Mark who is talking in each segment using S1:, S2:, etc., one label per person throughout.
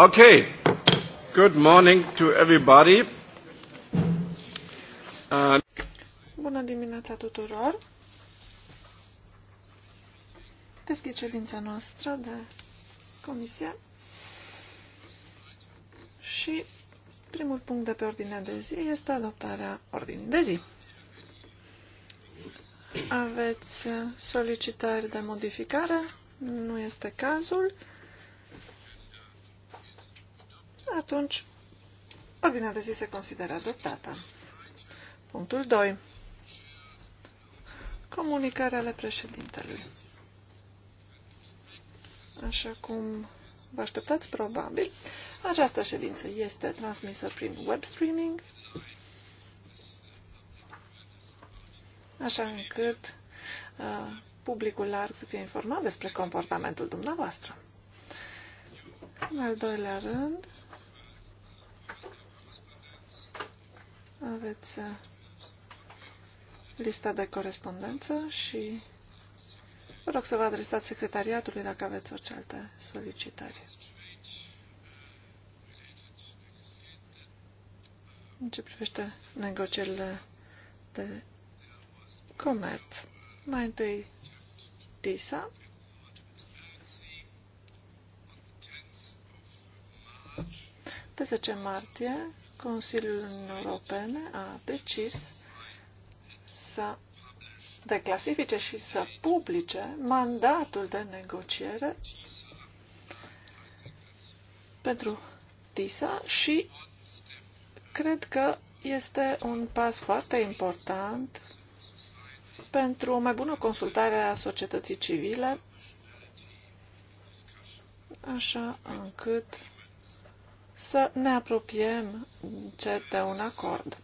S1: Okay. Good morning to everybody. Uh...
S2: Bună dimineața tuturor. Deschid ședința noastră de comisie. Și primul punct de pe ordinea de zi este adoptarea ordinii de zi. Aveți solicitări de modificare? Nu este cazul. Atunci, ordinea de zi se consideră adoptată. Punctul 2. Comunicarea ale președintelui. Așa cum vă așteptați probabil, această ședință este transmisă prin web streaming, așa încât uh, publicul larg să fie informat despre comportamentul dumneavoastră. În al doilea rând, Aveți uh, lista de corespondență și vă rog să vă adresați secretariatului dacă aveți orice alte solicitări. În ce privește negocierile de comerț, mai întâi TISA, pe 10 martie Consiliul Uniunii Europene a decis să declasifice și să publice mandatul de negociere pentru TISA și cred că este un pas foarte important pentru o mai bună consultare a societății civile, așa încât să ne apropiem încet de un acord.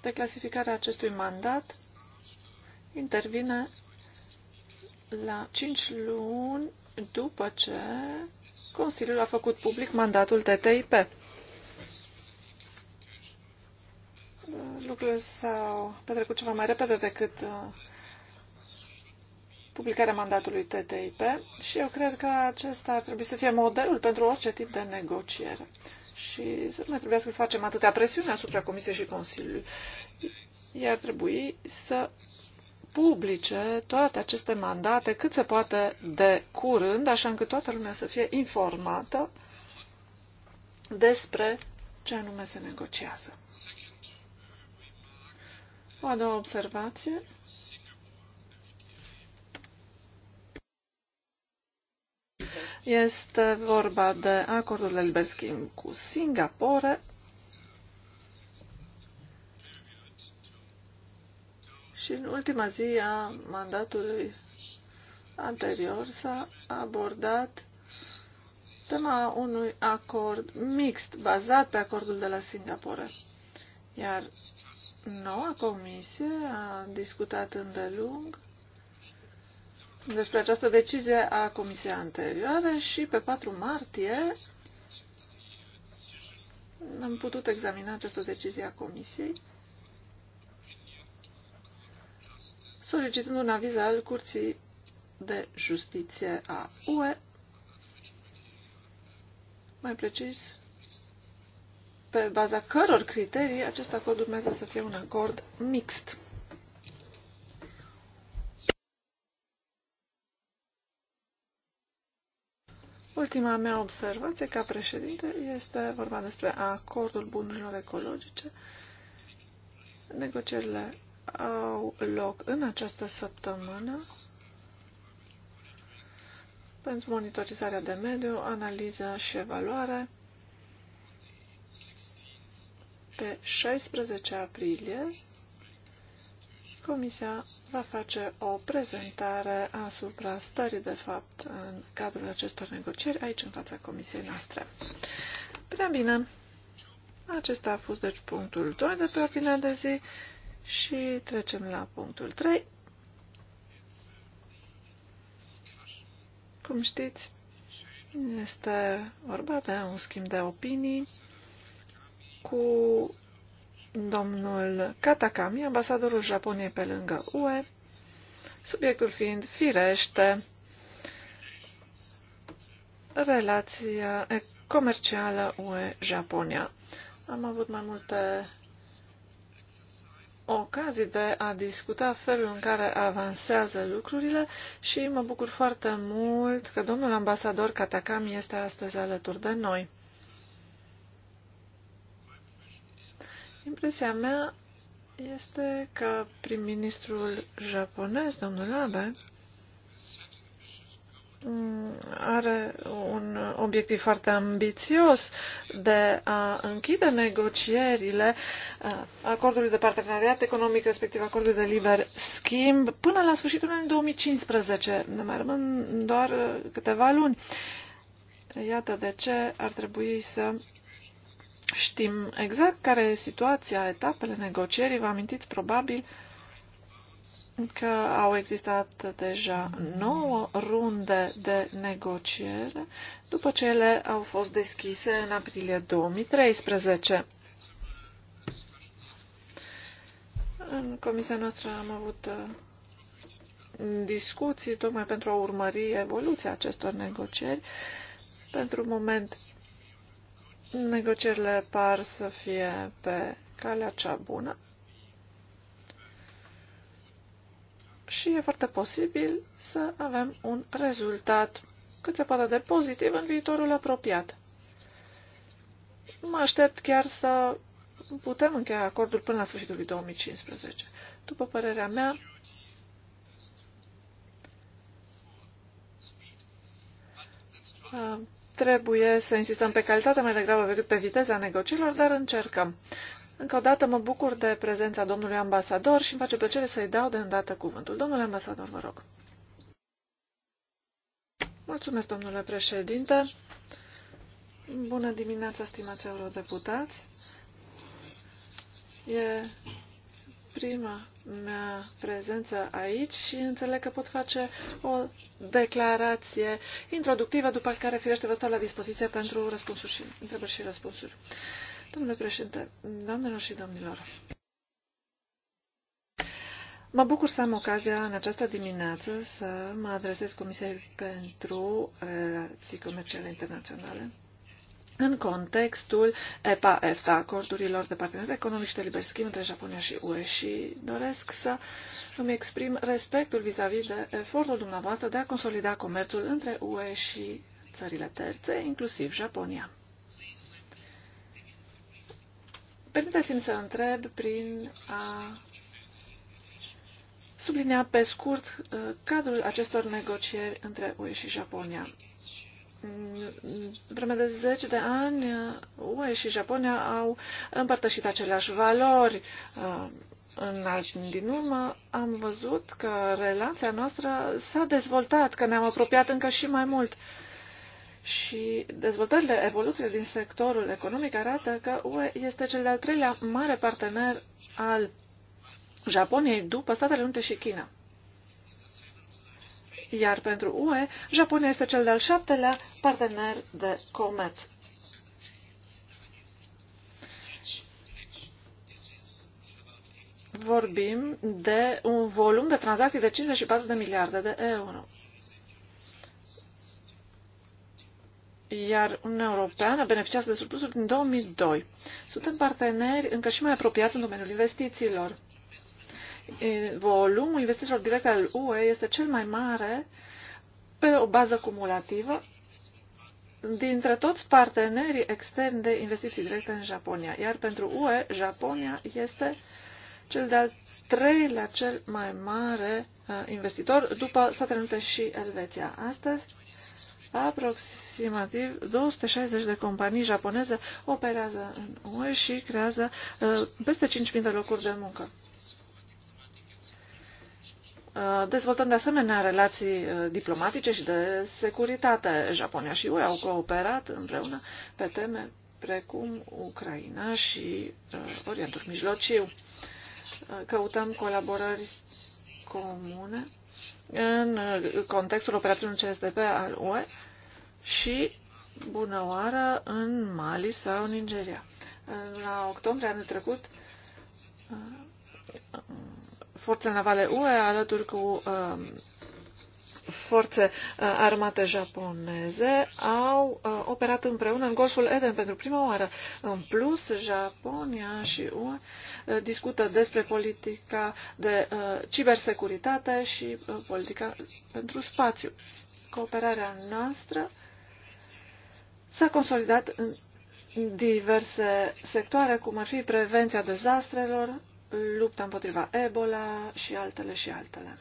S2: Declasificarea acestui mandat intervine la 5 luni după ce Consiliul a făcut public mandatul TTIP. Lucrurile s-au petrecut ceva mai repede decât uh, publicarea mandatului TTIP și eu cred că acesta ar trebui să fie modelul pentru orice tip de negociere și să nu mai trebuiască să facem atâtea presiune asupra Comisiei și Consiliului. Iar ar trebui să publice toate aceste mandate cât se poate de curând, așa încât toată lumea să fie informată despre ce anume se negociază. O a doua observație Este vorba de acordul de liber schimb cu Singapore și în ultima zi a mandatului anterior s-a abordat tema unui acord mixt bazat pe acordul de la Singapore. Iar noua comisie a discutat îndelung despre această decizie a comisiei anterioare și pe 4 martie am putut examina această decizie a comisiei solicitând un aviz al Curții de Justiție a UE, mai precis, pe baza căror criterii acest acord urmează să fie un acord mixt. Ultima mea observație ca președinte este vorba despre acordul bunurilor ecologice. Negocierile au loc în această săptămână pentru monitorizarea de mediu, analiză și evaluare. Pe 16 aprilie Comisia va face o prezentare asupra stării de fapt în cadrul acestor negocieri aici în fața Comisiei noastre. Prea bine, acesta a fost deci punctul 2 de pe ordinea de zi și trecem la punctul 3. Cum știți, este vorba de un schimb de opinii cu domnul Katakami, ambasadorul Japoniei pe lângă UE, subiectul fiind firește relația comercială UE-Japonia. Am avut mai multe ocazii de a discuta felul în care avansează lucrurile și mă bucur foarte mult că domnul ambasador Katakami este astăzi alături de noi. Impresia mea este că prim-ministrul japonez, domnul Abe, are un obiectiv foarte ambițios de a închide negocierile uh, acordului de parteneriat economic, respectiv acordului de liber schimb, până la sfârșitul anului 2015. Ne mai rămân doar uh, câteva luni. Iată de ce ar trebui să Știm exact care e situația, etapele negocierii. Vă amintiți probabil că au existat deja nouă runde de negociere după ce ele au fost deschise în aprilie 2013. În comisia noastră am avut uh, discuții tocmai pentru a urmări evoluția acestor negocieri. Pentru moment Negocierile par să fie pe calea cea bună și e foarte posibil să avem un rezultat cât se poate de pozitiv în viitorul apropiat. Mă aștept chiar să putem încheia acordul până la sfârșitul lui 2015. După părerea mea, Trebuie să insistăm pe calitate mai degrabă decât pe viteza negocierilor, dar încercăm. Încă o dată mă bucur de prezența domnului ambasador și îmi face plăcere să-i dau de îndată cuvântul. Domnule ambasador, vă rog. Mulțumesc, domnule președinte. Bună dimineața, stimați eurodeputați. E prima mea prezență aici și înțeleg că pot face o declarație introductivă, după care, firește, vă stau la dispoziție pentru răspunsuri și, întrebări și răspunsuri. Domnule președinte, doamnelor și domnilor, mă bucur să am ocazia în această dimineață să mă adresez Comisiei pentru Relații Comerciale Internaționale în contextul EPA-EFTA, acordurilor de parteneriat economic și de liber schimb între Japonia și UE și doresc să îmi exprim respectul vis-a-vis -vis de efortul dumneavoastră de a consolida comerțul între UE și țările terțe, inclusiv Japonia. Permiteți-mi să întreb prin a sublinea pe scurt uh, cadrul acestor negocieri între UE și Japonia vreme de zeci de ani, UE și Japonia au împărtășit aceleași valori. În alt din urmă am văzut că relația noastră s-a dezvoltat, că ne-am apropiat încă și mai mult. Și dezvoltările, evoluției din sectorul economic arată că UE este cel de-al treilea mare partener al Japoniei după Statele Unite și China iar pentru UE, Japonia este cel de-al șaptelea partener de comerț. Vorbim de un volum de tranzacții de 54 de miliarde de euro. iar Uniunea Europeană beneficiază de surplusuri din 2002. Suntem parteneri încă și mai apropiați în domeniul investițiilor volumul investițiilor directe al UE este cel mai mare pe o bază cumulativă dintre toți partenerii externi de investiții directe în Japonia. Iar pentru UE, Japonia este cel de-al treilea cel mai mare uh, investitor după Statele Unite și Elveția. Astăzi, aproximativ 260 de companii japoneze operează în UE și creează uh, peste 5.000 de locuri de muncă. Uh, dezvoltăm de asemenea relații uh, diplomatice și de securitate. Japonia și UE au cooperat împreună pe teme precum Ucraina și uh, Orientul Mijlociu. Căutăm colaborări comune în contextul operațiunii CSDP al UE și bună oară în Mali sau în Nigeria. La octombrie anul trecut forțele navale UE alături cu um, forțe uh, armate japoneze au uh, operat împreună în Golful Eden pentru prima oară. În plus, Japonia și UE uh, discută despre politica de cibersecuritate și politica pentru spațiu. Cooperarea noastră s-a consolidat în diverse sectoare, cum ar fi prevenția dezastrelor, lupta împotriva Ebola și altele și altele.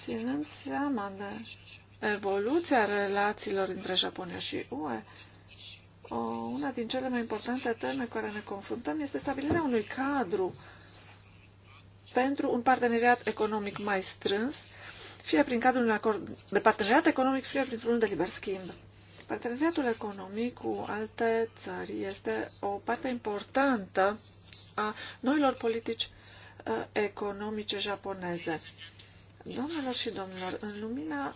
S2: Ținând seama de evoluția relațiilor între Japonia și UE, o, una din cele mai importante teme cu care ne confruntăm este stabilirea unui cadru pentru un parteneriat economic mai strâns, fie prin cadrul unui acord de parteneriat economic, fie printr-unul de liber schimb. Parteneriatul economic cu alte țări este o parte importantă a noilor politici uh, economice japoneze. Domnilor și domnilor, în lumina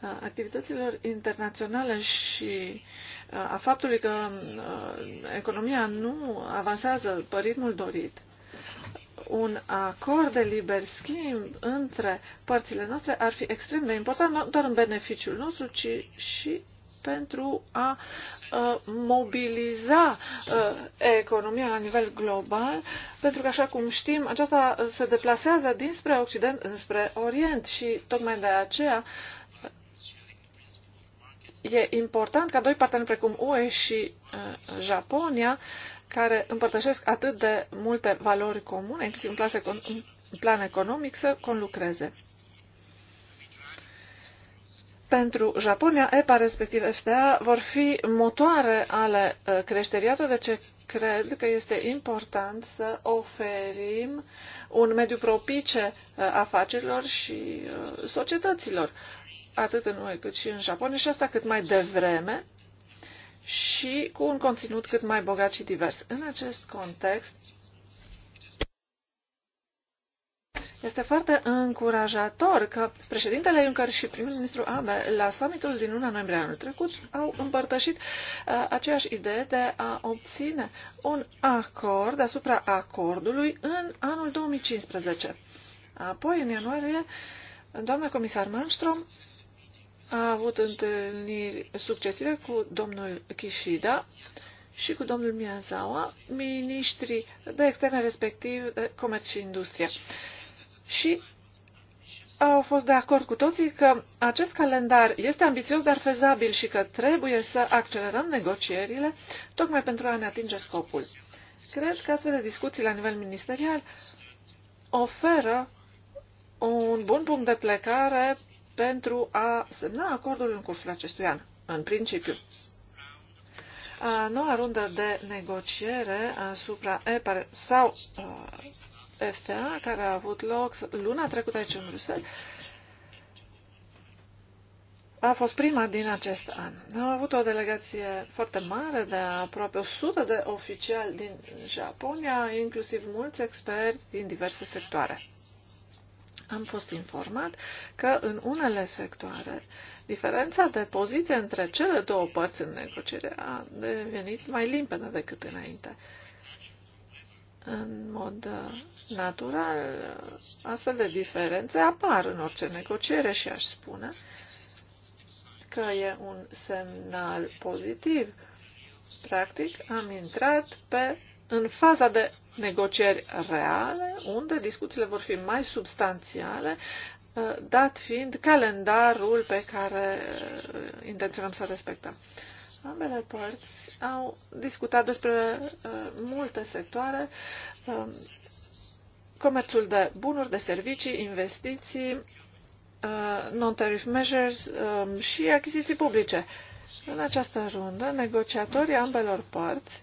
S2: uh, activităților internaționale și uh, a faptului că economia nu avansează pe ritmul dorit, un acord de liber schimb între părțile noastre ar fi extrem de important, nu doar în beneficiul nostru, ci și pentru a uh, mobiliza uh, economia la nivel global, pentru că, așa cum știm, aceasta se deplasează dinspre Occident înspre Orient și tocmai de aceea uh, e important ca doi parteneri precum UE și uh, Japonia care împărtășesc atât de multe valori comune, inclusiv în, în plan economic, să conlucreze. Pentru Japonia, EPA, respectiv FTA, vor fi motoare ale uh, creșterii, atât de ce cred că este important să oferim un mediu propice uh, afacerilor și uh, societăților, atât în UE cât și în Japonia, și asta cât mai devreme, și cu un conținut cât mai bogat și divers. În acest context, este foarte încurajator că președintele Juncker și primul ministru Abe la summitul din luna noiembrie anul trecut au împărtășit uh, aceeași idee de a obține un acord asupra acordului în anul 2015. Apoi, în ianuarie, doamna comisar Malmström a avut întâlniri succesive cu domnul Kishida și cu domnul Miyazawa, ministrii de externe respectiv de comerț și industrie. Și au fost de acord cu toții că acest calendar este ambițios, dar fezabil și că trebuie să accelerăm negocierile tocmai pentru a ne atinge scopul. Cred că astfel de discuții la nivel ministerial oferă un bun punct de plecare pentru a semna acordul în cursul acestui an, în principiu. A noua rundă de negociere asupra EPA sau FTA, care a avut loc luna trecută aici în Bruxelles, a fost prima din acest an. Am avut o delegație foarte mare de aproape 100 de oficiali din Japonia, inclusiv mulți experți din diverse sectoare am fost informat că în unele sectoare diferența de poziție între cele două părți în negociere a devenit mai limpede decât înainte. În mod uh, natural, uh, astfel de diferențe apar în orice negociere și aș spune că e un semnal pozitiv. Practic, am intrat pe în faza de negocieri reale, unde discuțiile vor fi mai substanțiale, uh, dat fiind calendarul pe care uh, intenționăm să respectăm. Ambele părți au discutat despre uh, multe sectoare, um, comerțul de bunuri, de servicii, investiții, non-tariff measures um, și achiziții publice. În această rundă, negociatorii ambelor părți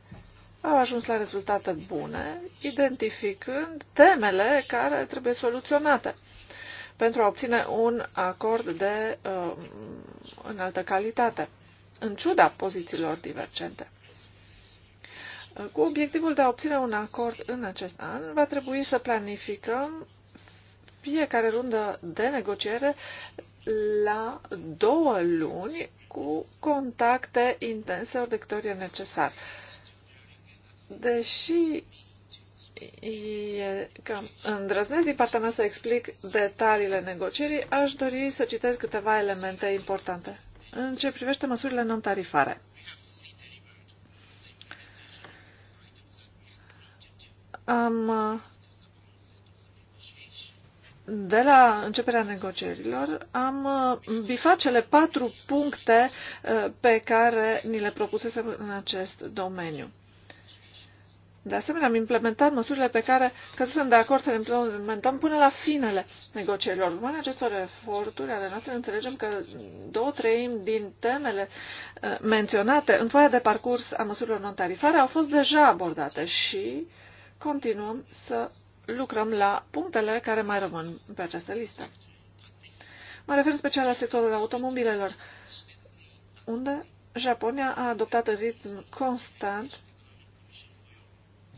S2: au ajuns la rezultate bune, identificând temele care trebuie soluționate pentru a obține un acord de uh, înaltă calitate, în ciuda pozițiilor divergente. Cu obiectivul de a obține un acord în acest an, va trebui să planificăm fiecare rundă de negociere la două luni cu contacte intense ori de câte ori e necesar. Uh, deși e cam îndrăznesc din partea mea să explic detaliile negocierii, aș dori să citesc câteva elemente importante. În ce privește măsurile non-tarifare. Am, de la începerea negocierilor am bifat cele patru puncte eh, pe care ni le propusesem în acest domeniu. De asemenea, am implementat măsurile pe care căzusem de acord să le implementăm până la finele negocierilor. Urmând acestor eforturi ale noastre, înțelegem că două treimi din temele eh, menționate în foaia de parcurs a măsurilor non-tarifare au fost deja abordate și continuăm să lucrăm la punctele care mai rămân pe această listă. Mă refer special la sectorul automobilelor, unde Japonia a adoptat în ritm constant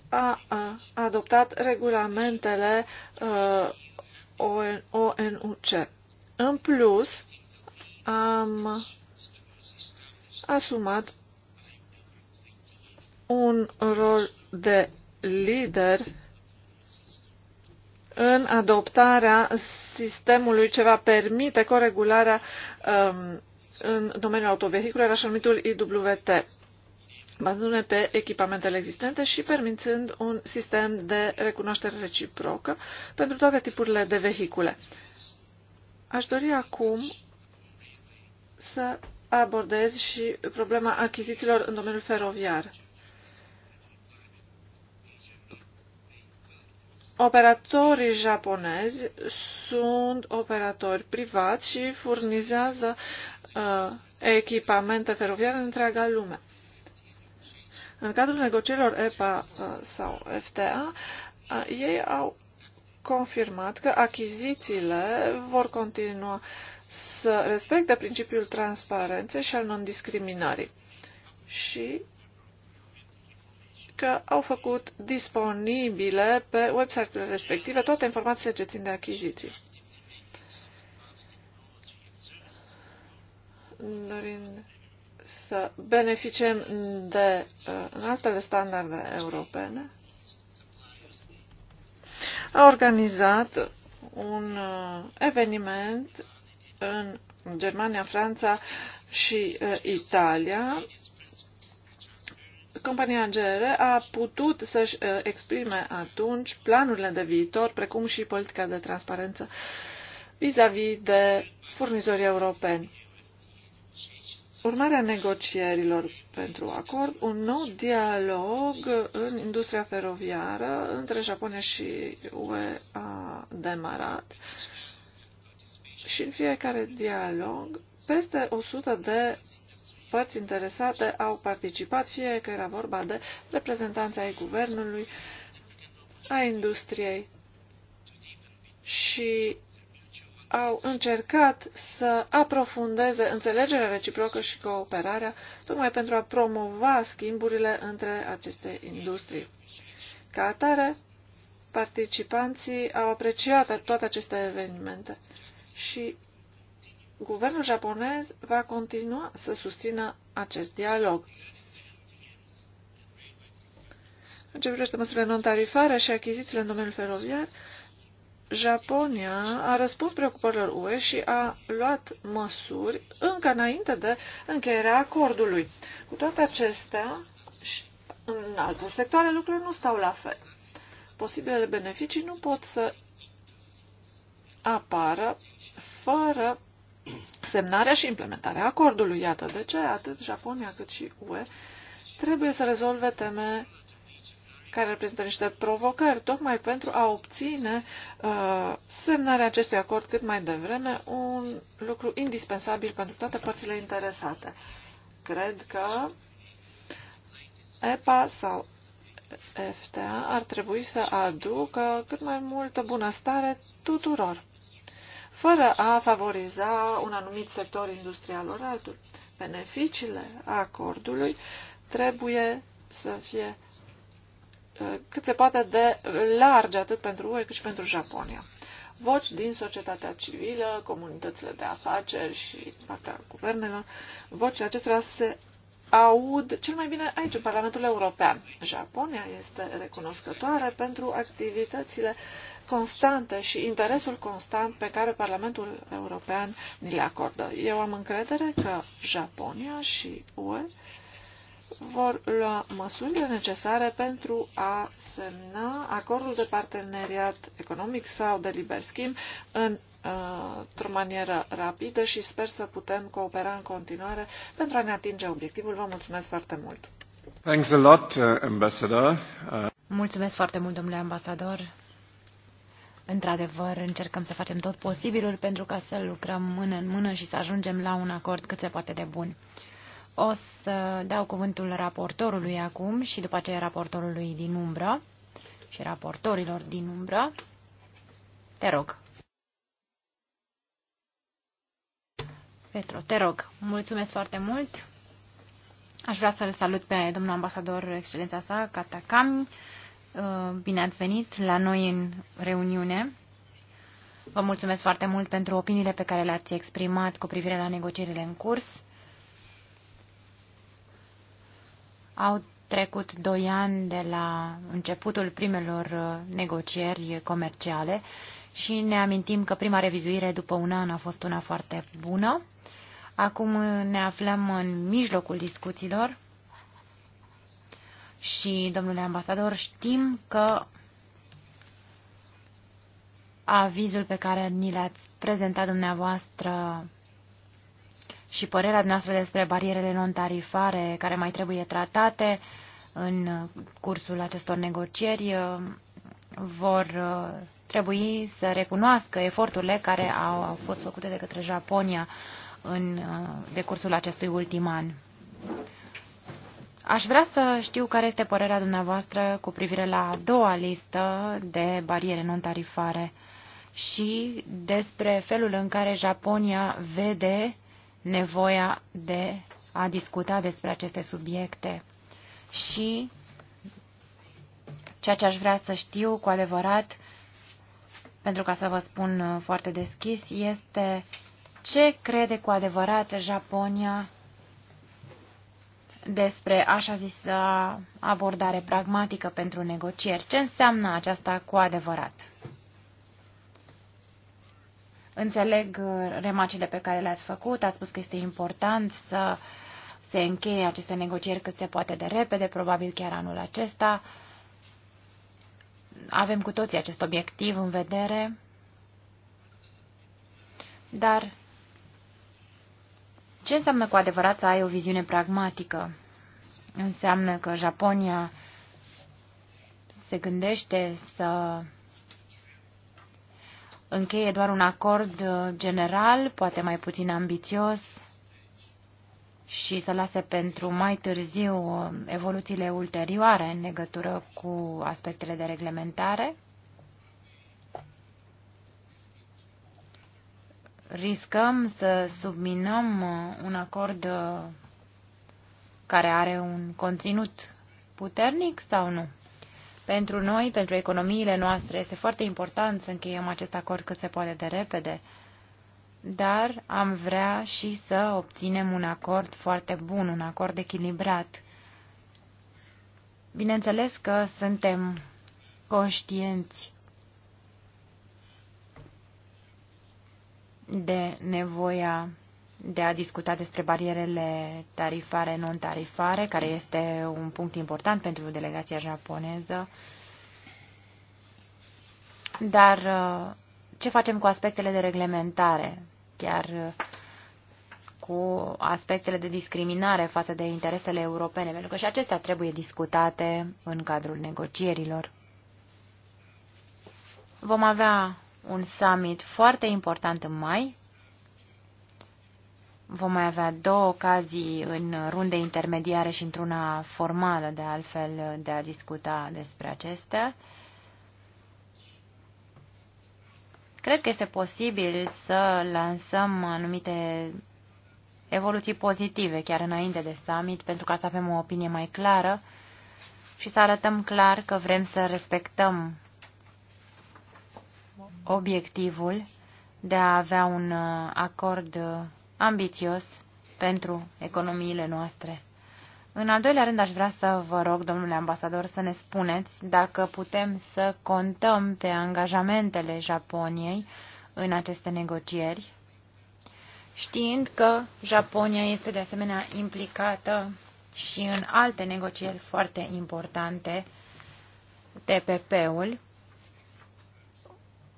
S2: a, adoptat regulamentele uh, ONUC. În plus, am asumat un rol de lider în adoptarea sistemului ce va permite coregularea um, în domeniul autovehiculelor, așa numitul IWT bazându-ne pe echipamentele existente și permițând un sistem de recunoaștere reciprocă pentru toate tipurile de vehicule. Aș dori acum să abordez și problema achizițiilor în domeniul feroviar. Operatorii japonezi sunt operatori privați și furnizează uh, echipamente feroviare în întreaga lume. În cadrul negocierilor EPA uh, sau FTA, uh, ei au confirmat că achizițiile vor continua să respecte principiul transparenței și al non-discriminării și că au făcut disponibile pe website-urile respective toate informațiile ce țin de achiziții. Dorin să beneficiem de uh, altele standarde europene, a organizat un uh, eveniment în Germania, Franța și uh, Italia. Compania GR a putut să-și exprime atunci planurile de viitor, precum și politica de transparență vis-a-vis -vis de furnizorii europeni urmarea negocierilor pentru acord, un nou dialog în industria feroviară între Japonia și UE a demarat și în fiecare dialog peste 100 de părți interesate au participat, fie că era vorba de reprezentanța ai guvernului, a industriei și au încercat să aprofundeze înțelegerea reciprocă și cooperarea, tocmai pentru a promova schimburile între aceste industrii. Ca atare, participanții au apreciat toate aceste evenimente și guvernul japonez va continua să susțină acest dialog. În ce privește măsurile non-tarifare și achizițiile în domeniul feroviar, Japonia a răspuns preocupărilor UE și a luat măsuri încă înainte de încheierea acordului. Cu toate acestea, și în alte sectoare lucrurile nu stau la fel. Posibilele beneficii nu pot să apară fără semnarea și implementarea acordului. Iată de ce atât Japonia cât și UE trebuie să rezolve teme care reprezintă niște provocări, tocmai pentru a obține uh, semnarea acestui acord cât mai devreme, un lucru indispensabil pentru toate părțile interesate. Cred că EPA sau FTA ar trebui să aducă cât mai multă bunăstare tuturor, fără a favoriza un anumit sector industrial ori altul. Beneficiile acordului trebuie să fie cât se poate de largi atât pentru UE cât și pentru Japonia. Voci din societatea civilă, comunitățile de afaceri și partea guvernelor, vocile acestora se aud cel mai bine aici, în Parlamentul European. Japonia este recunoscătoare pentru activitățile constante și interesul constant pe care Parlamentul European ni le acordă. Eu am încredere că Japonia și UE vor lua măsurile necesare pentru a semna acordul de parteneriat economic sau de liber schimb în uh, într-o manieră rapidă și sper să putem coopera în continuare pentru a ne
S1: atinge obiectivul. Vă mulțumesc foarte mult! Thanks a lot, uh, ambassador. Uh... Mulțumesc foarte mult, domnule ambasador. Într-adevăr, încercăm să facem tot posibilul pentru ca să lucrăm mână în mână și să ajungem la un acord cât se poate de bun. O să dau cuvântul raportorului acum și după aceea raportorului din umbră și raportorilor din umbră. Te rog. Petro, te rog, mulțumesc foarte mult. Aș vrea să-l salut pe domnul ambasador, excelența sa, Katakami. Uh, bine ați venit la noi în reuniune. Vă mulțumesc foarte mult pentru opiniile pe care le-ați exprimat cu privire la negocierile în curs. Au trecut doi ani de la începutul primelor uh, negocieri comerciale și ne amintim că prima revizuire după un an a fost una foarte bună. Acum ne aflăm în mijlocul discuțiilor și, domnule ambasador, știm că avizul pe care ni l-ați prezentat dumneavoastră și părerea noastră despre barierele non-tarifare care mai trebuie tratate în cursul acestor negocieri uh, vor uh, trebui să recunoască eforturile care au, fost făcute de către Japonia în uh, decursul acestui ultim an. Aș vrea să știu care este părerea dumneavoastră cu privire la a doua listă de bariere non-tarifare și despre felul în care Japonia vede nevoia de a discuta despre aceste subiecte. Și ceea ce aș vrea să știu cu adevărat, pentru ca să vă spun uh, foarte deschis, este ce crede cu adevărat Japonia despre așa zisă abordare pragmatică pentru negocieri. Ce înseamnă aceasta cu adevărat? Înțeleg uh, remarcile pe care le-ați făcut, ați spus că este important să se încheie aceste negocieri cât se poate de repede, probabil chiar anul acesta. Avem cu toții acest obiectiv în vedere, dar ce înseamnă cu adevărat să ai o viziune pragmatică? Înseamnă că Japonia se gândește să încheie doar un acord uh, general, poate mai puțin ambițios, și să lase pentru mai târziu uh, evoluțiile ulterioare în legătură cu aspectele de reglementare? Riscăm să subminăm uh, un acord care are un conținut puternic sau nu? Pentru noi, pentru economiile noastre, este foarte important să încheiem acest acord cât se poate de repede, dar am vrea și să obținem un acord foarte bun, un acord echilibrat. Bineînțeles că suntem conștienți de nevoia de a discuta despre barierele tarifare, non-tarifare, care este un punct important pentru delegația japoneză. Dar uh, ce facem cu aspectele de reglementare? Chiar uh, cu aspectele de discriminare față de interesele europene, pentru că și acestea trebuie discutate în cadrul negocierilor. Vom avea un summit foarte important în mai Vom mai avea două ocazii în runde intermediare și într-una formală, de altfel, de a discuta despre acestea. Cred că este posibil să lansăm anumite evoluții pozitive chiar înainte de summit, pentru ca să avem o opinie mai clară și să arătăm clar că vrem să respectăm obiectivul de a avea un acord ambițios pentru economiile noastre. În al doilea rând, aș vrea să vă rog, domnule ambasador, să ne spuneți dacă putem să contăm pe angajamentele Japoniei în aceste negocieri, știind că Japonia este de asemenea implicată și în alte negocieri foarte importante, TPP-ul,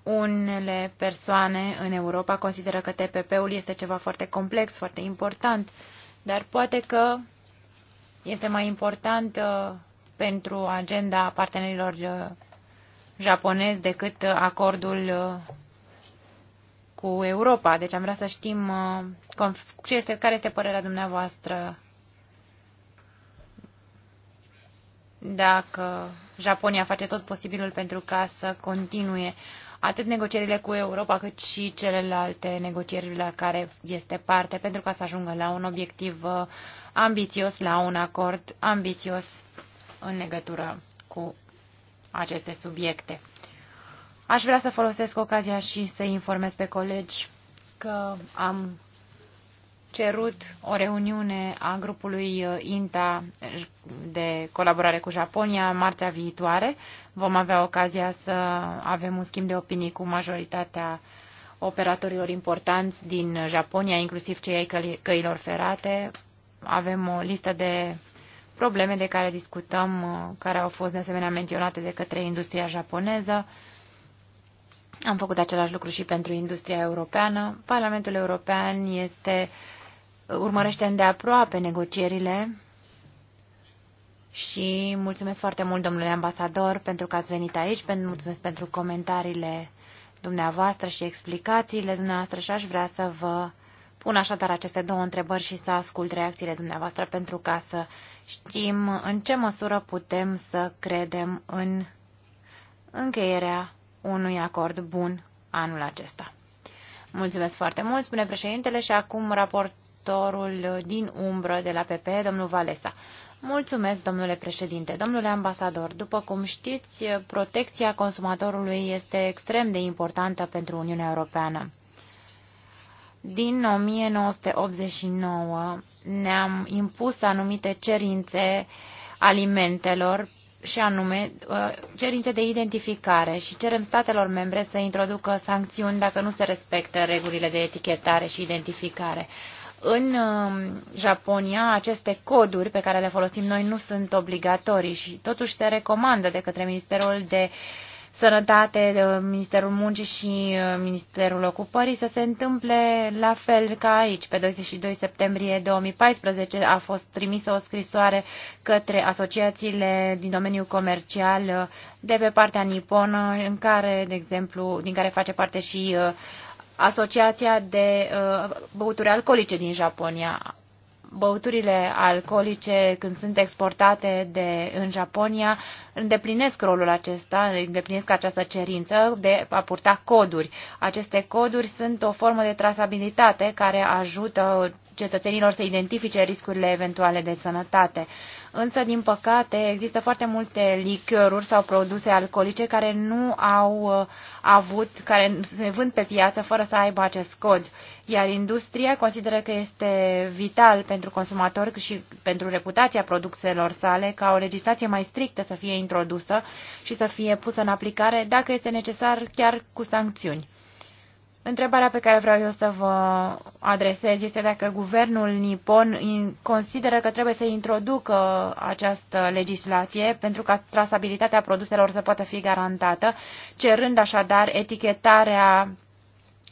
S1: unele persoane în Europa consideră că TPP-ul este ceva foarte complex, foarte important, dar poate că este mai important uh, pentru agenda partenerilor uh, japonezi decât uh, acordul cu Europa. Deci am vrea să știm ce este, care este părerea dumneavoastră dacă Japonia face tot posibilul pentru ca să continue atât negocierile cu Europa cât și celelalte negocieri la care este parte pentru ca să ajungă la un obiectiv uh, ambițios, la un acord ambițios în legătură cu aceste subiecte. Aș vrea să folosesc ocazia și să informez pe colegi că am cerut o reuniune a grupului uh, INTA uh, de colaborare cu Japonia martea viitoare. Vom avea ocazia să avem un schimb de opinii cu majoritatea operatorilor importanți din Japonia, inclusiv cei ai căilor ferate. Avem o listă de probleme de care discutăm, uh, care au fost de asemenea menționate de către industria japoneză. Am făcut același lucru și pentru industria europeană. Parlamentul European este uh, urmărește îndeaproape negocierile și mulțumesc foarte mult, domnule ambasador, pentru că ați venit aici, mulțumesc pentru comentariile dumneavoastră și explicațiile dumneavoastră și aș vrea să vă pun așadar aceste două întrebări și să ascult reacțiile dumneavoastră pentru ca să știm în ce măsură putem să credem în încheierea unui acord bun anul acesta. Mulțumesc foarte mult, spune președintele, și acum raport, raportorul din umbră de la PP, domnul Valesa. Mulțumesc, domnule președinte. Domnule ambasador, după cum știți, protecția consumatorului este extrem de importantă pentru Uniunea Europeană. Din 1989 ne-am impus anumite cerințe alimentelor și anume uh, cerințe de identificare și cerem statelor membre să introducă sancțiuni dacă nu se respectă regulile de etichetare și identificare. În um, Japonia, aceste coduri pe care le folosim noi nu sunt obligatorii și totuși se recomandă de către Ministerul de Sănătate, de uh, Ministerul Muncii și uh, Ministerul Ocupării să se întâmple la fel ca aici. Pe 22 septembrie 2014 a fost trimisă o scrisoare către asociațiile din domeniul comercial uh, de pe partea niponă, în care, de exemplu, din care face parte și Asociația de uh, Băuturi Alcoolice din Japonia. Băuturile alcoolice, când sunt exportate de, în Japonia, îndeplinesc rolul acesta, îndeplinesc această cerință de a purta coduri. Aceste coduri sunt o formă de trasabilitate care ajută cetățenilor să identifice riscurile eventuale de sănătate. Uh, însă, din păcate, există foarte multe lichioruri sau produse alcoolice care nu au uh, avut, care se vând pe piață fără să aibă acest cod, iar industria consideră că este vital pentru consumatori și pentru reputația produselor sale ca o legislație mai strictă să fie introdusă și să fie pusă în aplicare, dacă este necesar, chiar cu sancțiuni. Întrebarea pe care vreau eu să vă adresez este dacă guvernul nipon consideră că trebuie să introducă această legislație pentru ca trasabilitatea produselor să poată fi garantată, cerând așadar etichetarea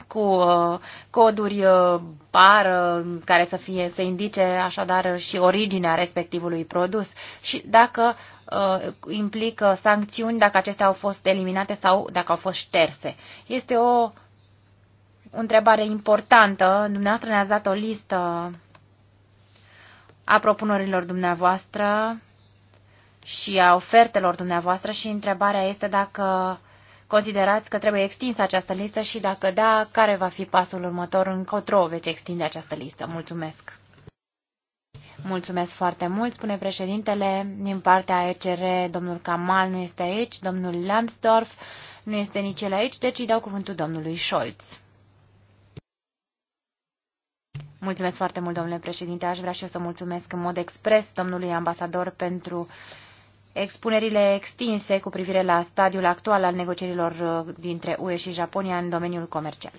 S1: cu uh, coduri uh, bară care să, fie, să indice așadar și originea respectivului produs și dacă uh, implică sancțiuni dacă acestea au fost eliminate sau dacă au fost șterse. Este o o întrebare importantă. Dumneavoastră ne-ați dat o listă a propunerilor dumneavoastră și a ofertelor dumneavoastră și întrebarea este dacă considerați că trebuie extinsă această listă și dacă da, care va fi pasul următor încotro veți extinde această listă. Mulțumesc! Mulțumesc foarte mult, spune președintele. Din partea ECR, domnul Kamal nu este aici, domnul Lambsdorff nu este nici el aici, deci îi dau cuvântul domnului Scholz. Mulțumesc foarte mult, domnule președinte. Aș vrea și eu să mulțumesc în mod expres domnului ambasador pentru expunerile extinse cu privire la stadiul actual al negocierilor uh, dintre UE și Japonia în domeniul comercial.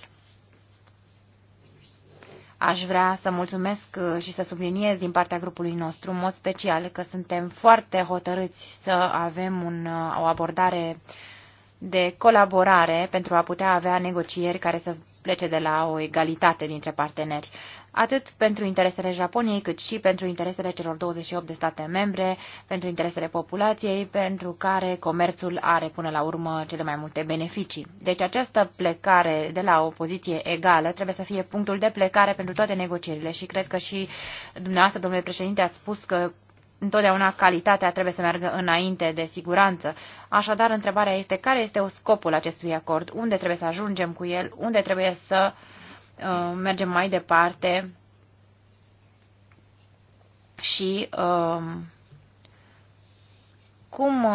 S1: Aș vrea să mulțumesc uh, și să subliniez din partea grupului nostru, în mod special, că suntem foarte hotărâți să avem un, uh, o abordare de colaborare pentru a putea avea negocieri care să plece de la o egalitate dintre parteneri atât pentru interesele Japoniei, cât și pentru interesele celor 28 de state membre, pentru interesele populației, pentru care comerțul are până la urmă cele mai multe beneficii. Deci această plecare de la o poziție egală trebuie să fie punctul de plecare pentru toate negocierile și cred că și dumneavoastră, domnule președinte, ați spus că întotdeauna calitatea trebuie să meargă înainte de siguranță. Așadar, întrebarea este care este scopul acestui acord, unde trebuie să ajungem cu el, unde trebuie să uh, Uh, mergem mai departe și um, cum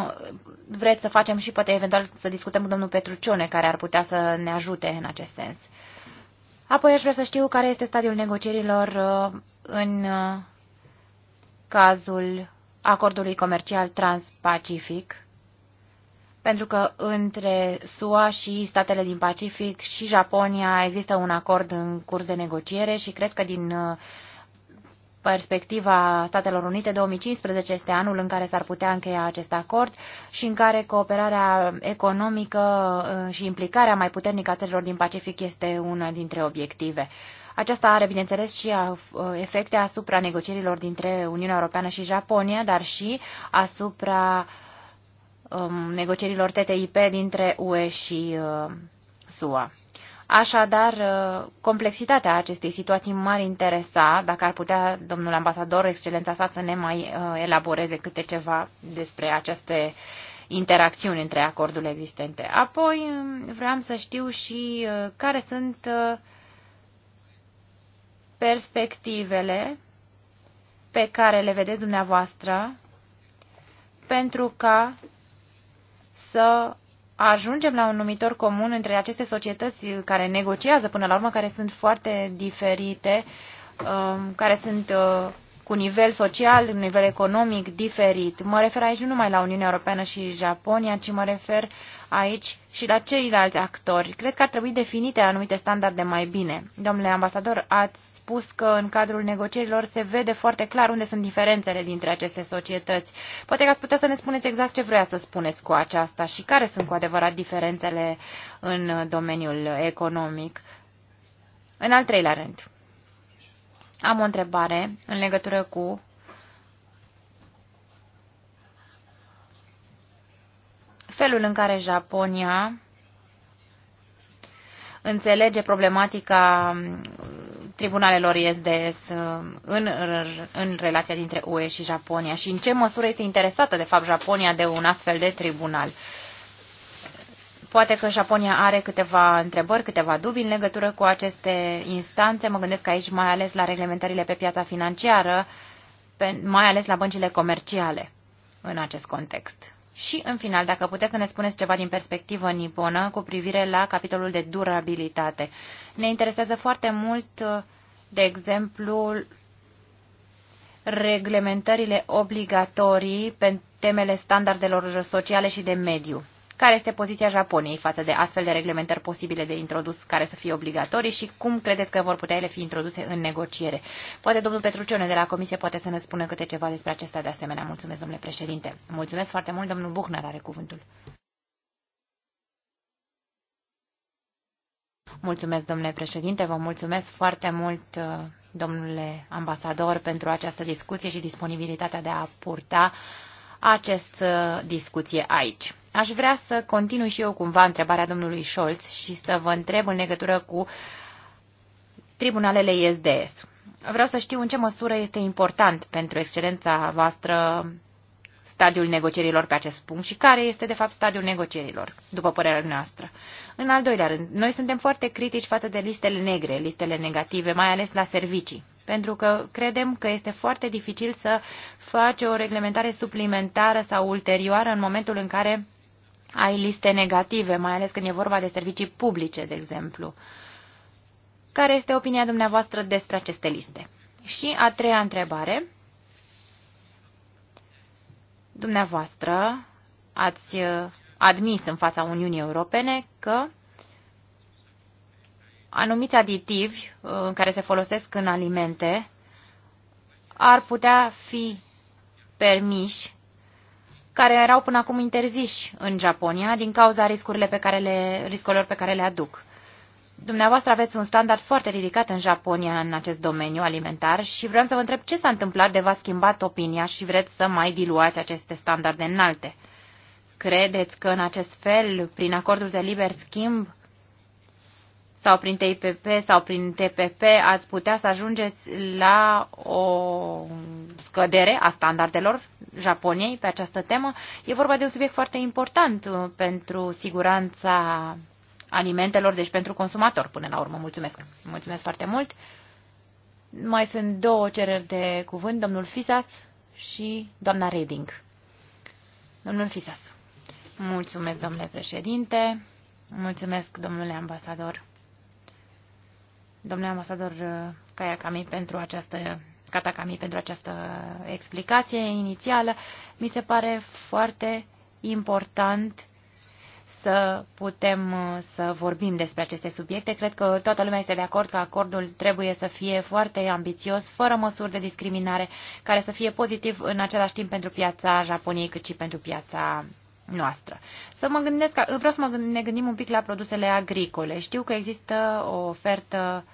S1: vreți să facem și poate eventual să discutăm cu domnul Petruciune care ar putea să ne ajute în acest sens. Apoi aș vrea să știu care este stadiul negocierilor uh, în uh, cazul acordului comercial transpacific pentru că între SUA și statele din Pacific și Japonia există un acord în curs de negociere și cred că din uh, perspectiva Statelor Unite, 2015 este anul în care s-ar putea încheia acest acord și în care cooperarea economică uh, și implicarea mai puternică a țărilor din Pacific este una dintre obiective. Aceasta are, bineînțeles, și uh, efecte asupra negocierilor dintre Uniunea Europeană și Japonia, dar și asupra uh, um, negocierilor TTIP dintre UE și uh, SUA. Așadar, uh, complexitatea acestei situații m-ar interesa, dacă ar putea domnul ambasador, excelența sa, să ne mai uh, elaboreze câte ceva despre aceste interacțiuni între acordurile existente. Apoi, um, vreau să știu și uh, care sunt perspectivele pe care le vedeți dumneavoastră pentru ca să ajungem la un numitor comun între aceste societăți care negociază până la urmă, care sunt foarte diferite, um, care sunt uh, cu nivel social, nivel economic diferit. Mă refer aici nu numai la Uniunea Europeană și Japonia, ci mă refer aici și la ceilalți actori. Cred că ar trebui definite anumite standarde mai bine. Domnule ambasador, ați spus că în cadrul negocierilor se vede foarte clar unde sunt diferențele dintre aceste societăți. Poate că ați putea să ne spuneți exact ce vrea să spuneți cu aceasta și care sunt cu adevărat diferențele în domeniul economic. În al treilea rând, am o întrebare în legătură cu felul în care Japonia înțelege problematica tribunalelor ISDS uh, în, în relația dintre UE și Japonia și în ce măsură este interesată, de fapt, Japonia de un astfel de tribunal. Poate că Japonia are câteva întrebări, câteva dubii în legătură cu aceste instanțe. Mă gândesc aici mai ales la reglementările pe piața financiară, pe, mai ales la băncile comerciale în acest context. Și, în final, dacă puteți să ne spuneți ceva din perspectivă niponă cu privire la capitolul de durabilitate. Ne interesează foarte mult, de exemplu, reglementările obligatorii pe temele standardelor sociale și de mediu care este poziția Japoniei față de astfel de reglementări posibile de introdus care să fie obligatorii și cum credeți că vor putea ele fi introduse în negociere? Poate domnul Petrucione de la Comisie poate să ne spună câte ceva despre acesta de asemenea. Mulțumesc, domnule președinte. Mulțumesc foarte mult, domnul Buchner are cuvântul. Mulțumesc, domnule președinte, vă mulțumesc foarte mult, uh, domnule ambasador, pentru această discuție și disponibilitatea de a purta acest uh, discuție aici. Aș vrea să continui și eu cumva întrebarea domnului Scholz și să vă întreb în legătură cu tribunalele ISDS. Vreau să știu în ce măsură este important pentru excelența voastră stadiul negocierilor pe acest punct și care este, de fapt, stadiul negocierilor, după părerea noastră. În al doilea rând, noi suntem foarte critici față de listele negre, listele negative, mai ales la servicii, pentru că credem că este foarte dificil să faci o reglementare suplimentară sau ulterioară în momentul în care ai liste negative, mai ales când e vorba de servicii publice, de exemplu. Care este opinia dumneavoastră despre aceste liste? Și a treia întrebare. Dumneavoastră ați uh, admis în fața Uniunii Europene că anumiți aditivi uh, care se folosesc în alimente ar putea fi permiși care erau până acum interziși în Japonia din cauza riscurile pe care le, riscurilor pe care le aduc. Dumneavoastră aveți un standard foarte ridicat în Japonia în acest domeniu alimentar și vreau să vă întreb ce s-a întâmplat de v-a schimbat opinia și vreți să mai diluați aceste standarde înalte. Credeți că în acest fel, prin acordul de liber schimb, sau prin TIPP sau prin TPP ați putea să ajungeți la o scădere a standardelor Japoniei pe această temă. E vorba de un subiect foarte important uh, pentru siguranța alimentelor, deci pentru consumator până la urmă. Mulțumesc! Mulțumesc foarte mult! Mai sunt două cereri de cuvânt, domnul Fisas și doamna Reding. Domnul Fisas. Mulțumesc, domnule președinte. Mulțumesc, domnule ambasador domnule ambasador Kayakami, pentru această Katakami pentru această explicație inițială. Mi se pare foarte important să putem uh, să vorbim despre aceste subiecte. Cred că toată lumea este de acord că acordul trebuie să fie foarte ambițios, fără măsuri de discriminare, care să fie pozitiv în același timp pentru piața Japoniei, cât și pentru piața noastră. Să mă gândesc, vreau să mă gând, ne gândim un pic la produsele agricole. Știu că există o ofertă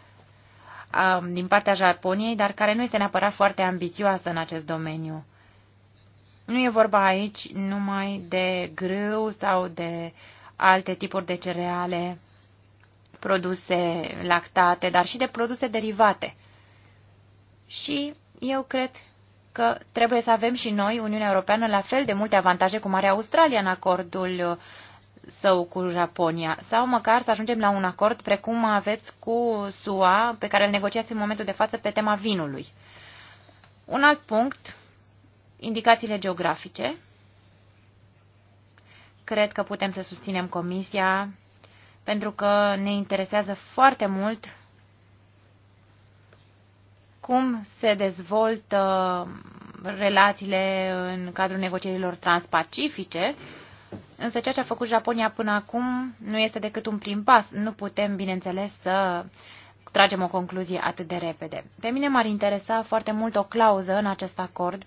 S1: um, din partea Japoniei, dar care nu este neapărat foarte ambițioasă în acest domeniu. Nu e vorba aici numai de grâu sau de alte tipuri de cereale, produse lactate, dar și de produse derivate. Și eu cred că trebuie să avem și noi, Uniunea Europeană, la fel de multe avantaje cum are Australia în acordul uh, său cu Japonia, sau măcar să ajungem la un acord precum aveți cu SUA, pe care îl negociați în momentul de față pe tema vinului. Un alt punct, indicațiile geografice. Cred că putem să susținem Comisia, pentru că ne interesează foarte mult cum se dezvoltă relațiile în cadrul negocierilor transpacifice, însă ceea ce a făcut Japonia până acum nu este decât un prim pas. Nu putem, bineînțeles, să tragem o concluzie atât de repede. Pe mine m-ar interesa foarte mult o clauză în acest acord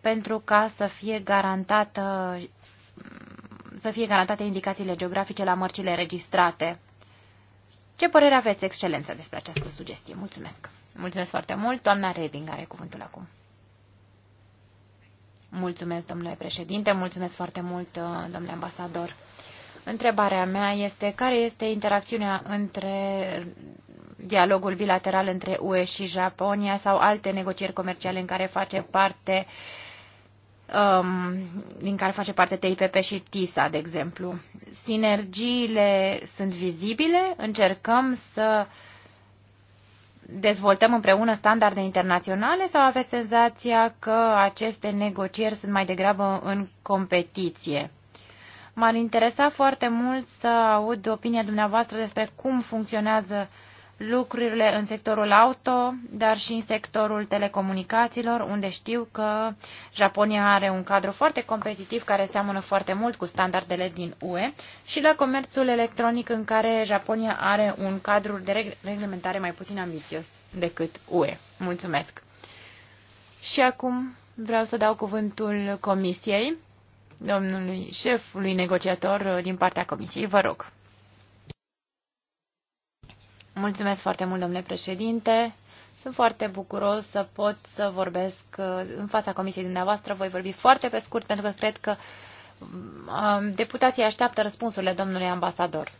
S1: pentru ca să fie garantată să fie garantate indicațiile geografice la mărcile registrate. Ce părere aveți, excelență, despre această sugestie? Mulțumesc! Mulțumesc foarte mult. Doamna Reding are cuvântul acum. Mulțumesc, domnule președinte, mulțumesc foarte mult, uh, domnule ambasador. Întrebarea mea este care este interacțiunea între dialogul bilateral între UE și Japonia sau alte negocieri comerciale în care face parte um, din care face parte TIPP și TISA, de exemplu. Sinergiile sunt vizibile? Încercăm să uh, dezvoltăm împreună standarde internaționale sau aveți senzația că aceste negocieri sunt mai degrabă în competiție? M-ar interesa foarte mult să aud opinia dumneavoastră despre cum funcționează uh, lucrurile în sectorul auto, dar și în sectorul telecomunicațiilor, unde știu că Japonia are un cadru foarte competitiv care seamănă foarte mult cu standardele din UE și la comerțul electronic în care Japonia are un cadru de reglementare mai puțin ambițios decât UE. Mulțumesc! Și acum vreau să dau cuvântul Comisiei, domnului șefului negociator din partea Comisiei. Vă rog! Mulțumesc foarte mult, domnule președinte. Sunt foarte bucuros să pot să vorbesc uh, în fața comisiei dumneavoastră. Voi vorbi foarte pe scurt pentru că cred că um, deputații așteaptă răspunsurile domnului ambasador.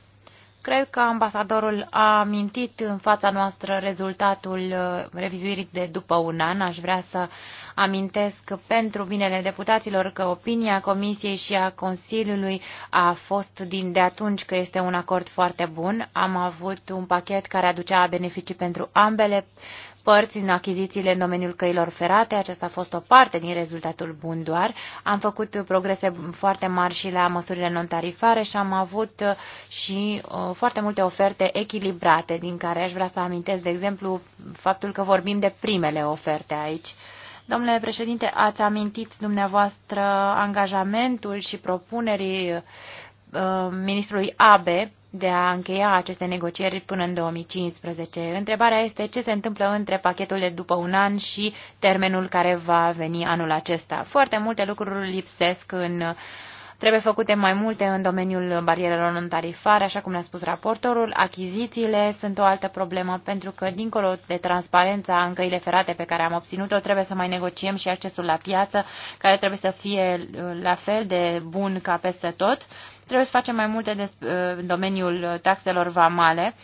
S1: Cred că ambasadorul a mintit în fața noastră rezultatul uh, revizuirii de după un an. Aș vrea să amintesc pentru binele deputaților că opinia Comisiei și a Consiliului a fost din de atunci că este un acord foarte bun. Am avut un pachet care aducea beneficii pentru ambele părți în achizițiile în domeniul căilor ferate. Aceasta a fost o parte din rezultatul bun doar. Am făcut progrese foarte mari și la măsurile non-tarifare și am avut uh, și uh, foarte multe oferte echilibrate, din care aș vrea să amintesc, de exemplu, faptul că vorbim de primele oferte aici. Domnule președinte, ați amintit dumneavoastră angajamentul și propunerii uh, ministrului Abe de a încheia aceste negocieri până în 2015. Întrebarea este ce se întâmplă între pachetul de după un an și termenul care va veni anul acesta. Foarte multe lucruri lipsesc în Trebuie făcute mai multe în domeniul barierelor non-tarifare, așa cum ne-a spus raportorul. Achizițiile sunt o altă problemă, pentru că, dincolo de transparența în căile ferate pe care am obținut-o, trebuie să mai negociem și accesul la piață, care trebuie să fie la fel de bun ca peste tot. Trebuie să facem mai multe uh, în domeniul uh, taxelor vamale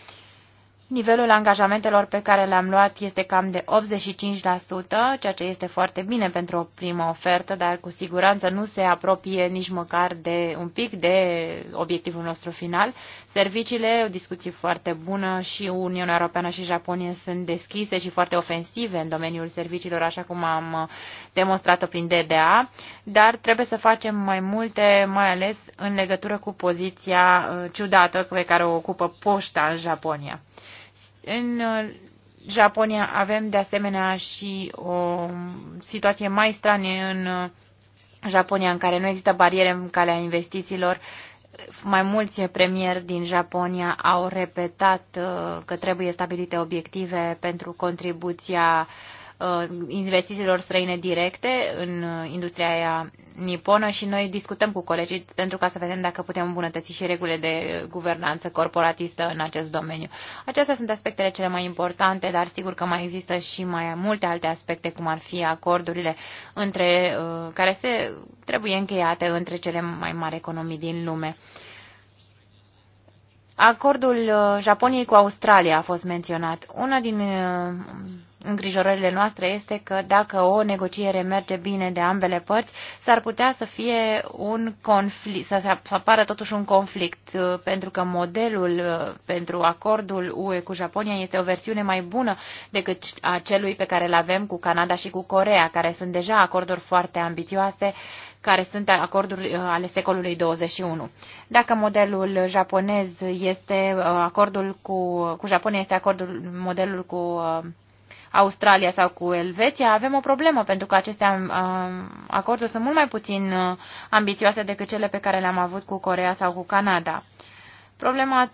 S1: Nivelul angajamentelor pe care le-am luat este cam de 85%, ceea ce este foarte bine pentru o primă ofertă, dar cu siguranță nu se apropie nici măcar de un pic de obiectivul nostru final. Serviciile, o discuție foarte bună și Uniunea Europeană și Japonia sunt deschise și foarte ofensive în domeniul serviciilor, așa cum am demonstrat-o prin DDA, dar trebuie să facem mai multe, mai ales în legătură cu poziția uh, ciudată pe care o ocupă poșta în Japonia. În uh, Japonia avem de asemenea și o situație mai strană în uh, Japonia în care nu există bariere în calea investițiilor. Mai mulți premieri din Japonia au repetat uh, că trebuie stabilite obiective pentru contribuția uh, Uh, investițiilor străine directe în uh, industria aia niponă și noi discutăm cu colegii pentru ca să vedem dacă putem îmbunătăți și regulile de guvernanță corporatistă în acest domeniu. Acestea sunt aspectele cele mai importante, dar sigur că mai există și mai multe alte aspecte, cum ar fi acordurile între, uh, care se trebuie încheiate între cele mai mari economii din lume. Acordul Japoniei cu Australia a fost menționat. Una din îngrijorările noastre este că dacă o negociere merge bine de ambele părți, s-ar putea să fie un conflict, să, se apară totuși un conflict, uh, pentru că modelul uh, pentru acordul UE cu Japonia este o versiune mai bună decât a celui pe care îl avem cu Canada și cu Corea, care sunt deja acorduri foarte ambițioase, care sunt acorduri uh, ale secolului 21. Dacă modelul japonez este acordul cu, cu Japonia este acordul modelul cu Australia sau cu Elveția, avem o problemă, pentru că aceste acorduri sunt mult mai puțin uh, ambițioase decât cele pe care le-am avut cu Corea sau cu Canada. Problema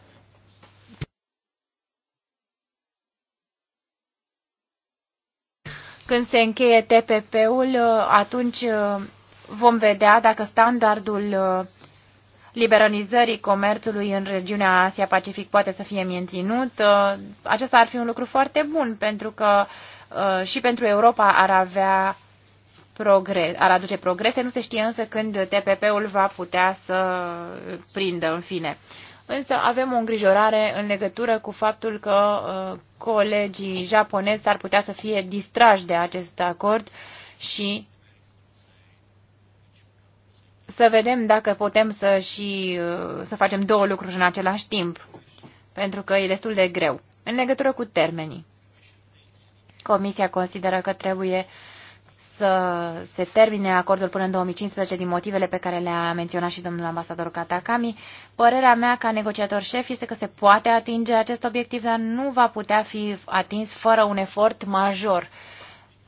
S1: când se încheie TPP-ul, uh, atunci uh, vom vedea dacă standardul liberalizării comerțului în regiunea Asia-Pacific poate să fie menținut, uh, acesta ar fi un lucru foarte bun, pentru că uh, și pentru Europa ar avea progres, ar aduce progrese, nu se știe însă când TPP-ul va putea să prindă în fine. Însă avem o îngrijorare în legătură cu faptul că uh, colegii japonezi ar putea să fie distrași de acest acord și să vedem dacă putem să și uh, să facem două lucruri în același timp, pentru că e destul de greu. În legătură cu termenii, Comisia consideră că trebuie să se termine acordul până în 2015 din motivele pe care le-a menționat și domnul ambasador Katakami. Părerea mea ca negociator șef este că se poate atinge acest obiectiv, dar nu va putea fi atins fără un efort major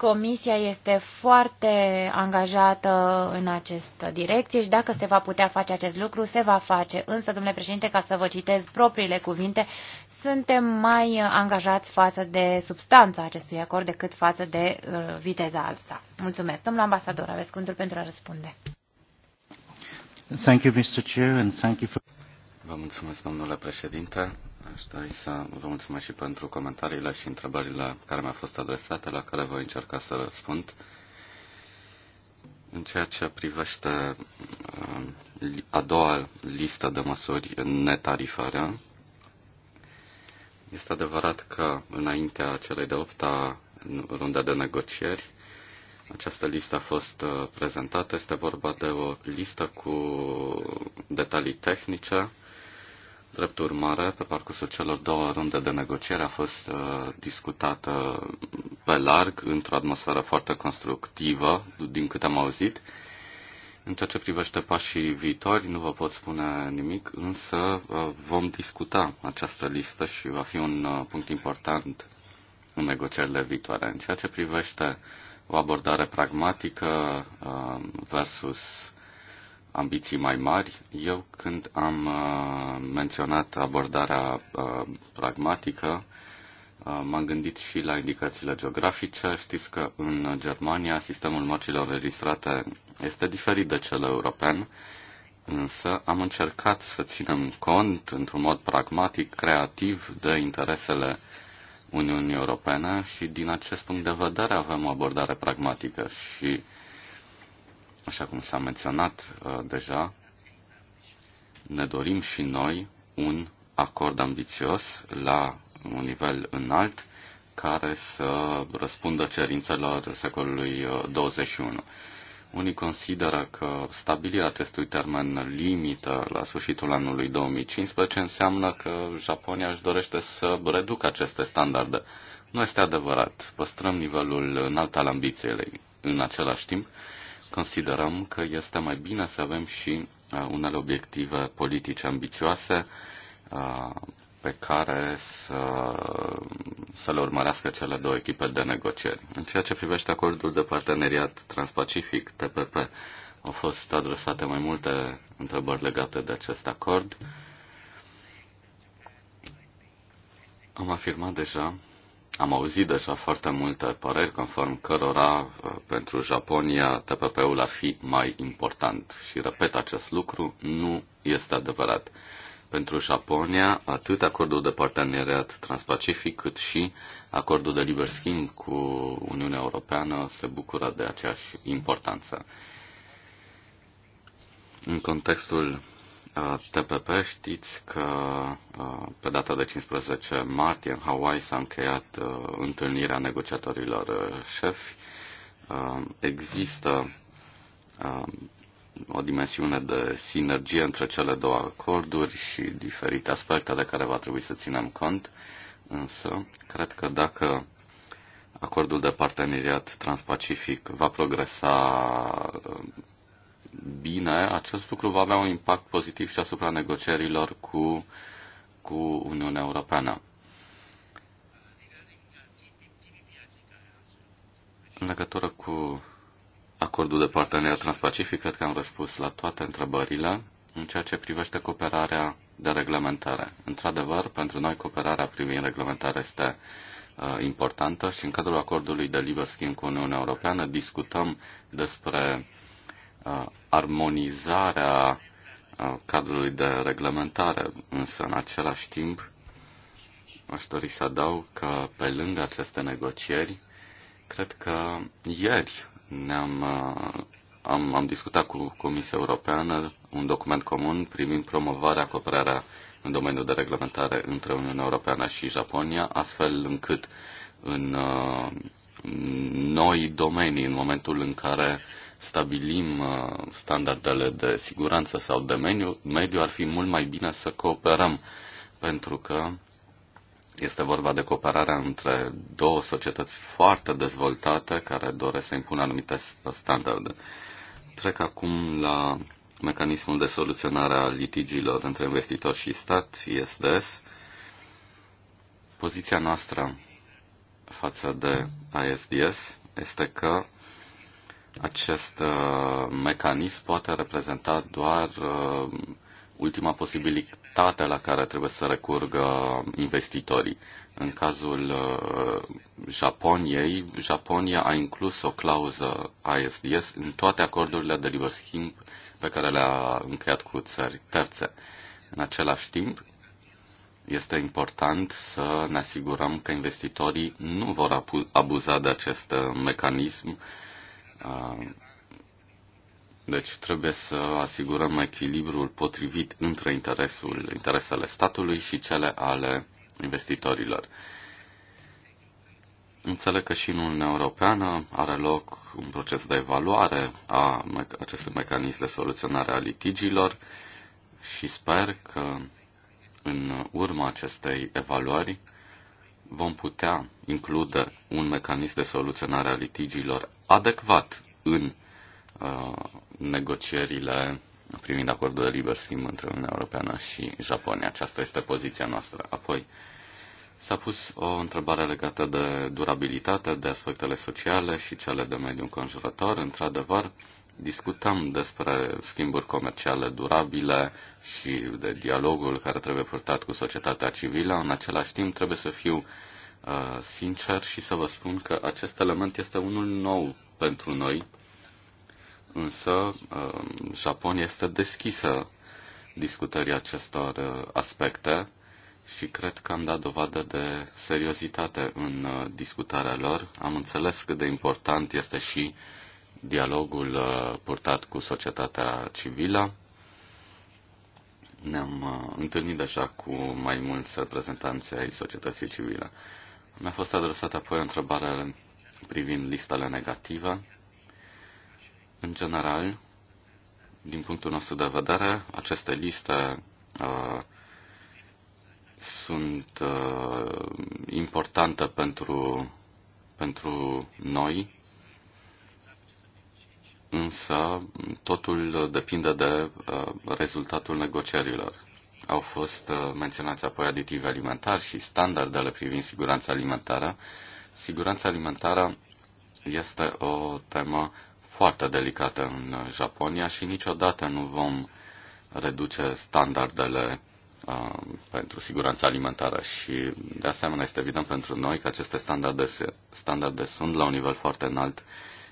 S1: Comisia este foarte angajată în această direcție și dacă se va putea face acest lucru, se va face. Însă, domnule președinte, ca să vă citez propriile cuvinte, suntem mai angajați față de substanța acestui acord decât față de uh, viteza alta. Mulțumesc. Domnul ambasador, aveți cuvântul pentru a răspunde.
S3: Thank you, Mr. Chair, and thank you for... Vă mulțumesc, domnule președinte. Aș dori să vă mulțumesc și pentru comentariile și întrebările care mi-au fost adresate, la care voi încerca să răspund. În ceea ce privește uh, a doua listă de măsuri netarifare, este adevărat că înaintea celei de opta runde de negocieri, această listă a fost uh, prezentată. Este vorba de o listă cu detalii tehnice Drept urmare, pe parcursul celor două runde de negociere a fost uh, discutată pe larg, într-o atmosferă foarte constructivă, din câte am auzit. În ceea ce privește pașii viitori, nu vă pot spune nimic, însă uh, vom discuta această listă și va fi un uh, punct important în negocierile viitoare. În ceea ce privește o abordare pragmatică uh, versus ambiții mai mari. Eu când am uh, menționat abordarea uh, pragmatică, uh, m-am gândit și la indicațiile geografice. Știți că în Germania sistemul mărcilor registrate este diferit de cel european, însă am încercat să ținem cont într-un mod pragmatic, creativ de interesele Uniunii Europene și din acest punct de vedere avem o abordare pragmatică și Așa cum s-a menționat uh, deja, ne dorim și noi un acord ambițios la un nivel înalt care să răspundă cerințelor secolului 21. Uh, Unii consideră că stabilirea acestui termen limită la sfârșitul anului 2015 înseamnă că Japonia își dorește să reducă aceste standarde. Nu este adevărat. Păstrăm nivelul înalt al ambițiilor în același timp considerăm că este mai bine să avem și uh, unele obiective politice ambițioase uh, pe care să, să le urmărească cele două echipe de negocieri. În ceea ce privește acordul de parteneriat transpacific, TPP, au fost adresate mai multe întrebări legate de acest acord. Am afirmat deja am auzit deja foarte multe păreri conform cărora uh, pentru Japonia TPP-ul ar fi mai important și repet acest lucru, nu este adevărat. Pentru Japonia, atât acordul de parteneriat transpacific cât și acordul de liber schimb cu Uniunea Europeană se bucură de aceeași importanță. În contextul TPP, știți că pe data de 15 martie în Hawaii s-a încheiat întâlnirea negociatorilor șefi. Există o dimensiune de sinergie între cele două acorduri și diferite aspecte de care va trebui să ținem cont, însă cred că dacă acordul de parteneriat transpacific va progresa bine, acest lucru va avea un impact pozitiv și asupra negocierilor cu, cu Uniunea Europeană. În legătură cu acordul de parteneriat transpacific, cred că am răspuns la toate întrebările în ceea ce privește cooperarea de reglementare. Într-adevăr, pentru noi cooperarea privind reglementare este uh, importantă și în cadrul acordului de liber schimb cu Uniunea Europeană discutăm despre armonizarea cadrului de reglementare, însă în același timp aș dori să adaug că pe lângă aceste negocieri, cred că ieri ne-am am, am discutat cu Comisia Europeană un document comun privind promovarea, cooperarea în domeniul de reglementare între Uniunea Europeană și Japonia, astfel încât în, în noi domenii, în momentul în care stabilim uh, standardele de siguranță sau de mediu, mediu, ar fi mult mai bine să cooperăm, pentru că este vorba de cooperarea între două societăți foarte dezvoltate care doresc să impună anumite standarde. Trec acum la mecanismul de soluționare a litigiilor între investitor și stat, ISDS. Poziția noastră față de ISDS este că acest uh, mecanism poate reprezenta doar uh, ultima posibilitate la care trebuie să recurgă investitorii. În cazul uh, Japoniei, Japonia a inclus o clauză ISDS în toate acordurile de liber schimb pe care le-a încheiat cu țări terțe. În același timp, este important să ne asigurăm că investitorii nu vor abuza de acest mecanism deci trebuie să asigurăm echilibrul potrivit între interesul, interesele statului și cele ale investitorilor. Înțeleg că și în Uniunea Europeană are loc un proces de evaluare a acestui mecanism de soluționare a litigiilor și sper că în urma acestei evaluări vom putea include un mecanism de soluționare a litigiilor adecvat în uh, negocierile privind acordul de liber schimb între Uniunea Europeană și Japonia. Aceasta este poziția noastră. Apoi, s-a pus o întrebare legată de durabilitate, de aspectele sociale și cele de mediu înconjurător. Într-adevăr, uh, discutăm despre schimburi comerciale durabile și de dialogul care trebuie purtat cu societatea civilă. În același timp, trebuie să fiu uh, sincer și să vă spun că acest element este unul nou pentru noi, însă uh, Japonia este deschisă discutării acestor uh, aspecte și cred că am dat dovadă de seriozitate în uh, discutarea lor. Am înțeles cât de important este și uh, dialogul uh, purtat cu societatea civilă. Ne-am uh, întâlnit deja cu mai mulți reprezentanți ai societății civile. Mi-a fost adresată apoi o întrebare privind listele negative. În general, din punctul nostru de vedere, aceste liste uh, sunt uh, importante pentru, pentru noi, însă totul depinde de uh, rezultatul negocierilor. Au fost uh, menționați apoi aditivi alimentari și standardele privind siguranța alimentară. Siguranța alimentară este o temă foarte delicată în uh, Japonia și niciodată nu vom reduce standardele pentru siguranța alimentară și de asemenea este evident pentru noi că aceste standarde, standarde sunt la un nivel foarte înalt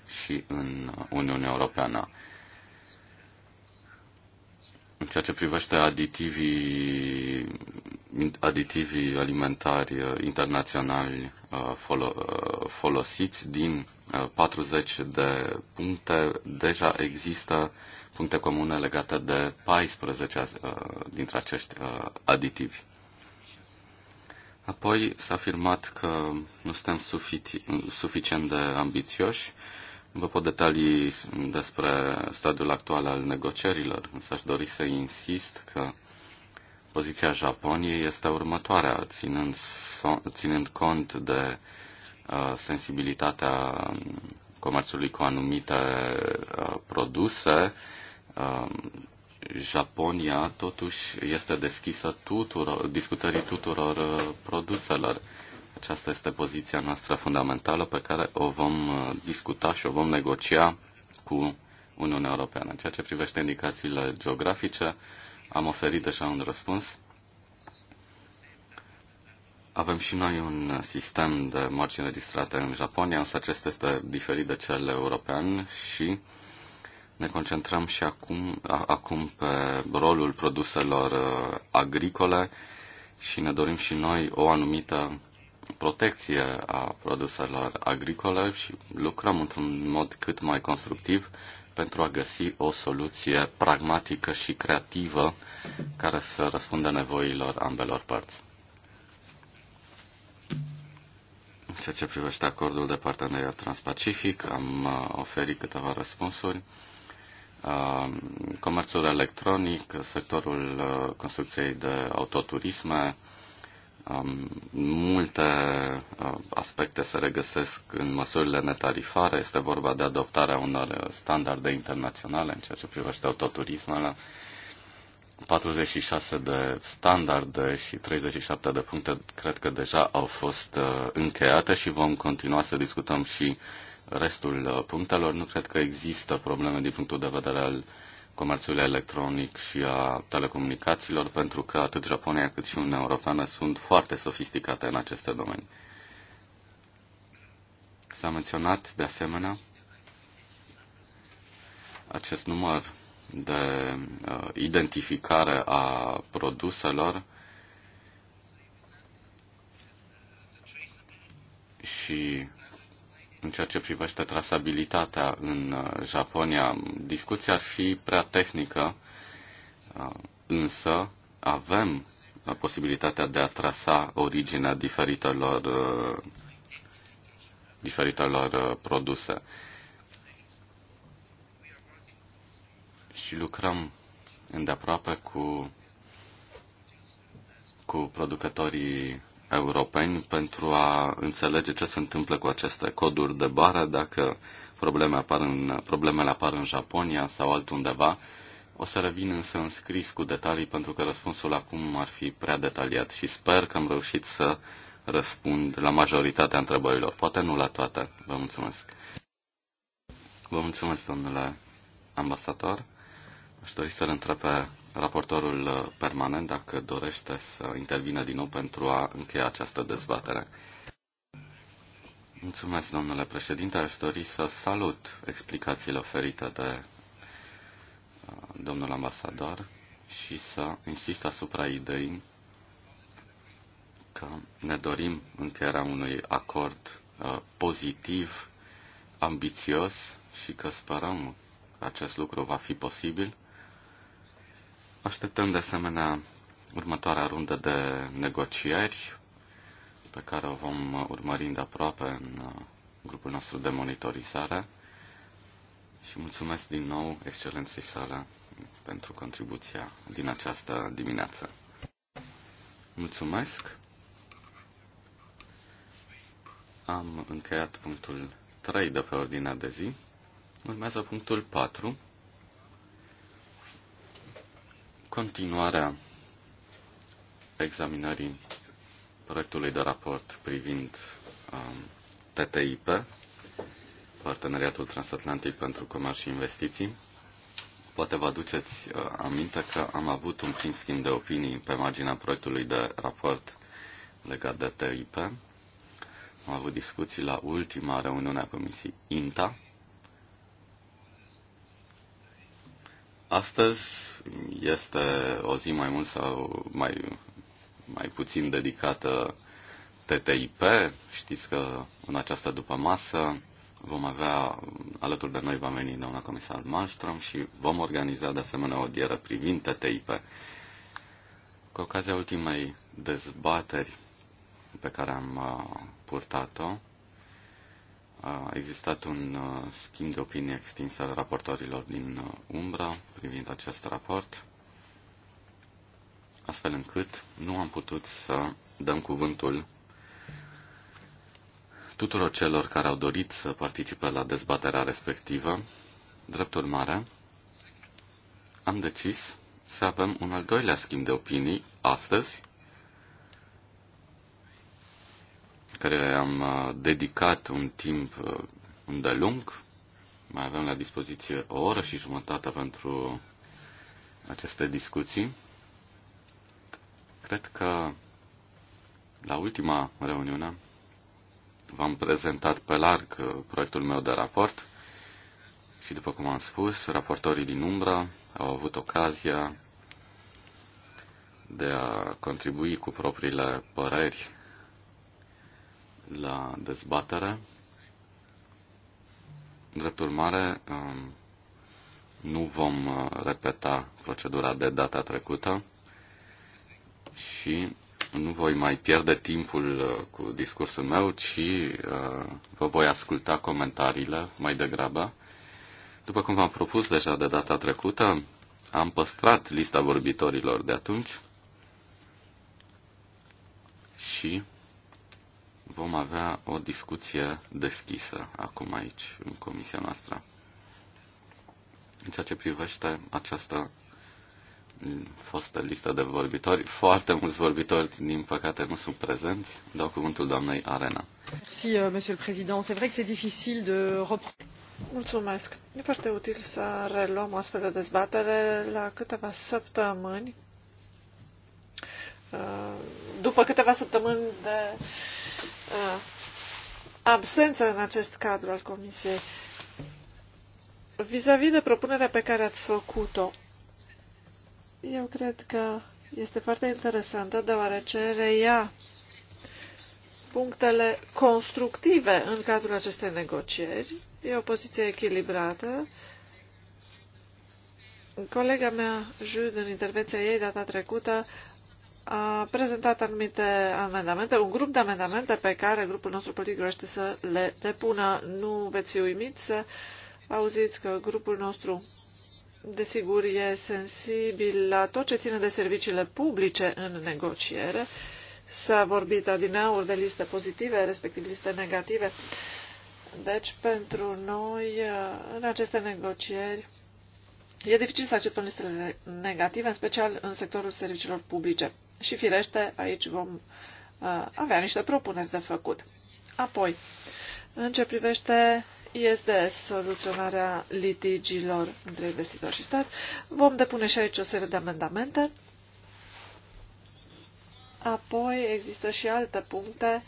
S3: și în Uniunea Europeană. În ceea ce privește aditivii, aditivii alimentari internaționali uh, uh, folosiți, din 40 uh, de puncte deja există puncte comune legate de 14 dintre acești aditivi. Apoi s-a afirmat că nu suntem suficient de ambițioși Vă pot detalii despre stadiul actual al negocierilor, însă aș dori să insist că poziția Japoniei este următoarea, ținând, ținând cont de uh, sensibilitatea comerțului cu anumite uh, produse, uh, Japonia totuși este deschisă tuturor, discutării tuturor uh, produselor. Aceasta este poziția noastră fundamentală pe care o vom uh, discuta și o vom negocia cu Uniunea Europeană. În ceea ce privește indicațiile geografice, am oferit deja un răspuns. Avem și noi un sistem de mărci înregistrate în Japonia, însă acesta este diferit de cel european și ne concentrăm și acum, acum pe rolul produselor uh, agricole și ne dorim și noi o anumită protecție a produselor agricole și lucrăm într-un mod cât mai constructiv pentru a găsi o soluție pragmatică și creativă care să răspundă nevoilor ambelor părți. În ceea ce privește acordul de parteneriat transpacific, am uh, oferit câteva răspunsuri. Uh, comerțul electronic, sectorul uh, construcției de autoturisme, multe uh, aspecte se regăsesc în măsurile netarifare. Este vorba de adoptarea unor standarde internaționale în ceea ce privește autoturismele. 46 de standarde și 37 de puncte cred că deja au fost uh, încheiate și vom continua să discutăm și restul uh, punctelor. Nu cred că există probleme din punctul de vedere al uh, comerțului electronic și a telecomunicațiilor, pentru că atât Japonia cât și Uniunea Europeană sunt foarte sofisticate în aceste domenii. S-a menționat, de asemenea, acest număr de uh, identificare a produselor și în ceea ce privește trasabilitatea în uh, Japonia, discuția ar fi prea tehnică, uh, însă avem uh, posibilitatea de a trasa originea diferitelor, diferitelor produse. Și lucrăm îndeaproape cu, cu producătorii europeni pentru a înțelege ce se întâmplă cu aceste coduri de bară, dacă probleme apar în, problemele apar în Japonia sau altundeva. O să revin însă în scris cu detalii pentru că răspunsul acum ar fi prea detaliat și sper că am reușit să răspund la majoritatea întrebărilor, poate nu la toate. Vă mulțumesc. Vă mulțumesc, domnule ambasador. Aș dori să-l întreb pe raportorul uh, permanent dacă dorește să intervină din nou pentru a încheia această dezbatere. Mulțumesc, domnule președinte. Aș dori să salut explicațiile oferite de uh, domnul ambasador și să insist asupra ideii că ne dorim încheierea unui acord uh, pozitiv, ambițios și că sperăm că acest lucru va fi posibil Așteptăm de asemenea următoarea rundă de negocieri pe care o vom urmări de aproape în uh, grupul nostru de monitorizare și mulțumesc din nou excelenței sale pentru contribuția din această dimineață. Mulțumesc! Am încheiat punctul 3 de pe ordinea de zi. Urmează punctul 4. Continuarea examinării proiectului de raport privind um, TTIP, Parteneriatul Transatlantic pentru Comerț și Investiții. Poate vă aduceți uh, aminte că am avut un prim schimb de opinii pe marginea proiectului de raport legat de TTIP. Am avut discuții la ultima reuniune a Comisiei INTA Astăzi este o zi mai mult sau mai, mai puțin dedicată TTIP. Știți că în această după masă vom avea alături de noi va veni doamna comisar Malmström și vom organiza de asemenea o dieră privind TTIP. Cu ocazia ultimei dezbateri pe care am uh, purtat-o, a existat un uh, schimb de opinie extins al raportorilor din uh, Umbra privind acest raport, astfel încât nu am putut să dăm cuvântul tuturor celor care au dorit să participe la dezbaterea respectivă. Drept urmare, am decis să avem un al doilea schimb de opinii astăzi care am uh, dedicat un timp uh, îndelung. Mai avem la dispoziție o oră și jumătate pentru aceste discuții. Cred că la ultima reuniune v-am prezentat pe larg uh, proiectul meu de raport și, după cum am spus, raportorii din umbră au avut ocazia de a contribui cu propriile păreri la dezbatere. Drept urmare, um, nu vom uh, repeta procedura de data trecută și nu voi mai pierde timpul uh, cu discursul meu, ci uh, vă voi asculta comentariile mai degrabă. După cum v-am propus deja de data trecută, am păstrat lista vorbitorilor de atunci și vom avea o discuție deschisă acum aici, în comisia noastră. În ceea ce privește această fostă listă de vorbitori, foarte mulți vorbitori, din păcate, nu sunt prezenți. Dau cuvântul doamnei Arena.
S2: Merci, euh, monsieur le président. C'est vrai que c'est difficile de reprendre. Mulțumesc. E foarte util să reluăm o astfel de dezbatere la câteva săptămâni uh, după câteva săptămâni de uh, absență în acest cadru al Comisiei. Vis-a-vis de propunerea pe care ați făcut-o, eu cred că este foarte interesantă, deoarece reia punctele constructive în cadrul acestei negocieri. E o poziție echilibrată. Colega mea, Jude, în intervenția ei data trecută, a prezentat anumite amendamente, un grup de amendamente pe care grupul nostru politic dorește să le depună. Nu veți fi uimiți să auziți că grupul nostru, desigur, e sensibil la tot ce ține de serviciile publice în negociere. S-a vorbit adineauri de liste pozitive, respectiv liste negative. Deci, pentru noi, în aceste negocieri, E dificil să acceptăm listele negative, în special în sectorul serviciilor publice. Și firește, aici vom uh, avea niște propuneri de făcut. Apoi, în ce privește ISDS, soluționarea litigiilor între investitor și stat, vom depune și aici o serie de amendamente. Apoi există și alte puncte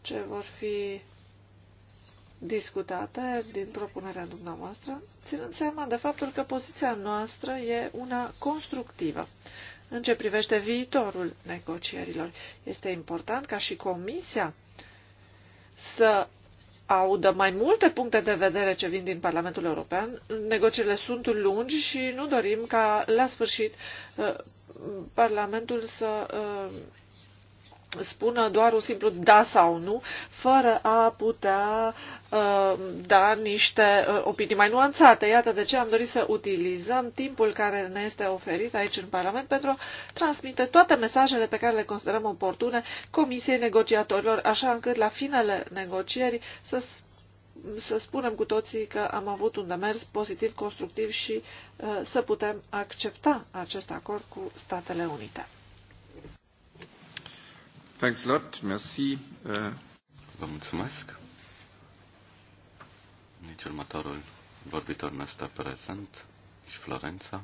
S2: ce vor fi discutate din propunerea dumneavoastră, ținând seama de faptul că poziția noastră e una constructivă în ce privește viitorul negocierilor. Este important ca și Comisia să audă mai multe puncte de vedere ce vin din Parlamentul European. Negocierile sunt lungi și nu dorim ca la sfârșit uh, Parlamentul să uh, spună doar un simplu da sau nu, fără a putea uh, da niște uh, opinii mai nuanțate. Iată de ce am dorit să utilizăm timpul care ne este oferit aici în Parlament pentru a transmite toate mesajele pe care le considerăm oportune Comisiei Negociatorilor, așa încât la finele negocierii să, să spunem cu toții că am avut un demers pozitiv, constructiv și uh, să putem accepta acest acord cu Statele Unite.
S3: Thanks a lot. Merci. Uh, Vă mulțumesc. Nici următorul vorbitor nu este prezent și Florența.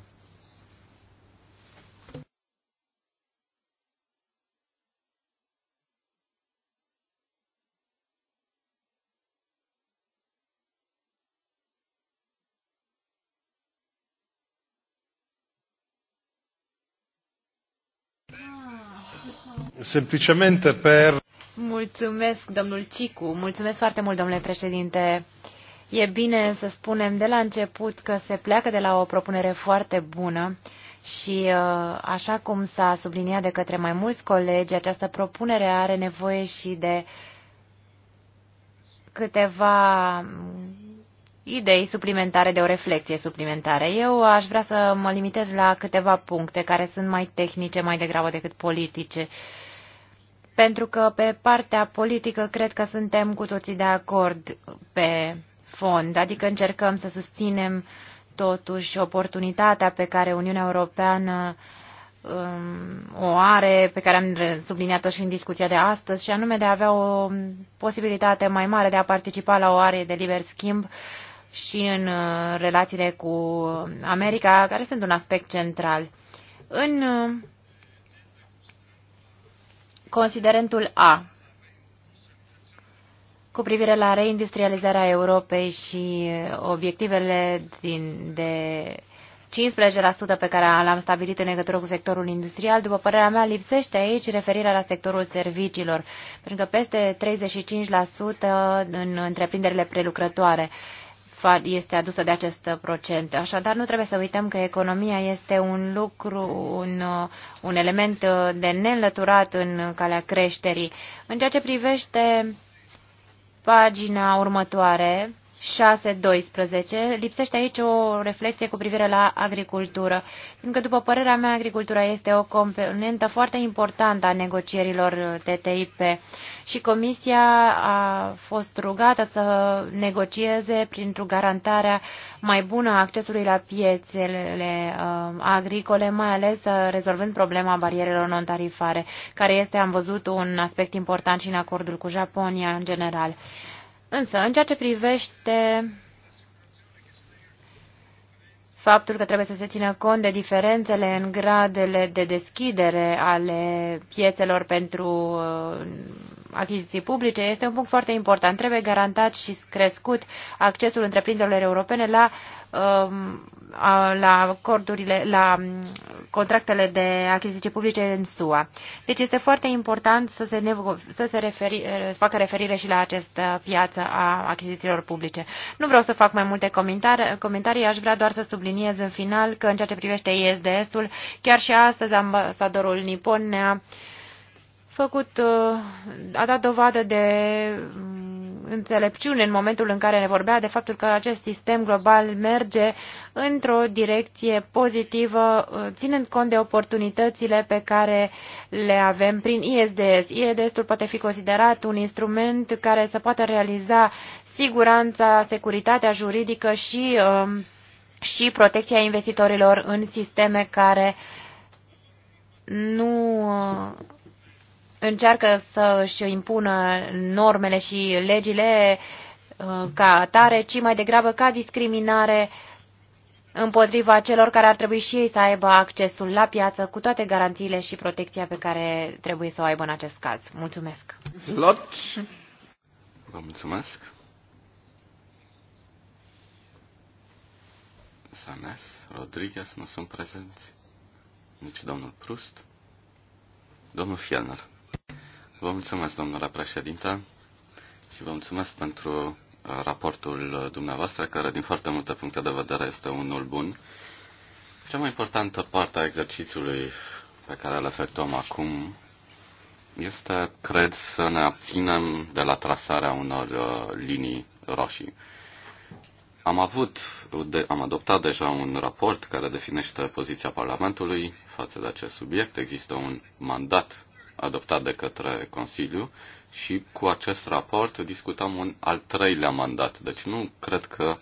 S1: Semplicemente per... Mulțumesc, domnul Cicu. Mulțumesc foarte mult, domnule președinte. E bine să spunem de la început că se pleacă de la o propunere foarte bună și, uh, așa cum s-a subliniat de către mai mulți colegi, această propunere are nevoie și de câteva idei suplimentare, de o reflexie suplimentară. Eu aș vrea să mă limitez la câteva puncte care sunt mai tehnice mai degrabă decât politice pentru că pe partea politică cred că suntem cu toții de acord pe fond, adică încercăm să susținem totuși oportunitatea pe care Uniunea Europeană um, o are, pe care am subliniat-o și în discuția de astăzi, și anume de a avea o posibilitate mai mare de a participa la o are de liber schimb și în uh, relațiile cu America, care sunt un aspect central. În uh, Considerentul A cu privire la reindustrializarea Europei și obiectivele din, de 15% pe care l-am stabilit în legătură cu sectorul industrial, după părerea mea, lipsește aici referirea la sectorul serviciilor, pentru că peste 35% în întreprinderile prelucrătoare este adusă de acest procent. Așadar, nu trebuie să uităm că economia este un lucru, un, un element de neînlăturat în calea creșterii. În ceea ce privește pagina următoare, 6.12. Lipsește aici o reflexie cu privire la agricultură, pentru că, după părerea mea, agricultura este o componentă foarte importantă a negocierilor TTIP și Comisia a fost rugată să negocieze printr-o garantarea mai bună a accesului la piețele uh, agricole, mai ales uh, rezolvând problema barierelor non-tarifare, care este, am văzut, un aspect important și în acordul cu Japonia în general. Însă, în ceea ce privește faptul că trebuie să se țină cont de diferențele în gradele de deschidere ale piețelor pentru uh, achiziții publice este un punct foarte important. Trebuie garantat și crescut accesul întreprinderilor europene la, um, la acordurile, la um, contractele de achiziții publice în SUA. Deci este foarte important să se, să se referi, să facă referire și la această piață a achizițiilor publice. Nu vreau să fac mai multe comentarii, comentarii aș vrea doar să subliniez în final că în ceea ce privește ISDS-ul, chiar și astăzi ambasadorul Nipon ne-a uh, făcut, uh, a dat dovadă de mm, înțelepciune în momentul în care ne vorbea de faptul că acest sistem global merge într-o direcție pozitivă, uh, ținând cont de oportunitățile pe care le avem prin ISDS. ISDS-ul poate fi considerat un instrument care să poată realiza siguranța, securitatea juridică și, um, și protecția investitorilor în sisteme care nu uh, încearcă să își impună normele și legile uh, ca atare, ci mai degrabă ca discriminare împotriva celor care ar trebui și ei să aibă accesul la piață cu toate garanțiile și protecția pe care trebuie să o aibă în acest caz. Mulțumesc! Lot.
S3: Vă mulțumesc! Sanes, Rodriguez nu sunt prezenți, nici domnul Prust, domnul Fielner. Vă mulțumesc, domnule președinte, și vă mulțumesc pentru uh, raportul dumneavoastră, care din foarte multe puncte de vedere este unul bun. Cea mai importantă parte a exercițiului pe care îl efectuăm acum este, cred, să ne abținem de la trasarea unor uh, linii roșii. Am avut, am adoptat deja un raport care definește poziția Parlamentului față de acest subiect. Există un mandat adoptat de către Consiliu și cu acest raport discutăm un al treilea mandat. Deci nu cred că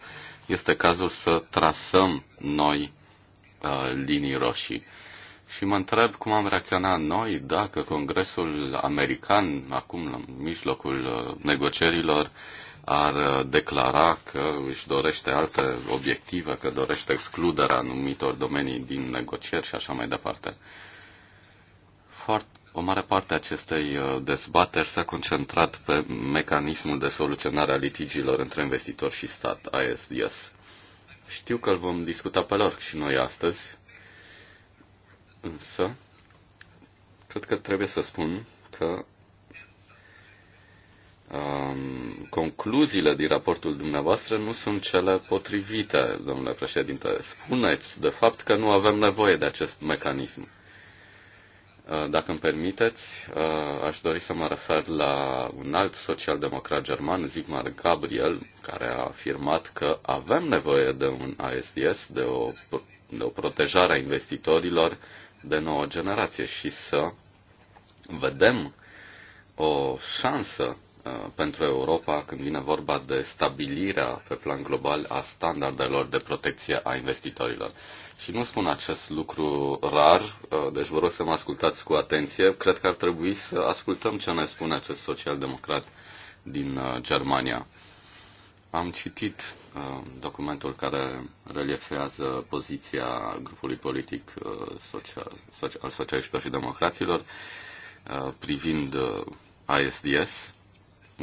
S3: este cazul să trasăm noi uh, linii roșii. Și mă întreb cum am reacționat noi dacă Congresul American, acum la mijlocul uh, negocierilor, ar uh, declara că își dorește alte obiective, că dorește excluderea anumitor domenii din negocieri și așa mai departe. Foarte, o mare parte a acestei uh, dezbateri s-a concentrat pe mecanismul de soluționare a litigiilor între investitor și stat, ISDS. Știu că îl vom discuta pe larg și noi astăzi, însă cred că trebuie să spun că um, concluziile din raportul dumneavoastră nu sunt cele potrivite, domnule președinte. Spuneți, de fapt, că nu avem nevoie de acest mecanism. Uh, dacă îmi permiteți, uh, aș dori să mă refer la un alt social-democrat german, Sigmar Gabriel, care a afirmat că avem nevoie de un ASDS, de o, de o protejare a investitorilor de nouă generație și să vedem o șansă Uh, pentru Europa când vine vorba de stabilirea pe plan global a standardelor de protecție a investitorilor. Și nu spun acest lucru rar, uh, deci vă rog să mă ascultați cu atenție. Cred că ar trebui să ascultăm ce ne spune acest social-democrat din uh, Germania. Am citit documentul care reliefează poziția grupului politic social, al socialiștilor și democraților privind ISDS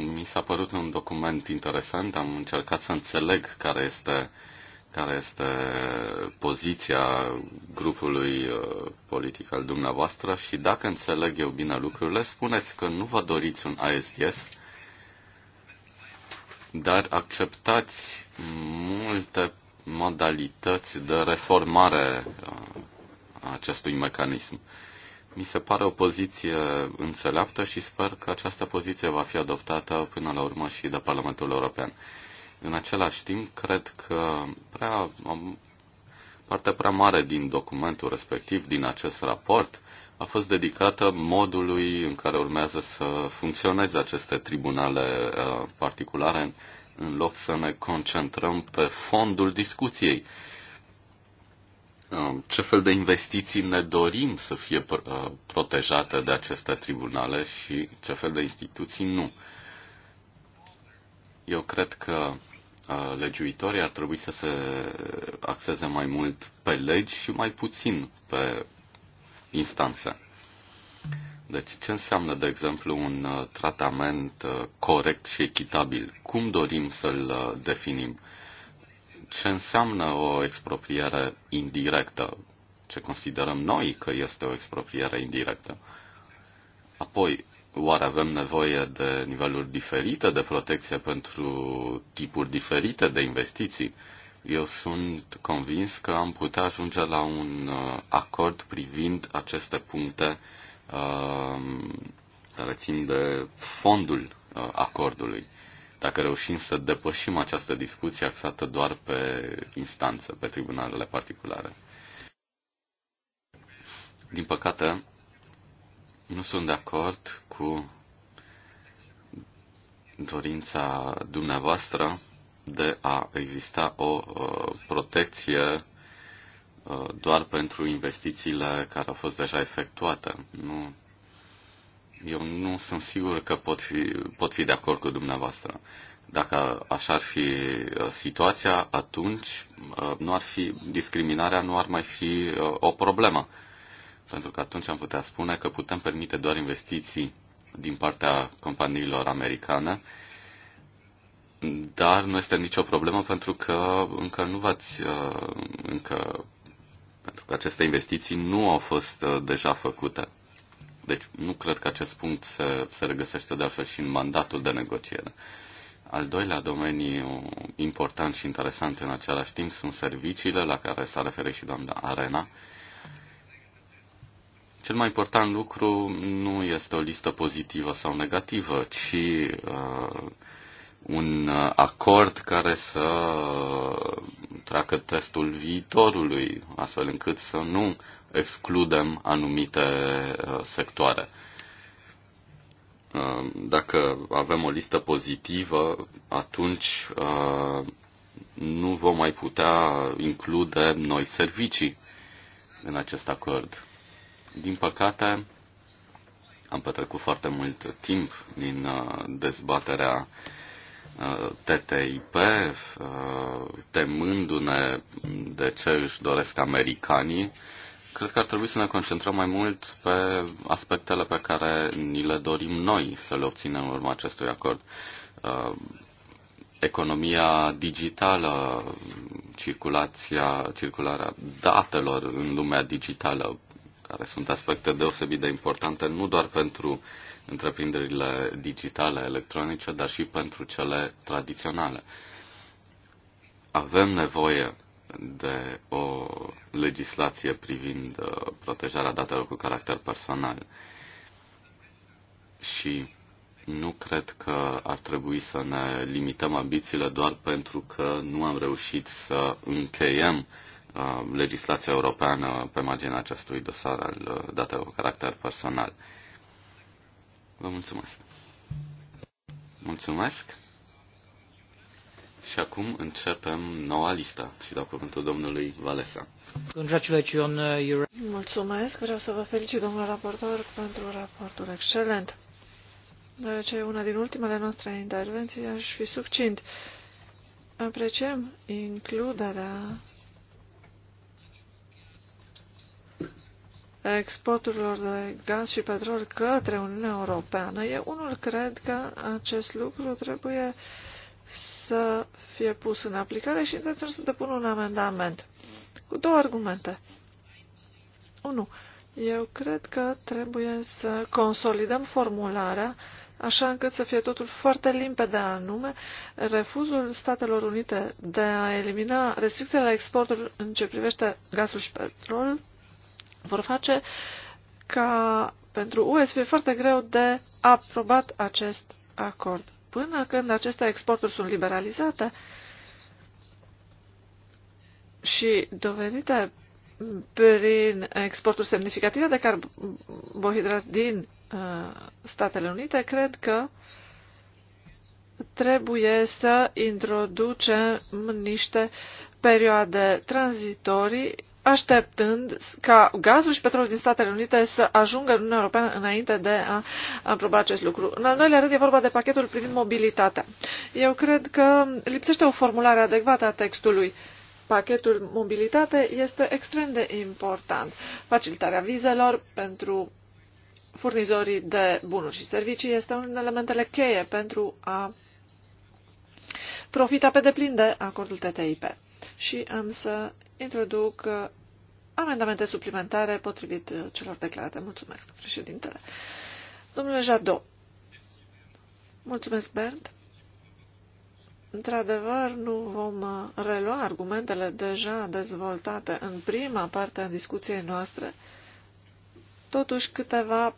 S3: mi s-a părut un document interesant, am încercat să înțeleg care este, care este poziția grupului uh, politic al dumneavoastră și dacă înțeleg eu bine lucrurile, spuneți că nu vă doriți un ASDS, dar acceptați multe modalități de reformare uh, a acestui mecanism. Uh, mi se pare o poziție înțeleaptă și sper că această poziție va fi adoptată până la urmă și de Parlamentul European. În același timp, cred că prea, partea prea mare din documentul respectiv, din acest raport, a fost dedicată modului în care urmează să funcționeze aceste tribunale uh, particulare, în loc să ne concentrăm pe fondul discuției Um, ce fel de investiții ne dorim să fie uh, protejate de aceste tribunale și ce fel de instituții nu. Eu cred că uh, legiuitorii ar trebui să se axeze mai mult pe legi și mai puțin pe instanțe. Deci ce înseamnă, de exemplu, un uh, tratament corect și echitabil? Cum dorim să-l definim? ce înseamnă o expropriere indirectă, ce considerăm noi că este o expropriere indirectă. Apoi, oare avem nevoie de niveluri diferite de protecție pentru tipuri diferite de investiții? Eu sunt convins că am putea ajunge la un uh, acord privind aceste puncte uh, care țin de fondul uh, acordului dacă reușim să depășim această discuție axată doar pe instanță, pe tribunalele particulare. Din păcate, nu sunt de acord cu dorința dumneavoastră de a exista o uh, protecție uh, doar pentru investițiile care au fost deja efectuate. Nu eu nu sunt sigur că pot fi, pot fi de acord cu dumneavoastră. Dacă așa ar fi uh, situația, atunci uh, nu ar fi, discriminarea nu ar mai fi uh, o problemă. Pentru că atunci am putea spune că putem permite doar investiții din partea companiilor americane, dar nu este nicio problemă pentru că încă nu v-ați, încă, pentru că aceste investiții nu au fost deja făcute. Deci nu cred că acest punct se, se regăsește de altfel și în mandatul de negociere. Al doilea domeniu important și interesant în același timp sunt serviciile, la care s-a referit și doamna Arena. Cel mai important lucru nu este o listă pozitivă sau negativă, ci uh, un uh, acord care să treacă testul viitorului, astfel încât să nu excludem anumite uh, sectoare. Uh, dacă avem o listă pozitivă, atunci nu vom mai putea include noi servicii în acest acord. Din păcate, am petrecut foarte mult timp din dezbaterea uh, TTIP, uh, temându-ne de ce își doresc americanii, cred că ar trebui să ne concentrăm mai mult pe aspectele pe care ni le dorim noi să le obținem în urma acestui acord. Uh, economia digitală, circulația, circularea datelor în lumea digitală, care sunt aspecte deosebit de importante nu doar pentru întreprinderile digitale, electronice, dar și pentru cele tradiționale. Avem nevoie de o legislație privind uh, protejarea datelor cu caracter personal și nu cred că ar trebui să ne limităm ambițiile doar pentru că nu am reușit să încheiem uh, legislația europeană pe marginea acestui dosar al uh, datelor cu caracter personal. Vă mulțumesc. Mulțumesc. Și acum începem noua listă și dau cuvântul domnului Valesa.
S1: Uh,
S2: mulțumesc, vreau să vă felicit, domnule raportor, pentru raportul excelent. Deoarece una din ultimele noastre intervenții aș fi succint. Apreciem includerea exporturilor de gaz și petrol către Uniunea Europeană. Eu unul cred că acest lucru trebuie să fie pus în aplicare și intenționez să depun un amendament cu două argumente. Unu, Eu cred că trebuie să consolidăm formularea așa încât să fie totul foarte limpede, anume refuzul Statelor Unite de a elimina restricțiile la exportul în ce privește gazul și petrolul vor face ca pentru UE să fie foarte greu de aprobat acest acord. Până când aceste exporturi sunt liberalizate și dovedite prin exporturi semnificative de carbohidrați din uh, Statele Unite, cred că trebuie să introducem niște perioade tranzitorii așteptând ca gazul și petrolul din Statele Unite să ajungă în Uniunea Europeană înainte de a aproba acest lucru. În al doilea rând e vorba de pachetul privind mobilitatea. Eu cred că lipsește o formulare adecvată a textului. Pachetul mobilitate este extrem de important. Facilitarea vizelor pentru furnizorii de bunuri și servicii este unul din elementele cheie pentru a profita pe deplin de acordul TTIP. Și am să introduc uh, amendamente suplimentare potrivit uh, celor declarate. Mulțumesc, președintele. Domnule Jadot, mulțumesc, Bernd. Într-adevăr, nu vom uh, relua argumentele deja dezvoltate în prima parte a discuției noastre, totuși câteva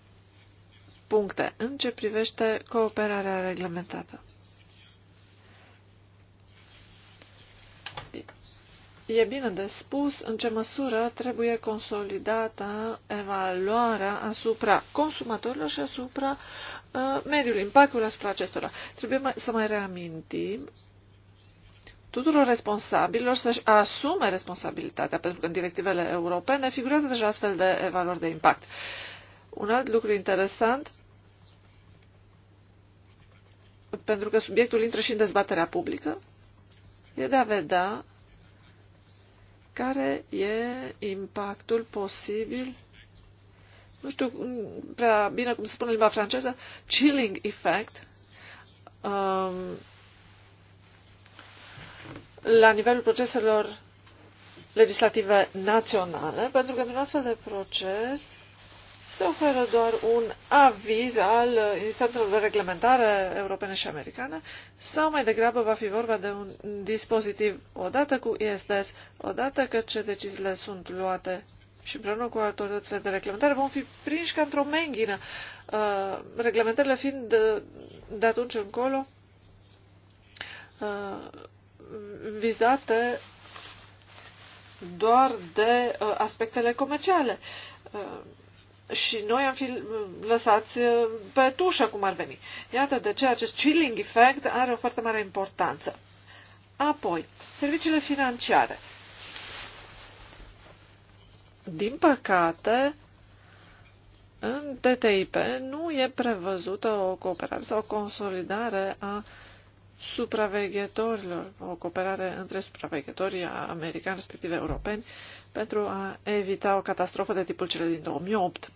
S2: puncte în ce privește cooperarea reglementată. E bine de spus în ce măsură trebuie consolidată evaluarea asupra consumatorilor și asupra uh, mediului, impactul asupra acestora. Trebuie mai, să mai reamintim tuturor responsabililor să-și asume responsabilitatea, pentru că în directivele europene figurează deja astfel de evaluări de impact. Un alt lucru interesant, pentru că subiectul intră și în dezbaterea publică, e de a vedea care e impactul posibil, nu știu prea bine cum se spune limba franceză, chilling effect, um, la nivelul proceselor legislative naționale, pentru că într-un astfel de proces se oferă doar un aviz al uh, instanțelor de reglementare europene și americane sau mai degrabă va fi vorba de un dispozitiv odată cu ISDS, odată că ce deciziile sunt luate și împreună cu autoritățile de reglementare vom fi prinși ca într-o menghină, uh, reglementările fiind de, de atunci încolo uh, vizate doar de aspectele comerciale și noi am fi lăsați uh, pe tușă cum ar veni. Iată de ce acest chilling effect are o foarte mare importanță. Apoi, serviciile financiare. Din păcate, în TTIP nu e prevăzută o cooperare sau o consolidare a supraveghetorilor, o cooperare între supraveghetorii americani, respectiv europeni, pentru a evita o catastrofă de tipul cele din 2008.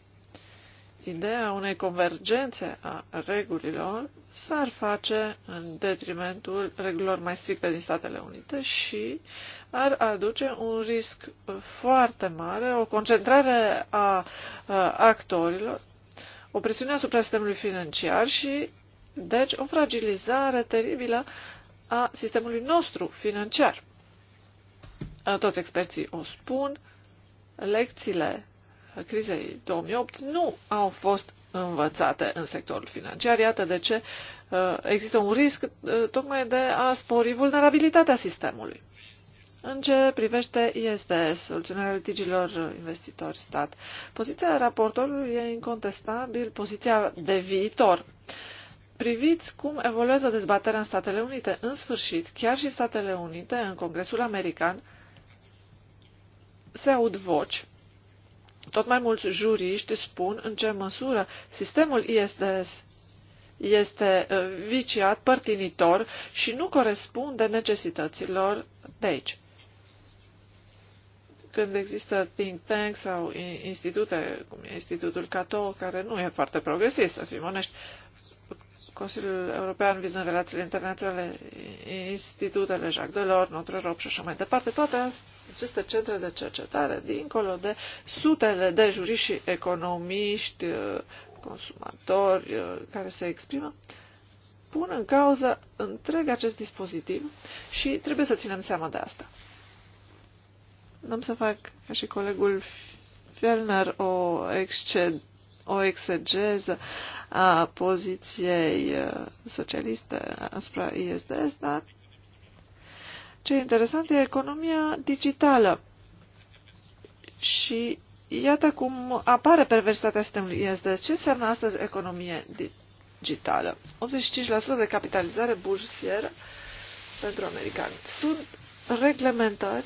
S2: Ideea unei convergențe a regulilor s-ar face în detrimentul regulilor mai stricte din Statele Unite și ar aduce un risc foarte mare, o concentrare a, a actorilor, o presiune asupra sistemului financiar și, deci, o fragilizare teribilă a sistemului nostru financiar. Toți experții o spun, lecțiile crizei 2008 nu au fost învățate în sectorul financiar. Iată de ce uh, există un risc uh, tocmai de a spori vulnerabilitatea sistemului. În ce privește ISDS, soluționarea litigilor investitori-stat, poziția raportorului e incontestabil poziția de viitor. Priviți cum evoluează dezbaterea în Statele Unite. În sfârșit, chiar și Statele Unite, în Congresul American, se aud voci tot mai mulți juriști spun în ce măsură sistemul ISDS este ă, viciat, părtinitor și nu corespunde necesităților de aici. Când există think tanks sau institute, cum e Institutul Cato, care nu e foarte progresist, să fim onești, Consiliul European vizând relațiile internaționale, institutele Jacques Delors, Notre Europe și așa mai departe, toate aceste centre de cercetare, dincolo de sutele de juriști și economiști, uh, consumatori uh, care se exprimă, pun în cauză întreg acest dispozitiv și trebuie să ținem seama de asta. Nu am să fac, ca și colegul Fielner, o exced o exegeză a poziției uh, socialiste asupra ISDS, dar ce interesant e economia digitală. Și iată cum apare perversitatea sistemului ISDS. Ce înseamnă astăzi economie digitală? 85% de capitalizare bursieră pentru americani. Sunt reglementări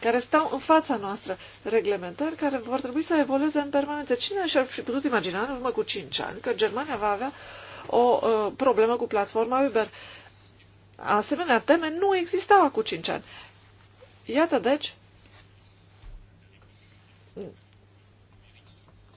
S2: care stau în fața noastră, reglementări care vor trebui să evolueze în permanență. Cine și-ar fi putut imagina în urmă cu 5 ani că Germania va avea o uh, problemă cu platforma Uber? Asemenea teme nu existau acum 5 ani. Iată deci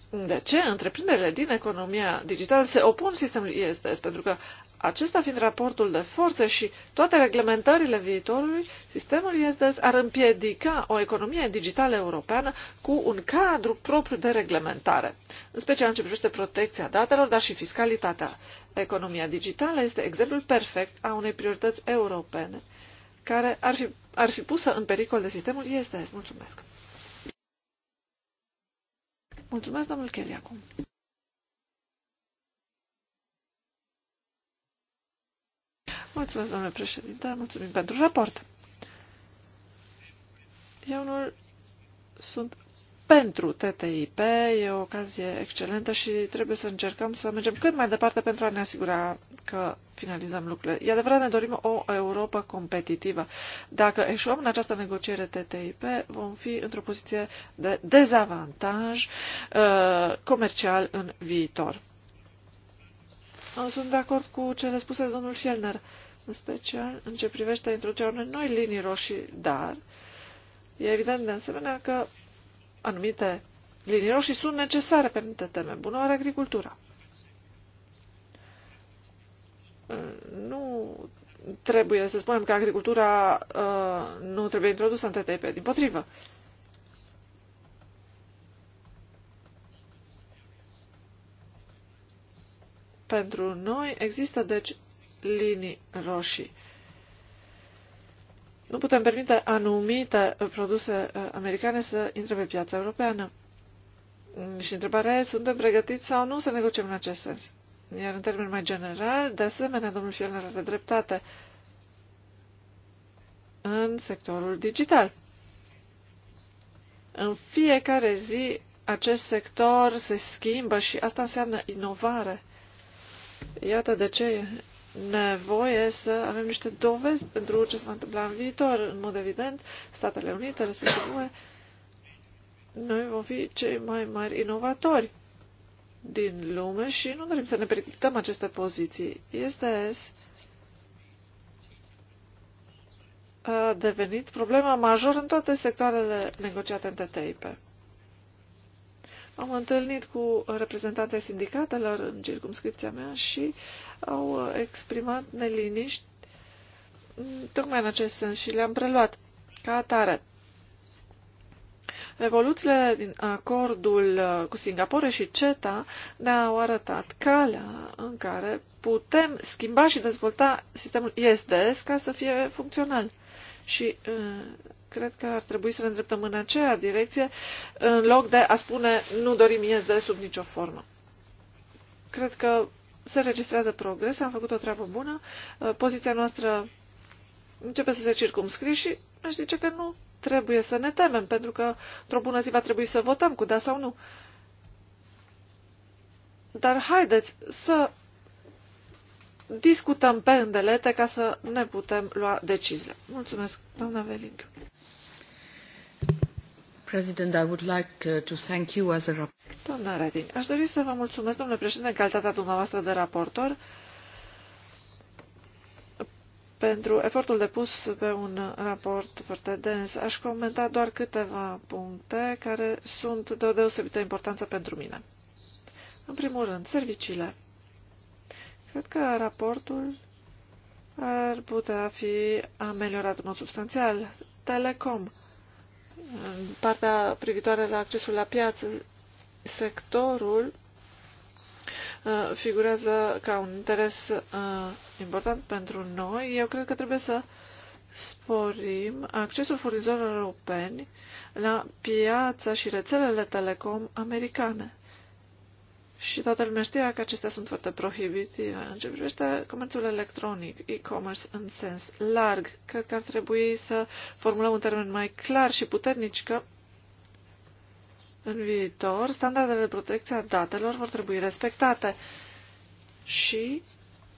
S2: de ce întreprinderile din economia digitală se opun sistemului ISDS, pentru că acesta fiind raportul de forțe și toate reglementările viitorului, sistemul ISDS ar împiedica o economie digitală europeană cu un cadru propriu de reglementare, în special în ce privește protecția datelor, dar și fiscalitatea. Economia digitală este exemplul perfect a unei priorități europene care ar fi, ar fi pusă în pericol de sistemul ISDS. Mulțumesc! Mulțumesc, domnul Kelly, Mulțumesc, domnule președinte, mulțumim pentru raport. Eu nu sunt pentru TTIP, e o ocazie excelentă și trebuie să încercăm să mergem cât mai departe pentru a ne asigura că finalizăm lucrurile. E adevărat, ne dorim o Europa competitivă. Dacă eșuăm în această negociere TTIP, vom fi într-o poziție de dezavantaj uh, comercial în viitor. Sunt de acord cu cele spuse domnul Fielner, în special în ce privește introducerea unei noi linii roșii, dar e evident de asemenea că anumite linii roșii sunt necesare pe anumite teme. Bună oară agricultura. Nu trebuie să spunem că agricultura uh, nu trebuie introdusă în TTIP, din potrivă. Uh, Pentru noi există, deci, linii roșii. Nu putem permite anumite produse uh, americane să intre pe piața europeană. Și întrebarea e, suntem pregătiți sau nu să negociem în acest sens? Iar în termen mai general, de asemenea, domnul Fielner are dreptate în sectorul digital. În fiecare zi acest sector se schimbă și asta înseamnă inovare. Iată de ce e nevoie să avem niște dovezi pentru ce se va întâmpla în viitor. În mod evident, Statele Unite, respectiv UE, noi vom fi cei mai mari inovatori din lume și nu dorim să ne pregătăm aceste poziții. Este a devenit problema majoră în toate sectoarele negociate în TTIP. Am întâlnit cu reprezentanții sindicatelor în circumscripția mea și au exprimat neliniști tocmai în acest sens și le-am preluat ca atare. Evoluțiile din acordul uh, cu Singapore și CETA ne-au arătat calea în care putem schimba și dezvolta sistemul ISDS ca să fie funcțional. Și uh, cred că ar trebui să ne îndreptăm în aceea direcție, în loc de a spune nu dorim de sub nicio formă. Cred că se registrează progres, am făcut o treabă bună, uh, poziția noastră începe să se circumscrie și aș zice că nu trebuie să ne temem, pentru că într-o bună zi va trebui să votăm cu da sau nu. Dar haideți să discutăm pe îndelete ca să ne putem lua deciziile. Mulțumesc, doamna Veling. President, Doamna Reding, aș dori să vă mulțumesc, domnule președinte, în calitatea dumneavoastră de raportor, pentru efortul depus pe un raport foarte dens. Aș comenta doar câteva puncte care sunt de o deosebită importanță pentru mine. În primul rând, serviciile. Cred că raportul ar putea fi ameliorat în mod substanțial. Telecom partea privitoare la accesul la piață, sectorul uh, figurează ca un interes uh, important pentru noi. Eu cred că trebuie să sporim accesul furnizorilor europeni la piața și rețelele telecom americane. Și toată lumea știa că acestea sunt foarte prohibitive. În ce privește comerțul electronic, e-commerce în sens larg, cred că ar trebui să formulăm un termen mai clar și puternic că în viitor standardele de protecție a datelor vor trebui respectate și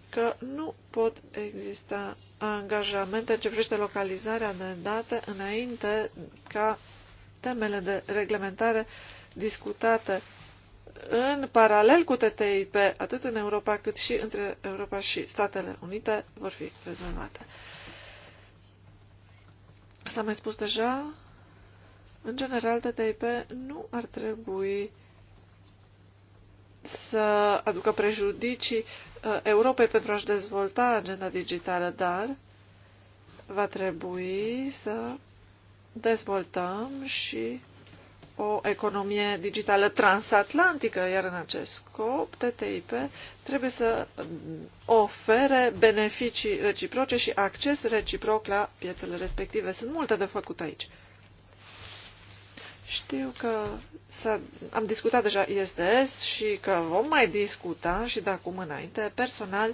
S2: că nu pot exista angajamente în ce privește localizarea de date înainte ca temele de reglementare discutate în paralel cu TTIP, atât în Europa cât și între Europa și Statele Unite, vor fi rezolvate. S-a mai spus deja, în general, TTIP nu ar trebui să aducă prejudicii uh, Europei pentru a-și dezvolta agenda digitală, dar va trebui să dezvoltăm și o economie digitală transatlantică, iar în acest scop TTIP trebuie să ofere beneficii reciproce și acces reciproc la piețele respective. Sunt multe de făcut aici. Știu că am discutat deja ISDS și că vom mai discuta și de acum înainte. Personal,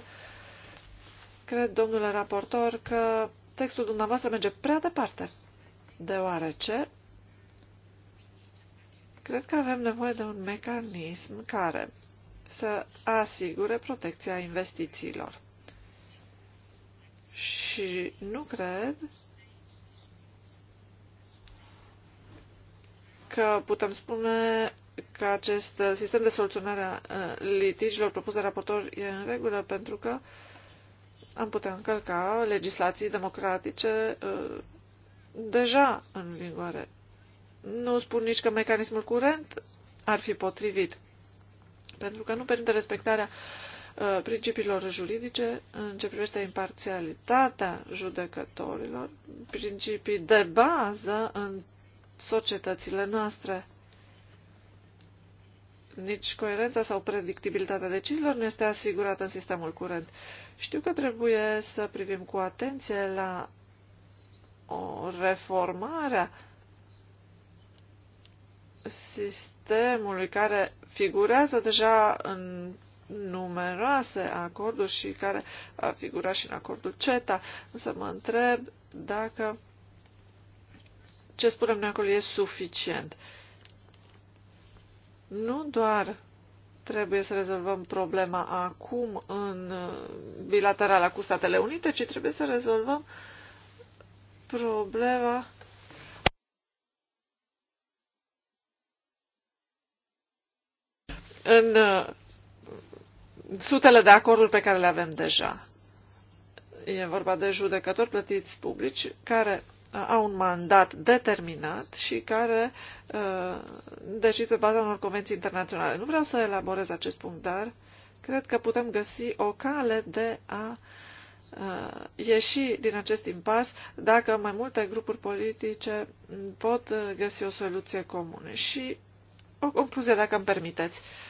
S2: cred, domnule raportor, că textul dumneavoastră merge prea departe, deoarece Cred că avem nevoie de un mecanism care să asigure protecția investițiilor. Și nu cred că putem spune că acest sistem de soluționare a litigilor propus de raportor e în regulă pentru că am putea încălca legislații democratice deja în vigoare nu spun nici că mecanismul curent ar fi potrivit, pentru că nu permite respectarea uh, principiilor juridice în ce privește imparțialitatea judecătorilor, principii de bază în societățile noastre. Nici coerența sau predictibilitatea deciziilor nu este asigurată în sistemul curent. Știu că trebuie să privim cu atenție la o reformare sistemului care figurează deja în numeroase acorduri și care a figurat și în acordul CETA, însă mă întreb dacă ce spunem noi acolo e suficient. Nu doar trebuie să rezolvăm problema acum în bilaterala cu Statele Unite, ci trebuie să rezolvăm problema în uh, sutele de acorduri pe care le avem deja. E vorba de judecători plătiți publici care uh, au un mandat determinat și care uh, decid pe baza unor convenții internaționale. Nu vreau să elaborez acest punct, dar cred că putem găsi o cale de a uh, ieși din acest impas dacă mai multe grupuri politice pot găsi o soluție comună. Și o concluzie, dacă îmi permiteți. Uh,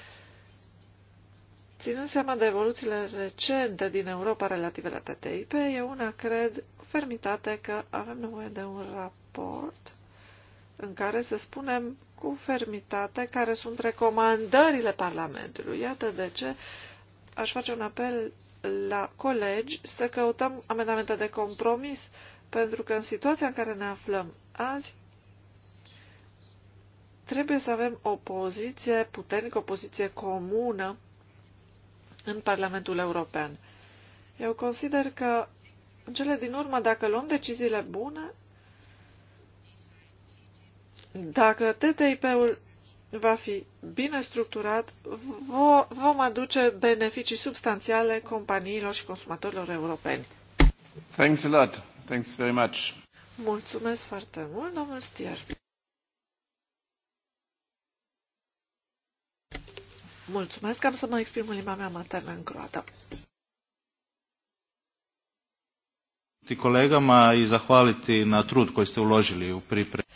S2: Ținând seama de evoluțiile recente din Europa relative la TTIP, eu una cred cu fermitate că avem nevoie de un raport în care să spunem cu fermitate care sunt recomandările Parlamentului. Iată de ce aș face un apel la colegi să căutăm amendamente de compromis, pentru că în situația în care ne aflăm azi, trebuie să avem o poziție puternică, o poziție comună în Parlamentul European. Eu consider că, în cele din urmă, dacă luăm deciziile bune, dacă TTIP-ul va fi bine structurat, vom aduce beneficii substanțiale companiilor și consumatorilor europeni. Thanks a lot. Thanks very much. Mulțumesc foarte mult, domnul Stier. Mulțumesc, am să mă exprim în limba mea maternă în croată.
S3: colega ma i zahvaliti na trud koji ste uložili u pripremi.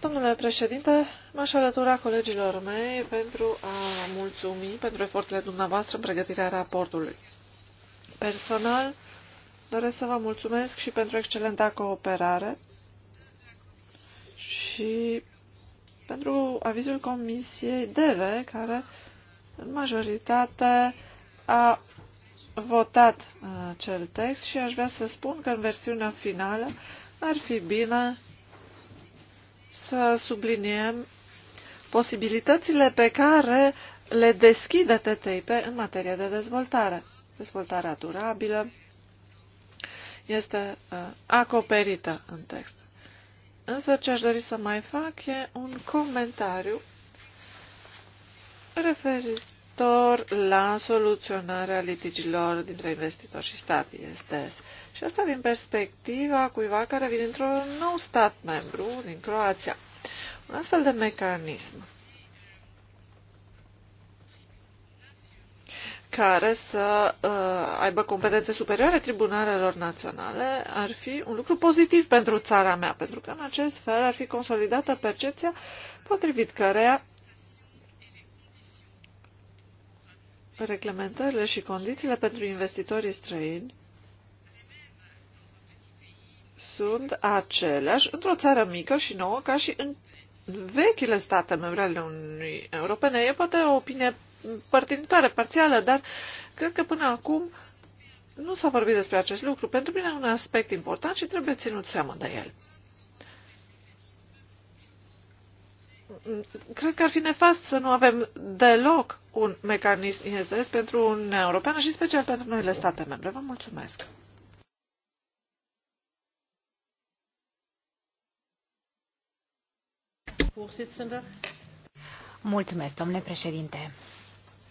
S2: Domnule președinte, m-aș alătura colegilor mei pentru a mulțumi pentru eforturile dumneavoastră în pregătirea raportului. Personal, doresc să vă mulțumesc și pentru excelenta cooperare și pentru avizul Comisiei DEVE, care în majoritate a votat uh, acel text și aș vrea să spun că în versiunea finală ar fi bine să subliniem posibilitățile pe care le deschide TTIP în materie de dezvoltare. Dezvoltarea durabilă este uh, acoperită în text. Însă ce aș dori să mai fac e un comentariu referitor la soluționarea litigilor dintre investitori și stat, este Și asta din perspectiva cuiva care vine dintr-un nou stat membru, din Croația. Un astfel de mecanism care să uh, aibă competențe superioare tribunalelor naționale ar fi un lucru pozitiv pentru țara mea, pentru că în acest fel ar fi consolidată percepția potrivit căreia reglementările și condițiile pentru investitorii străini sunt aceleași într-o țară mică și nouă ca și în vechile state membre ale Uniunii Europene. E poate o opinie părtinitoare, parțială, dar cred că până acum nu s-a vorbit despre acest lucru. Pentru mine e un aspect important și trebuie ținut seama de el. cred că ar fi nefast să nu avem deloc un mecanism ISDS pentru Uniunea Europeană și special pentru noile state membre. Vă mulțumesc!
S1: Mulțumesc, domnule președinte.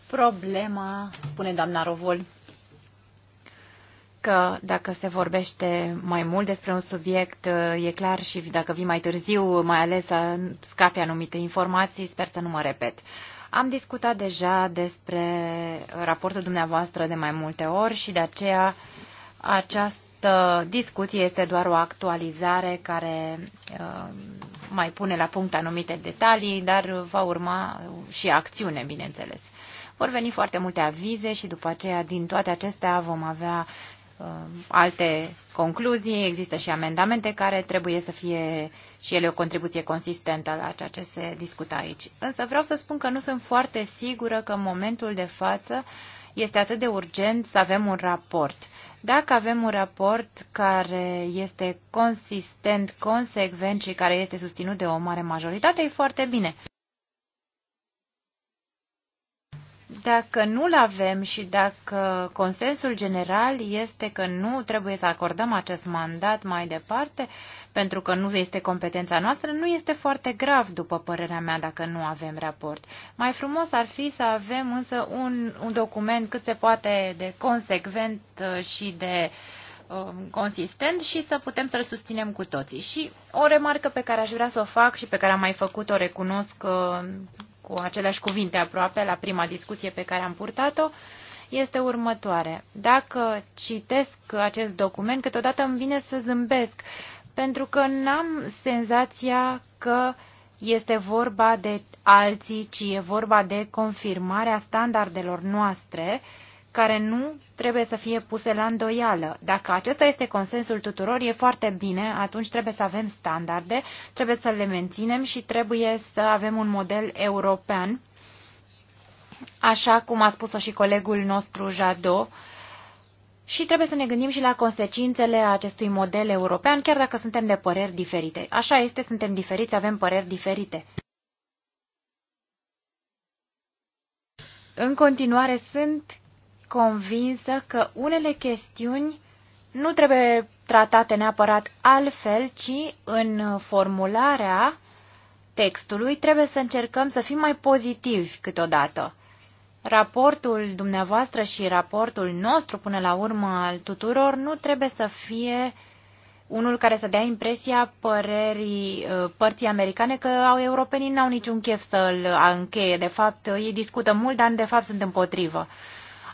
S1: Problema, spune doamna Rovol, că dacă se vorbește mai mult despre un subiect, e clar și dacă vii mai târziu, mai ales să scape anumite informații, sper să nu mă repet. Am discutat deja despre raportul dumneavoastră de mai multe ori și de aceea această discuție este doar o actualizare care uh, mai pune la punct anumite detalii, dar va urma și acțiune, bineînțeles. Vor veni foarte multe avize și după aceea din toate acestea vom avea Um, alte concluzii, există și amendamente care trebuie să fie și ele o contribuție consistentă la ceea ce se discută aici. Însă vreau să spun că nu sunt foarte sigură că în momentul de față este atât de urgent să avem un raport. Dacă avem un raport care este consistent, consecvent și care este susținut de o mare majoritate, e foarte bine. Dacă nu-l avem și dacă consensul general este că nu trebuie să acordăm acest mandat mai departe, pentru că nu este competența noastră, nu este foarte grav, după părerea mea, dacă nu avem raport. Mai frumos ar fi să avem însă un, un document cât se poate de consecvent uh, și de uh, Um, consistent și să putem să-l susținem cu toții. Și o remarcă pe care aș vrea să o fac și pe care am mai făcut-o, recunosc um, cu aceleași cuvinte aproape la prima discuție pe care am purtat-o, este următoare. Dacă citesc acest document, câteodată îmi vine să zâmbesc, pentru că n-am senzația că este vorba de alții, ci e vorba de confirmarea standardelor noastre uh, care nu trebuie să fie puse la îndoială. Dacă acesta este consensul tuturor, e foarte bine, atunci trebuie să avem standarde, trebuie să le menținem și trebuie să avem un model european, așa cum a spus-o și colegul nostru Jado. și trebuie să ne gândim și la consecințele acestui model european, chiar dacă suntem de păreri diferite. Așa este, suntem diferiți, avem păreri diferite. În continuare sunt convinsă că unele chestiuni nu trebuie tratate neapărat altfel, ci în formularea textului trebuie să încercăm să fim mai pozitivi câteodată. Raportul dumneavoastră și raportul nostru, până la urmă, al tuturor, nu trebuie să fie unul care să dea impresia părerii uh, părții americane că au europenii n-au niciun chef să-l încheie. De fapt, ei discută mult, dar de fapt sunt împotrivă.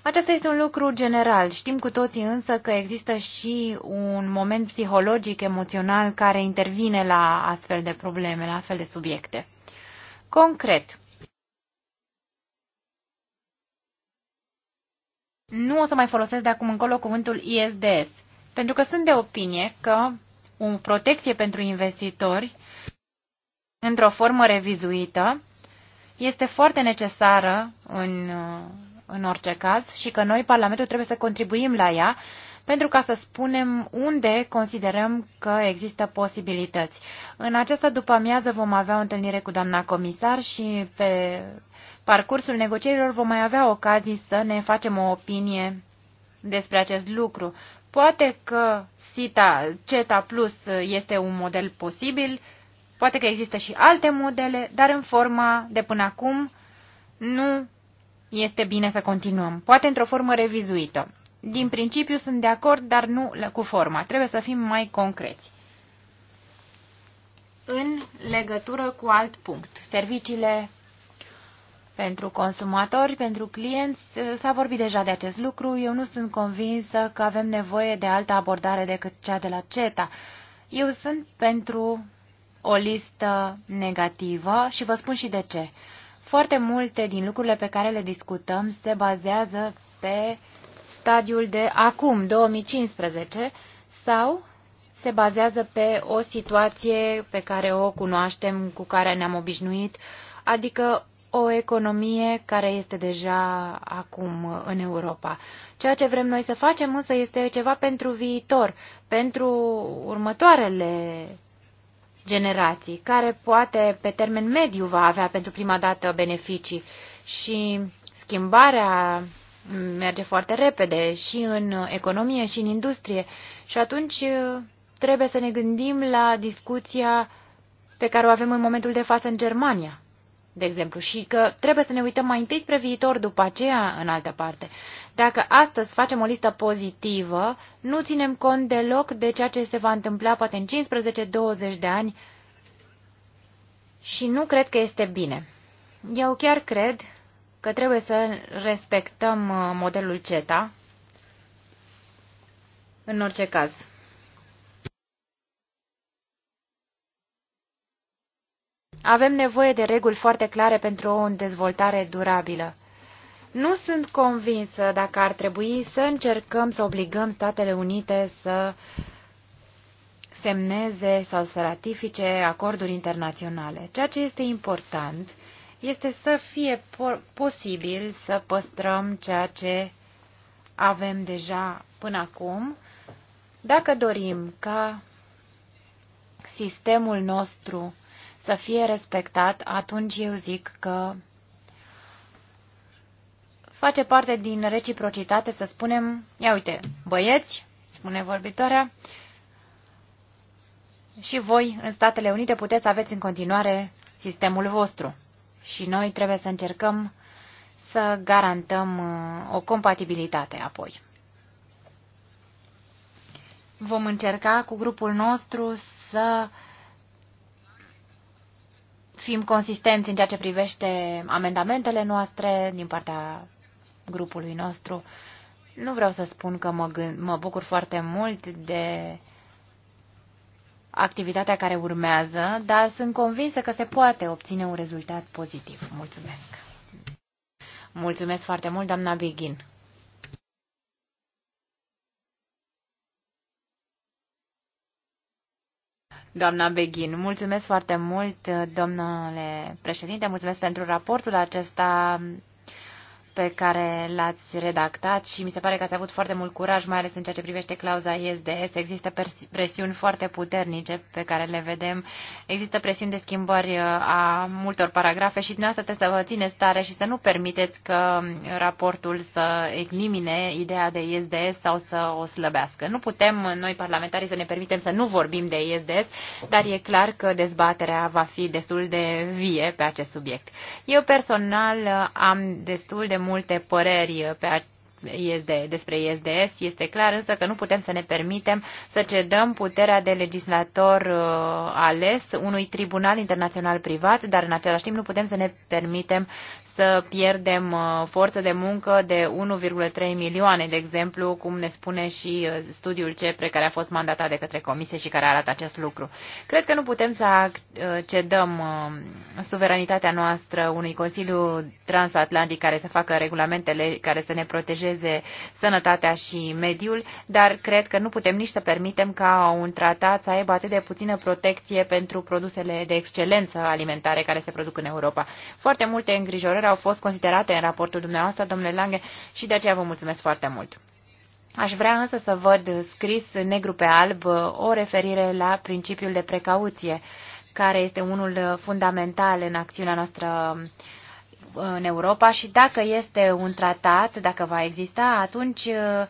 S1: Acesta este un lucru general. Știm cu toții însă că există și un moment psihologic, emoțional, care intervine la astfel de probleme, la astfel de subiecte. Concret, nu o să mai folosesc de acum încolo cuvântul ISDS, pentru că sunt de opinie că o protecție pentru investitori, într-o formă revizuită, este foarte necesară în uh, în orice caz și că noi, Parlamentul, trebuie să contribuim la ea pentru ca să spunem unde considerăm că există posibilități. În această după-amiază vom avea o întâlnire cu doamna comisar și pe parcursul negocierilor vom mai avea ocazii să ne facem o opinie despre acest lucru. Poate că CETA, CETA Plus este un model posibil, poate că există și alte modele, dar în forma de până acum nu este bine să continuăm, poate într-o formă revizuită. Din principiu sunt de acord, dar nu cu forma. Trebuie să fim mai concreți. În legătură cu alt punct, serviciile pentru consumatori, pentru clienți, s-a vorbit deja de acest lucru. Eu nu sunt convinsă că avem nevoie de altă abordare decât cea de la CETA. Eu sunt pentru o listă negativă și vă spun și de ce. Foarte multe din lucrurile pe care le discutăm se bazează pe stadiul de acum, 2015, sau se bazează pe o situație pe care o cunoaștem, cu care ne-am obișnuit, adică o economie care este deja acum în Europa. Ceea ce vrem noi să facem însă este ceva pentru viitor, pentru următoarele generații, care poate pe termen mediu va avea pentru prima dată beneficii și schimbarea merge foarte repede și în economie și în industrie și atunci uh, trebuie să ne gândim la discuția pe care o avem în momentul de față în Germania de exemplu, și că trebuie să ne uităm mai întâi spre viitor, după aceea în altă parte. Dacă astăzi facem o listă pozitivă, nu ținem cont deloc de ceea ce se va întâmpla poate în 15-20 de ani și nu cred că este bine. Eu chiar cred că trebuie să respectăm uh, modelul CETA în orice caz. Avem nevoie de reguli foarte clare pentru o dezvoltare durabilă. Nu sunt convinsă dacă ar trebui să încercăm să obligăm Statele Unite să semneze sau să ratifice acorduri internaționale. Ceea ce este important este să fie po posibil să păstrăm ceea ce avem deja până acum, dacă dorim ca sistemul nostru să fie respectat, atunci eu zic că face parte din reciprocitate să spunem, ia uite, băieți, spune vorbitoarea, și voi în Statele Unite puteți să aveți în continuare sistemul vostru. Și noi trebuie să încercăm să garantăm uh, o compatibilitate apoi. Vom încerca cu grupul nostru să fim consistenți în ceea ce privește amendamentele noastre din partea grupului nostru. Nu vreau să spun că mă, gând, mă bucur foarte mult de activitatea care urmează, dar sunt convinsă că se poate obține un rezultat pozitiv. Mulțumesc! Mulțumesc foarte mult, doamna Begin. doamna Beghin. Mulțumesc foarte mult, domnule președinte, mulțumesc pentru raportul acesta pe care l-ați redactat și mi se pare că ați avut foarte mult curaj, mai ales în ceea ce privește clauza ISDS. Există presiuni foarte puternice pe care le vedem. Există presiuni de schimbări uh, a multor paragrafe și dumneavoastră trebuie să vă țineți tare și să nu permiteți că um, raportul să elimine ideea de ISDS sau să o slăbească. Nu putem noi parlamentarii să ne permitem să nu vorbim de ISDS, dar e clar că dezbaterea va fi destul de vie pe acest subiect. Eu personal uh, am destul de multe păreri pe ISD, despre ISDS. Este clar însă că nu putem să ne permitem să cedăm puterea de legislator uh, ales unui tribunal internațional privat, dar în același timp nu putem să ne permitem să pierdem uh, forță de muncă de 1,3 milioane, de exemplu, cum ne spune și uh, studiul CEPRE care a fost mandatat de către comisie și care arată acest lucru. Cred că nu putem să cedăm suveranitatea noastră unui Consiliu Transatlantic care să facă regulamentele care să ne protejeze protejeze sănătatea și mediul, dar cred că nu putem nici să permitem ca un tratat să aibă atât de puțină protecție pentru produsele de excelență alimentare care se produc în Europa. Foarte multe îngrijorări au fost considerate în raportul dumneavoastră, domnule Lange, și de aceea vă mulțumesc foarte mult. Aș vrea însă să văd scris negru pe alb o referire la principiul de precauție, care este unul fundamental în acțiunea noastră uh, în Europa și dacă este un tratat, dacă va exista, atunci uh,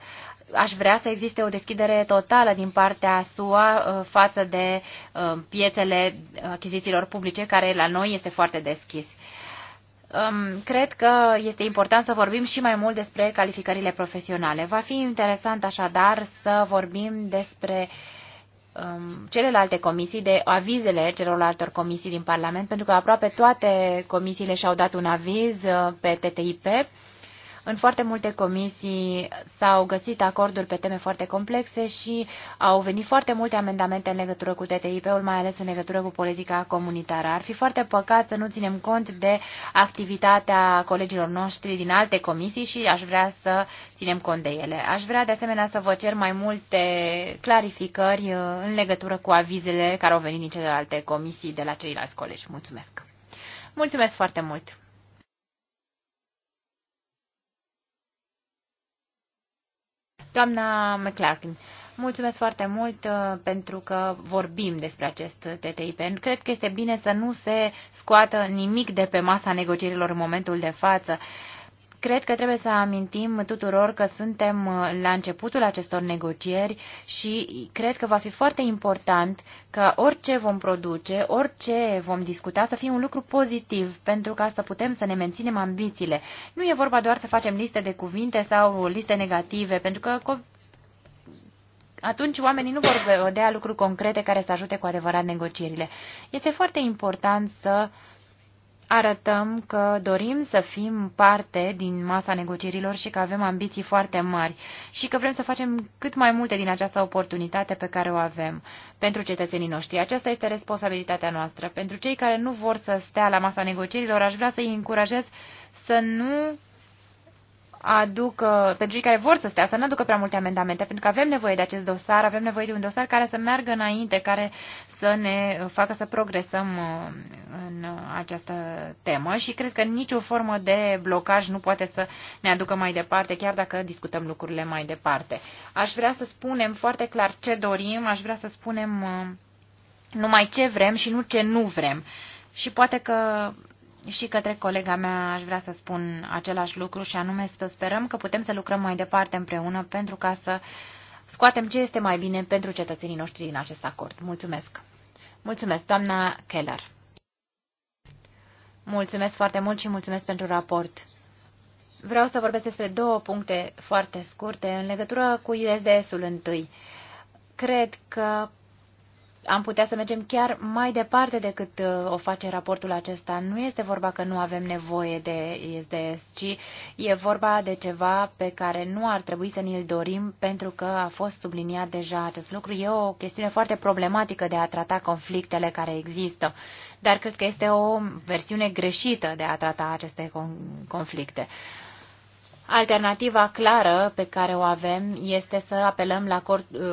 S1: aș vrea să existe o deschidere totală din partea SUA uh, față de uh, piețele achizițiilor publice, care la noi este foarte deschis. Um, cred că este important să vorbim și mai mult despre calificările profesionale. Va fi interesant așadar să vorbim despre uh, um, celelalte comisii, de avizele celorlalte comisii din Parlament, pentru că aproape toate comisiile și-au dat un aviz uh, pe TTIP în foarte multe comisii s-au găsit acorduri pe teme foarte complexe și au venit foarte multe amendamente în legătură cu TTIP-ul, mai ales în legătură cu politica comunitară. Ar fi foarte păcat să nu ținem cont de activitatea colegilor noștri din alte comisii și aș vrea să ținem cont de ele. Aș vrea de asemenea să vă cer mai multe clarificări uh, în legătură cu avizele care au venit din celelalte comisii de la ceilalți colegi. Mulțumesc! Mulțumesc foarte mult! Doamna McClarkin, mulțumesc foarte mult uh, pentru că vorbim despre acest TTIP. Cred că este bine să nu se scoată nimic de pe masa negocierilor în momentul de față. Uh, Cred că trebuie să amintim tuturor că suntem uh, la începutul acestor negocieri și cred că va fi foarte important că orice vom produce, orice vom discuta să fie un lucru pozitiv pentru ca să putem să ne menținem ambițiile. Nu e vorba doar să facem liste de cuvinte sau liste negative, pentru că atunci oamenii nu vor vedea lucruri concrete care să ajute cu adevărat negocierile. Este foarte important să uh, arătăm că dorim să fim parte din masa negocierilor și că avem ambiții foarte mari și că vrem să facem cât mai multe din această oportunitate pe care o avem pentru cetățenii noștri. Aceasta este responsabilitatea noastră. Pentru cei care nu vor să stea la masa negocierilor, aș vrea să îi încurajez să nu aducă, uh, pentru cei care vor să stea, să nu aducă prea multe amendamente, pentru că avem nevoie de acest dosar, avem nevoie de un dosar care să meargă înainte, care să ne facă să progresăm uh, în această temă și cred că nicio formă de blocaj nu poate să ne aducă mai departe, chiar dacă discutăm lucrurile mai departe. Aș vrea să spunem foarte clar ce dorim, aș vrea să spunem uh, numai ce vrem și nu ce nu vrem. Și poate că și către colega mea aș vrea să spun același lucru și anume să sperăm că putem să lucrăm mai departe împreună pentru ca să scoatem ce este mai bine pentru cetățenii noștri din acest acord. Mulțumesc! Mulțumesc, doamna Keller! Mulțumesc foarte mult și mulțumesc pentru raport. Vreau să vorbesc despre două puncte foarte scurte în legătură cu ISDS-ul întâi. Cred că am putea să mergem chiar mai departe decât uh, o face raportul acesta. Nu este vorba că nu avem nevoie de SDS, ci e vorba de ceva pe care nu ar trebui să ni-l dorim pentru că a fost subliniat deja acest lucru. E o chestiune foarte problematică de a trata conflictele care există, dar cred că este o versiune greșită de a trata aceste conflicte. Alternativa clară pe care o avem este să apelăm la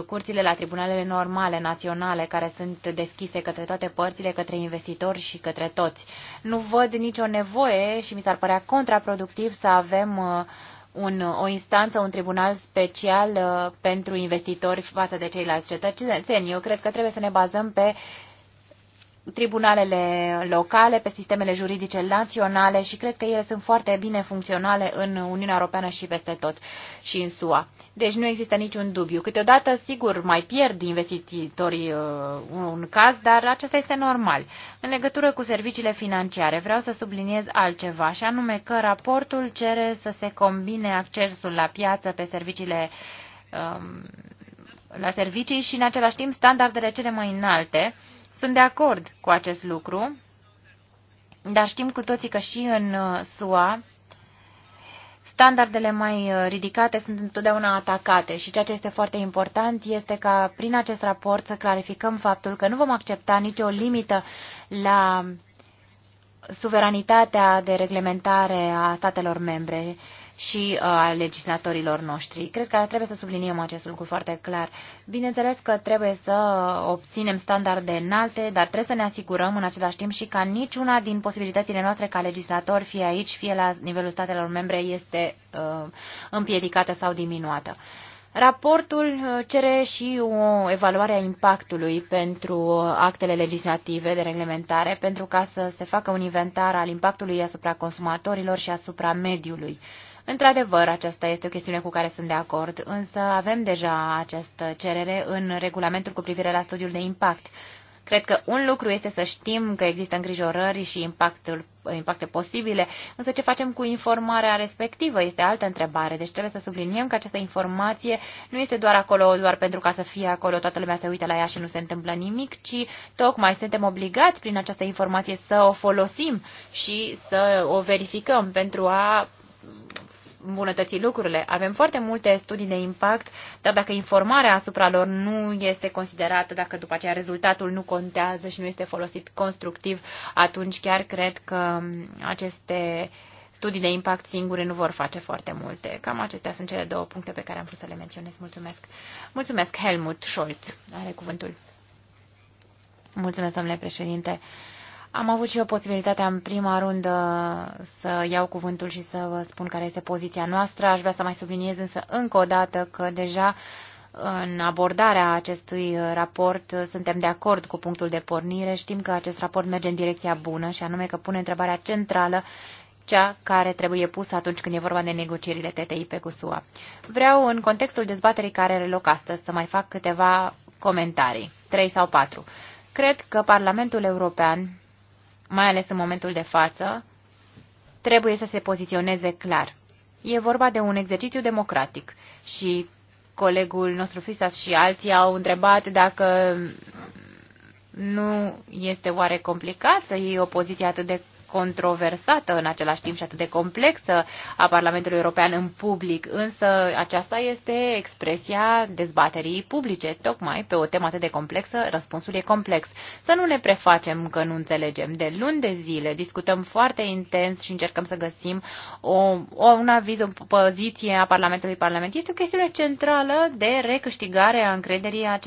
S1: curțile, la tribunalele normale, naționale, care sunt deschise către toate părțile, către investitori și către toți. Nu văd nicio nevoie și mi s-ar părea contraproductiv să avem uh, un, o instanță, un tribunal special uh, pentru investitori față de ceilalți cetățeni. Eu cred că trebuie să ne bazăm pe uh, tribunalele locale, pe sistemele juridice naționale și cred că ele sunt foarte bine funcționale în Uniunea Europeană și peste tot și în SUA. Deci nu există niciun dubiu. Câteodată, sigur, mai pierd investitorii uh, un caz, dar acesta este normal. În legătură cu serviciile financiare, vreau să subliniez altceva, și anume că raportul cere să se combine accesul la piață pe serviciile um, la servicii și, în același timp, standardele cele mai înalte uh, sunt de acord cu acest lucru, dar știm cu toții că și în uh, SUA standardele mai uh, ridicate sunt întotdeauna atacate și ceea ce este foarte important este ca prin acest raport să clarificăm faptul că nu vom accepta nicio limită la suveranitatea de reglementare a statelor membre și uh, a legislatorilor noștri. Cred că trebuie să subliniem acest lucru foarte clar. Bineînțeles că trebuie să obținem standarde înalte, dar trebuie să ne asigurăm în același timp și ca niciuna din posibilitățile noastre ca legislator, fie aici, fie la nivelul statelor membre, este uh, împiedicată sau diminuată. Raportul uh, cere și o evaluare a impactului pentru uh, actele legislative de reglementare pentru ca să se facă un inventar al impactului asupra consumatorilor și asupra mediului. Uh, Într-adevăr, aceasta este o chestiune cu care sunt de acord, însă avem deja această cerere în regulamentul cu privire la studiul de impact. Cred că un lucru este să știm că există îngrijorări și impactul, impacte posibile, însă ce facem cu informarea respectivă este altă întrebare. Deci trebuie să subliniem că această informație nu este doar acolo, doar pentru ca să fie acolo, toată lumea se uită la ea și nu se întâmplă nimic, ci tocmai suntem obligați prin această informație să o folosim și să o verificăm pentru a îmbunătăți lucrurile. Avem foarte multe studii de impact, dar dacă informarea asupra lor nu este considerată, dacă după aceea rezultatul nu contează și nu este folosit constructiv, atunci chiar cred că aceste studii de impact singure nu vor face foarte multe. Cam acestea sunt cele două puncte pe care am vrut să le menționez. Mulțumesc. Mulțumesc, Helmut Scholz. Are cuvântul. Mulțumesc, domnule președinte. Uh, am avut și eu posibilitatea în prima rundă să iau cuvântul și să vă spun care este poziția noastră. Aș vrea să mai subliniez însă încă o dată că deja în abordarea acestui raport suntem de acord cu punctul de pornire. Știm că acest raport merge în direcția bună și anume că pune întrebarea centrală cea care trebuie pusă atunci când e vorba de negocierile TTIP cu SUA. Vreau, în contextul dezbaterii care are loc astăzi, să mai fac câteva comentarii, trei sau patru. Cred că Parlamentul European mai ales în momentul de față, trebuie să se poziționeze clar. E vorba de un exercițiu democratic și colegul nostru Fisas și alții au întrebat dacă nu este oare complicat să iei o poziție atât de controversată în același timp și atât de complexă a Parlamentului European în public, însă aceasta este expresia dezbaterii publice. Tocmai pe o temă atât de complexă, răspunsul e complex. Să nu ne prefacem că nu înțelegem. De luni de zile discutăm foarte intens și încercăm să găsim o, o, un aviz, o poziție a Parlamentului Parlament. Este o chestiune centrală de recâștigare a încrederii a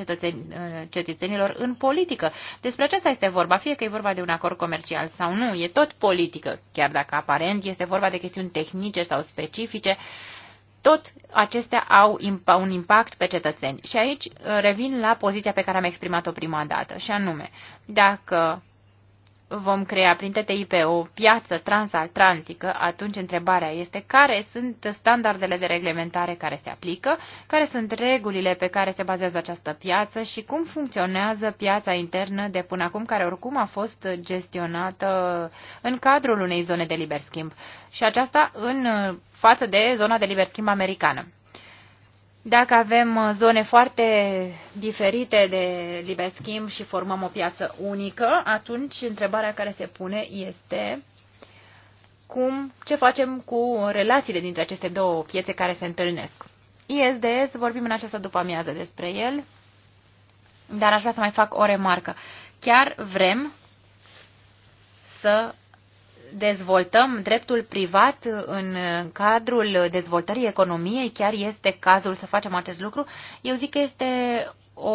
S1: cetățenilor în politică. Despre aceasta este vorba, fie că e vorba de un acord comercial sau nu. E tot politică, chiar dacă aparent este vorba de chestiuni tehnice sau specifice, tot acestea au un impact pe cetățeni. Și aici uh, revin la poziția pe care am exprimat-o prima dată, și anume, dacă vom crea prin TTIP o piață transatlantică, atunci întrebarea este care sunt standardele de reglementare care se aplică, care sunt regulile pe care se bazează această piață și cum funcționează piața internă de până acum, care oricum a fost gestionată în cadrul unei zone de liber schimb. Și aceasta în față de zona de liber schimb americană. Dacă avem uh, zone foarte diferite de liber schimb și formăm o piață unică, atunci întrebarea care se pune este cum, ce facem cu relațiile dintre aceste două piețe care se întâlnesc. ISDS, vorbim în această după amiază despre el, dar aș vrea să mai fac o remarcă. Chiar vrem să dezvoltăm dreptul privat în cadrul dezvoltării economiei, chiar este cazul să facem acest lucru, eu zic că este o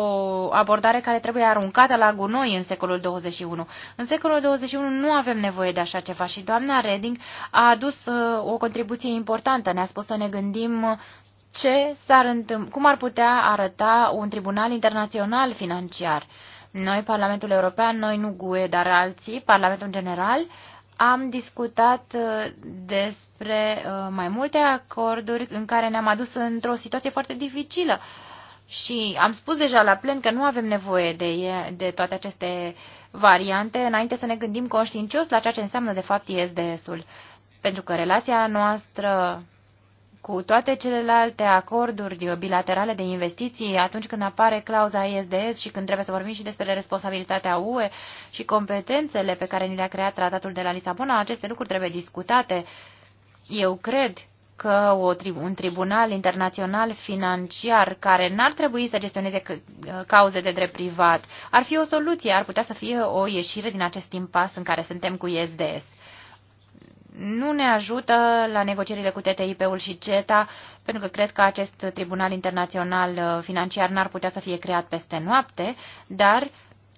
S1: abordare care trebuie aruncată la gunoi în secolul 21. În secolul 21 nu avem nevoie de așa ceva și doamna Reding a adus uh, o contribuție importantă. Ne-a spus să ne gândim ce s-ar întâmpla, cum ar putea arăta un tribunal internațional financiar. Noi, Parlamentul European, noi nu GUE, dar alții, Parlamentul General, am discutat uh, despre uh, mai multe acorduri în care ne-am adus într-o situație foarte dificilă. Și am spus deja la plen că nu avem nevoie de, de toate aceste variante înainte să ne gândim conștiincios la ceea ce înseamnă de fapt ISDS-ul. Pentru că relația noastră cu toate celelalte acorduri bilaterale de investiții, atunci când apare clauza ISDS și când trebuie să vorbim și despre responsabilitatea UE și competențele pe care ni le-a creat tratatul de la Lisabona, aceste lucruri trebuie discutate. Eu cred că o, un tribunal internațional financiar care n-ar trebui să gestioneze uh, cauze de drept privat ar fi o soluție, ar putea să fie o ieșire din acest impas în care suntem cu ISDS nu ne ajută la negocierile cu TTIP-ul și CETA, pentru că cred că acest tribunal internațional uh, financiar n-ar putea să fie creat peste noapte, dar,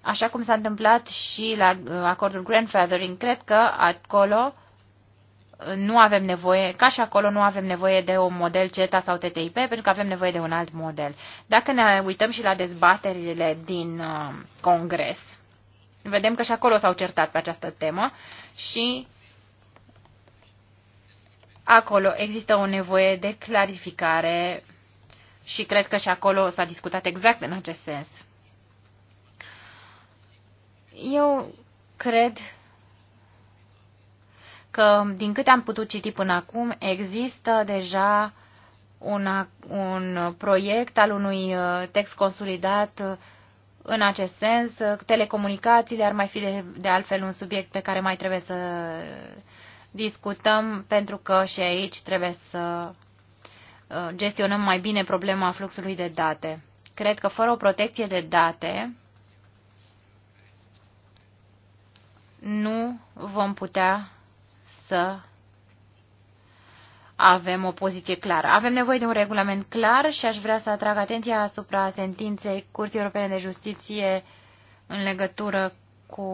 S1: așa cum s-a întâmplat și la uh, acordul grandfathering, cred că acolo uh, nu avem nevoie, ca și acolo nu avem nevoie de un model CETA sau TTIP, pentru că avem nevoie de un alt model. Dacă ne uităm și la dezbaterile din Congres, vedem că și acolo s-au certat pe această temă și acolo există o nevoie de clarificare și cred că și acolo s-a discutat exact în acest sens. Eu cred că, din câte am putut citi până acum, există deja un, un proiect al unui uh, text consolidat uh, în acest sens. Telecomunicațiile ar mai fi de, de altfel un subiect pe care mai trebuie să discutăm pentru că și aici trebuie să uh, gestionăm mai bine problema fluxului de date. Cred că fără o protecție de date nu vom putea să avem o poziție clară. Avem nevoie de un regulament clar și aș vrea să atrag atenția asupra sentinței Curții Europene de Justiție în legătură cu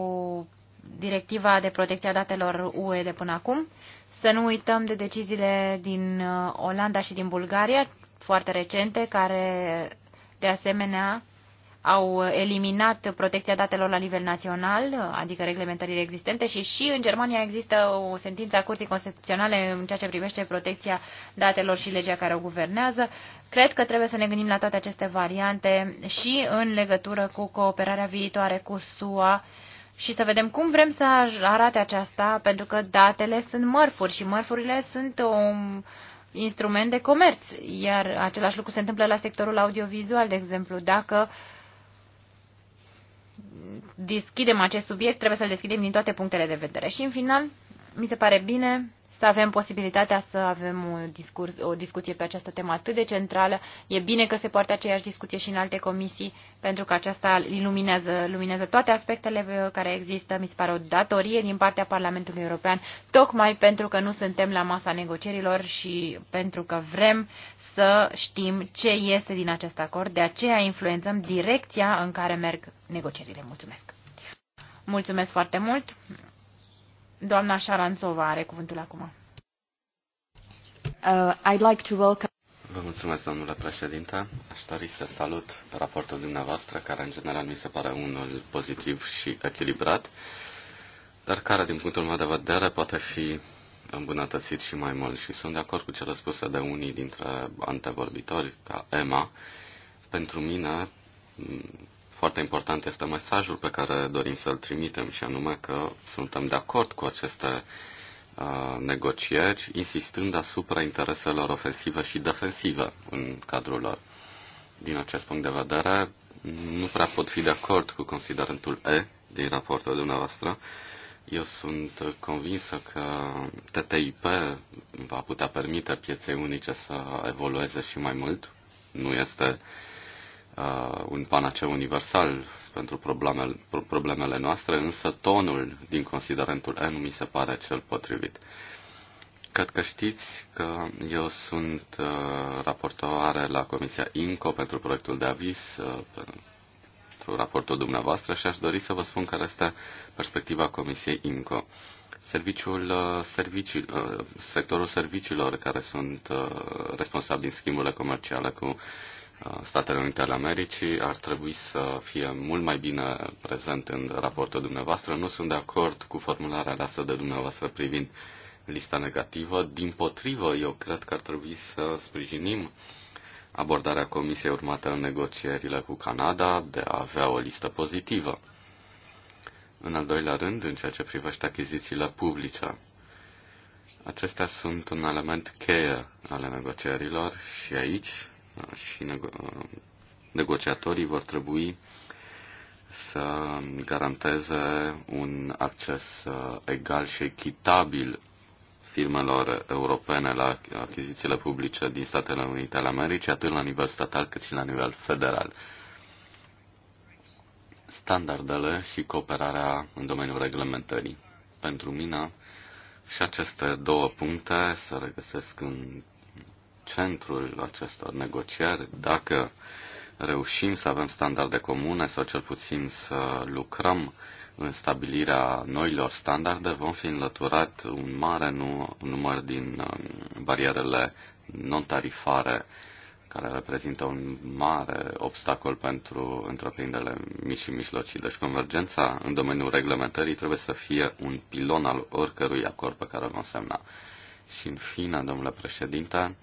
S1: directiva de protecție a datelor UE de până acum. Să nu uităm de deciziile din uh, Olanda și din Bulgaria, foarte recente, care de asemenea au eliminat protecția datelor la nivel național, adică reglementările existente și și în Germania există o sentință a Curții Constituționale în ceea ce privește protecția datelor și legea care o guvernează. Cred că trebuie să ne gândim la toate aceste variante și în legătură cu cooperarea viitoare cu SUA și să vedem cum vrem să arate aceasta, pentru că datele sunt mărfuri și mărfurile sunt un instrument de comerț. Iar același lucru se întâmplă la sectorul audiovizual, de exemplu. Dacă deschidem acest subiect, trebuie să-l deschidem din toate punctele de vedere. Și în final, mi se pare bine să avem posibilitatea să avem o, discurs, o discuție pe această temă atât de centrală. E bine că se poartă aceeași discuție și în alte comisii, pentru că aceasta iluminează, iluminează toate aspectele uh, care există. Mi se pare o datorie din partea Parlamentului European, tocmai pentru că nu suntem la masa negocierilor și pentru că vrem să știm ce este din acest acord. De aceea influențăm direcția în care merg negocierile. Mulțumesc! Mulțumesc foarte mult! Doamna Șaranțova are cuvântul acum. Uh, I'd like to welcome...
S3: Vă mulțumesc, domnule președinte. Aș dori să salut raportul dumneavoastră, care în general mi se pare unul pozitiv și echilibrat, dar care, din punctul meu de vedere, poate fi îmbunătățit și mai mult. Și sunt de acord cu cele spuse de unii dintre antevorbitori, ca Emma. Pentru mine, foarte important este mesajul pe care dorim să-l trimitem și anume că suntem de acord cu aceste uh, negocieri, insistând asupra intereselor ofensive și defensive în cadrul lor. Din acest punct de vedere, nu prea pot fi de acord cu considerentul E din raportul dumneavoastră. Eu sunt convinsă că TTIP va putea permite pieței unice să evolueze și mai mult. Nu este uh, uh, un panaceu universal pentru problemele, problemele noastre, însă tonul din considerentul N mi se pare cel potrivit. Cred că știți că eu sunt uh, raportoare la Comisia INCO pentru proiectul de avis, uh, pentru raportul dumneavoastră și aș dori să vă spun care este perspectiva Comisiei INCO. Serviciul, uh, servicii, uh, sectorul serviciilor care sunt uh, responsabili din schimburile comerciale cu uh, Statele Unite ale Americii ar trebui să fie mult mai bine prezent în raportul dumneavoastră. Nu sunt de acord cu formularea lasă de dumneavoastră privind lista negativă. Din potrivă, eu cred că ar trebui să sprijinim abordarea Comisiei urmată în negocierile cu Canada de a avea o listă pozitivă. În al doilea rând, în ceea ce privește achizițiile publice, Acestea sunt un element cheie ale negocierilor și aici și nego- negociatorii vor trebui să garanteze un acces uh, egal și echitabil firmelor europene la achizițiile publice din Statele Unite ale Americii, atât la nivel statal cât și la nivel federal. Standardele și cooperarea în domeniul reglementării. Pentru mine, și aceste două puncte se regăsesc în centrul acestor negocieri, dacă reușim să avem standarde comune sau cel puțin să lucrăm în stabilirea noilor standarde, vom fi înlăturat un mare număr din um, barierele non-tarifare care reprezintă un mare obstacol pentru întreprinderile mici și mijlocii. Deci convergența în domeniul reglementării trebuie să fie un pilon al oricărui acord pe care o vom semna. Și în fine, domnule președinte,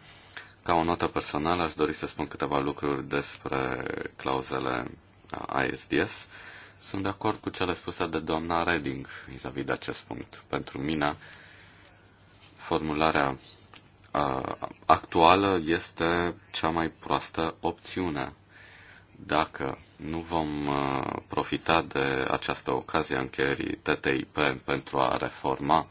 S3: ca o notă personală, aș dori să spun câteva lucruri despre clauzele ISDS. Sunt de acord cu cele spuse de doamna Reding vis-a-vis -vis de acest punct. Pentru mine, formularea uh, actuală este cea mai proastă opțiune. Dacă nu vom uh, profita de această ocazie a încheierii TTIP pentru a reforma uh,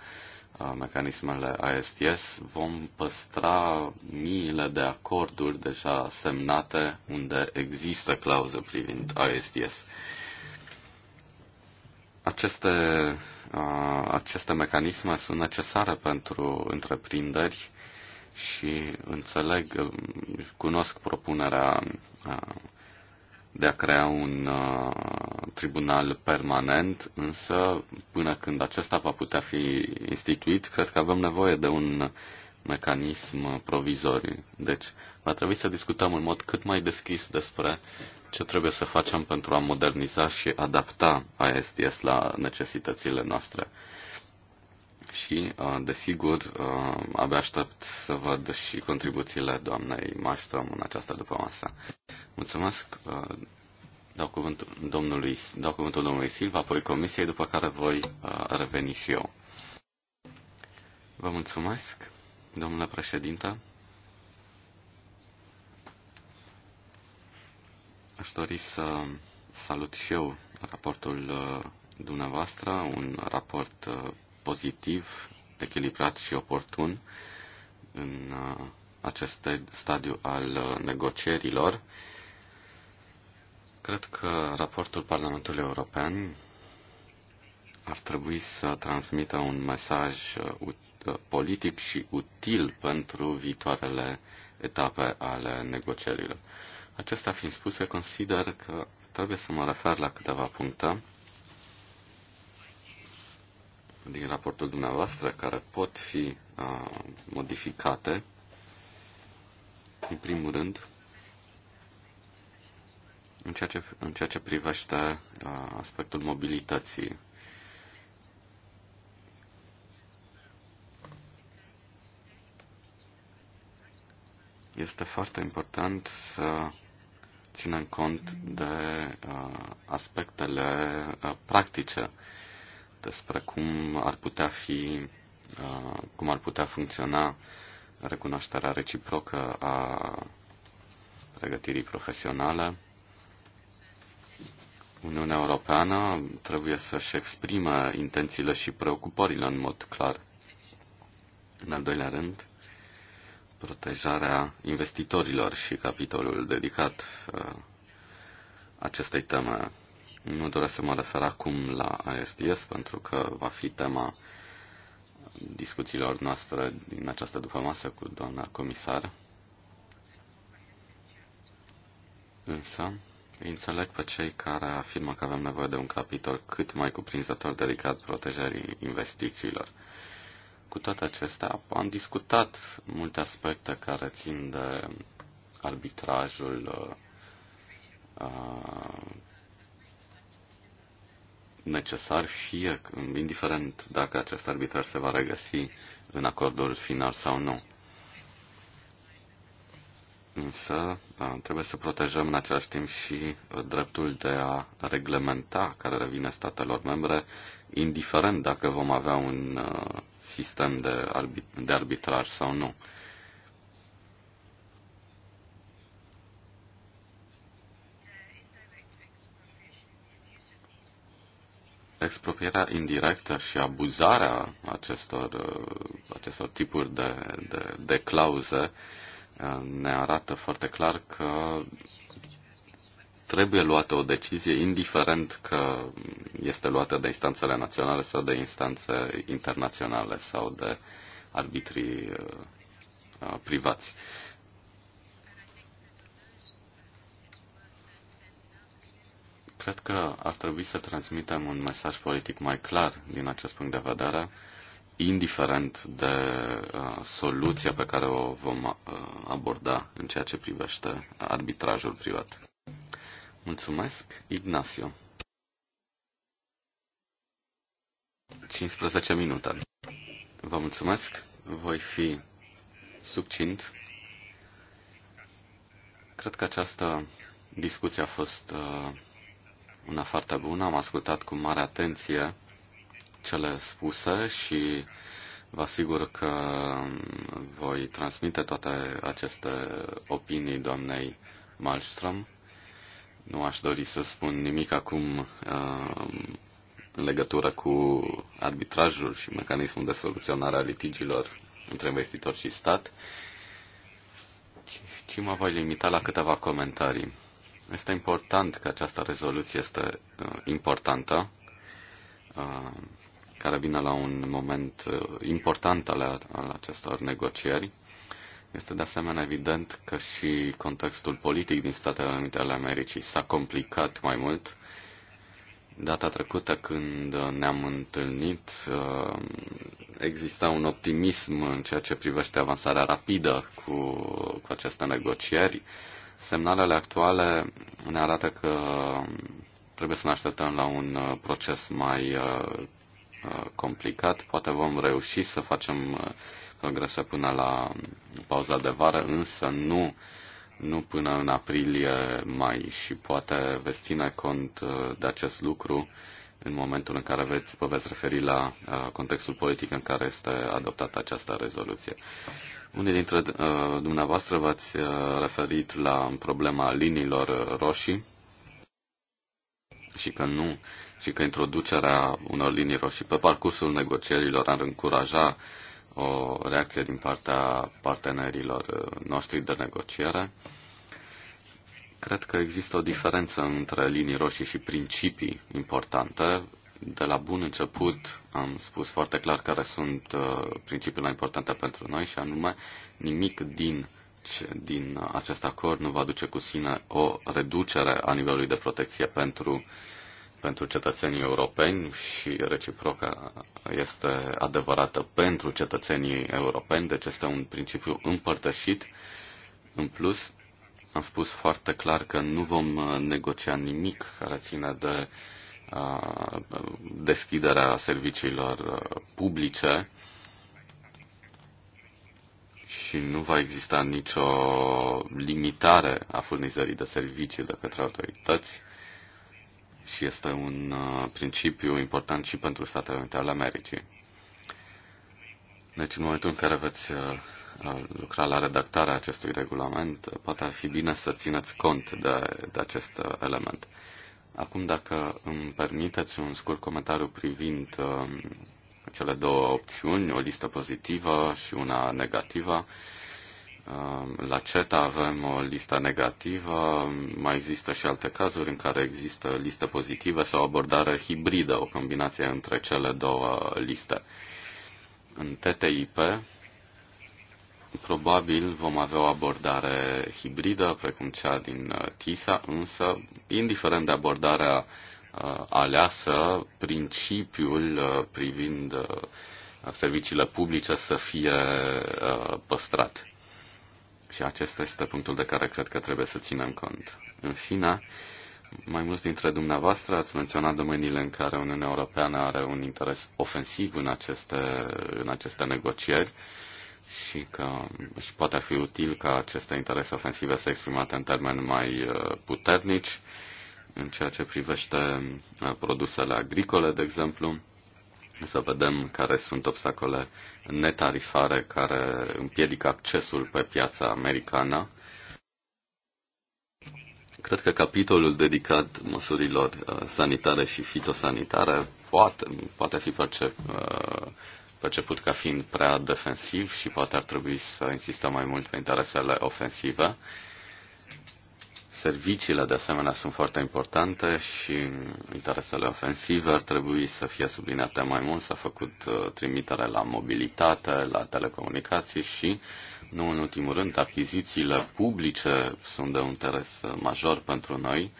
S3: mecanismele ASTS, vom păstra miile de acorduri deja semnate unde există clauză privind ASTS. Aceste, aceste mecanisme sunt necesare pentru întreprinderi și înțeleg, cunosc propunerea de a crea un uh, tribunal permanent, însă până când acesta va putea fi instituit, cred că avem nevoie de un mecanism provizoriu. Deci, va trebui să discutăm în mod cât mai deschis despre ce trebuie să facem pentru a moderniza și adapta ISDS la necesitățile noastre și, uh, desigur, uh, abia aștept să văd și contribuțiile doamnei Maștrom în această după masă. Mulțumesc. Uh, dau cuvântul domnului, dau cuvântul domnului Silva, apoi comisiei, după care voi reveni și eu. Vă mulțumesc, domnule președinte. Aș dori să salut și eu raportul dumneavoastră, un raport pozitiv, echilibrat și oportun în uh, acest stadiu al uh, negocierilor. Cred că raportul Parlamentului European ar trebui să transmită un mesaj uh, politic și util pentru viitoarele etape ale negocierilor. Acestea fiind spuse, consider că trebuie să mă refer la câteva puncte din raportul dumneavoastră care pot fi uh, modificate. În primul rând, în ceea ce, în ceea ce privește uh, aspectul mobilității. Este foarte important să ținem cont de uh, aspectele uh, practice uh, despre cum ar putea fi, uh, cum ar putea funcționa recunoașterea reciprocă a pregătirii profesionale. Uniunea Europeană trebuie să-și exprime intențiile și preocupările în mod clar. În al doilea rând, protejarea investitorilor și capitolul dedicat uh, acestei teme nu doresc să mă refer acum la ASTS, pentru că va fi tema discuțiilor noastre din această dupămasă cu doamna comisar. Însă, înțeleg pe cei care afirmă că avem nevoie de un capitol cât mai cuprinzător dedicat protejării investițiilor. Cu toate acestea, am discutat multe aspecte care țin de arbitrajul uh, necesar, fie indiferent dacă acest arbitraj se va regăsi în acordul final sau nu. Însă uh, trebuie să protejăm în același timp și uh, dreptul de a reglementa care revine statelor membre, indiferent dacă vom avea un uh, sistem de, arbit- de sau nu. expropierea indirectă și abuzarea acestor, uh, acestor tipuri de, de, de clauze uh, ne arată foarte clar că trebuie luată o decizie, indiferent că este luată de instanțele naționale sau de instanțe internaționale sau de arbitrii uh, privați. Cred că ar trebui să transmitem un mesaj politic mai clar din acest punct de vedere, indiferent de uh, soluția pe care o vom uh, aborda în ceea ce privește arbitrajul privat. Mulțumesc, Ignacio. 15 minute. Vă mulțumesc. Voi fi succint. Cred că această discuție a fost uh, una foarte bună. Am ascultat cu mare atenție cele spuse și vă asigur că voi transmite toate aceste opinii doamnei Malmström. Nu aș dori să spun nimic acum uh, în legătură cu arbitrajul și mecanismul de soluționare a litigilor între investitor și stat, ci mă voi limita la câteva comentarii. Este important că această rezoluție este uh, importantă, uh, care vine la un moment uh, important al, al acestor negocieri. Este de asemenea evident că și contextul politic din Statele Unite ale Americii s-a complicat mai mult. Data trecută când ne-am întâlnit, exista un optimism în ceea ce privește avansarea rapidă cu, cu aceste negocieri. Semnalele actuale ne arată că trebuie să ne așteptăm la un uh, proces mai uh, uh, complicat. Poate vom reuși să facem progrese până la um, pauza de vară, însă nu, nu până în aprilie mai și poate veți ține cont de acest lucru în momentul în care veți, vă veți referi la contextul politic în care este adoptată această rezoluție. Unii dintre uh, dumneavoastră v-ați uh, referit la problema liniilor uh, roșii și că nu și că introducerea unor linii roșii pe parcursul negocierilor ar încuraja o reacție din partea partenerilor uh, noștri de negociere. Cred că există o diferență între linii roșii și principii importante de la bun început am spus foarte clar care sunt uh, principiile importante pentru noi și anume nimic din, din acest acord nu va duce cu sine o reducere a nivelului de protecție pentru, pentru cetățenii europeni și reciproca este adevărată pentru cetățenii europeni, deci este un principiu împărtășit. În plus, am spus foarte clar că nu vom uh, negocia nimic care ține de uh, deschiderea serviciilor uh, publice și nu va exista nicio limitare a furnizării de servicii de către autorități și este un uh, principiu important și pentru Statele Unite ale Americii. Deci în momentul în care veți uh, lucra la redactarea acestui regulament, poate ar fi bine să țineți cont de, de acest element. Acum, dacă îmi permiteți un scurt comentariu privind uh, cele două opțiuni, o listă pozitivă și una negativă. Um, la CETA avem o listă negativă, mai există și alte cazuri în care există listă pozitivă sau abordare hibridă, o combinație între cele două liste. În TTIP, Probabil vom avea o abordare hibridă, precum cea din uh, TISA, însă, indiferent de abordarea uh, aleasă, principiul uh, privind serviciile publice să fie păstrat. Și acesta este punctul de care cred că trebuie să ținem cont. În fine, mai mulți dintre dumneavoastră ați menționat domeniile în care Uniunea Europeană are un interes ofensiv în aceste, în aceste negocieri. Uh, și că și poate ar fi util ca aceste interese ofensive să exprimate în termeni mai uh, puternici în ceea ce privește uh, produsele agricole, de exemplu, să vedem care sunt obstacole netarifare care împiedică accesul pe piața americană. Cred că capitolul dedicat măsurilor uh, sanitare și fitosanitare poate, poate fi percep, perceput ca fiind prea defensiv și poate ar trebui să insistăm mai mult pe interesele ofensive. Serviciile, de asemenea, sunt foarte importante și interesele ofensive ar trebui să fie subliniate mai mult. S-a făcut uh, trimitere la mobilitate, la telecomunicații și, nu în ultimul rând, achizițiile publice sunt de un interes major pentru noi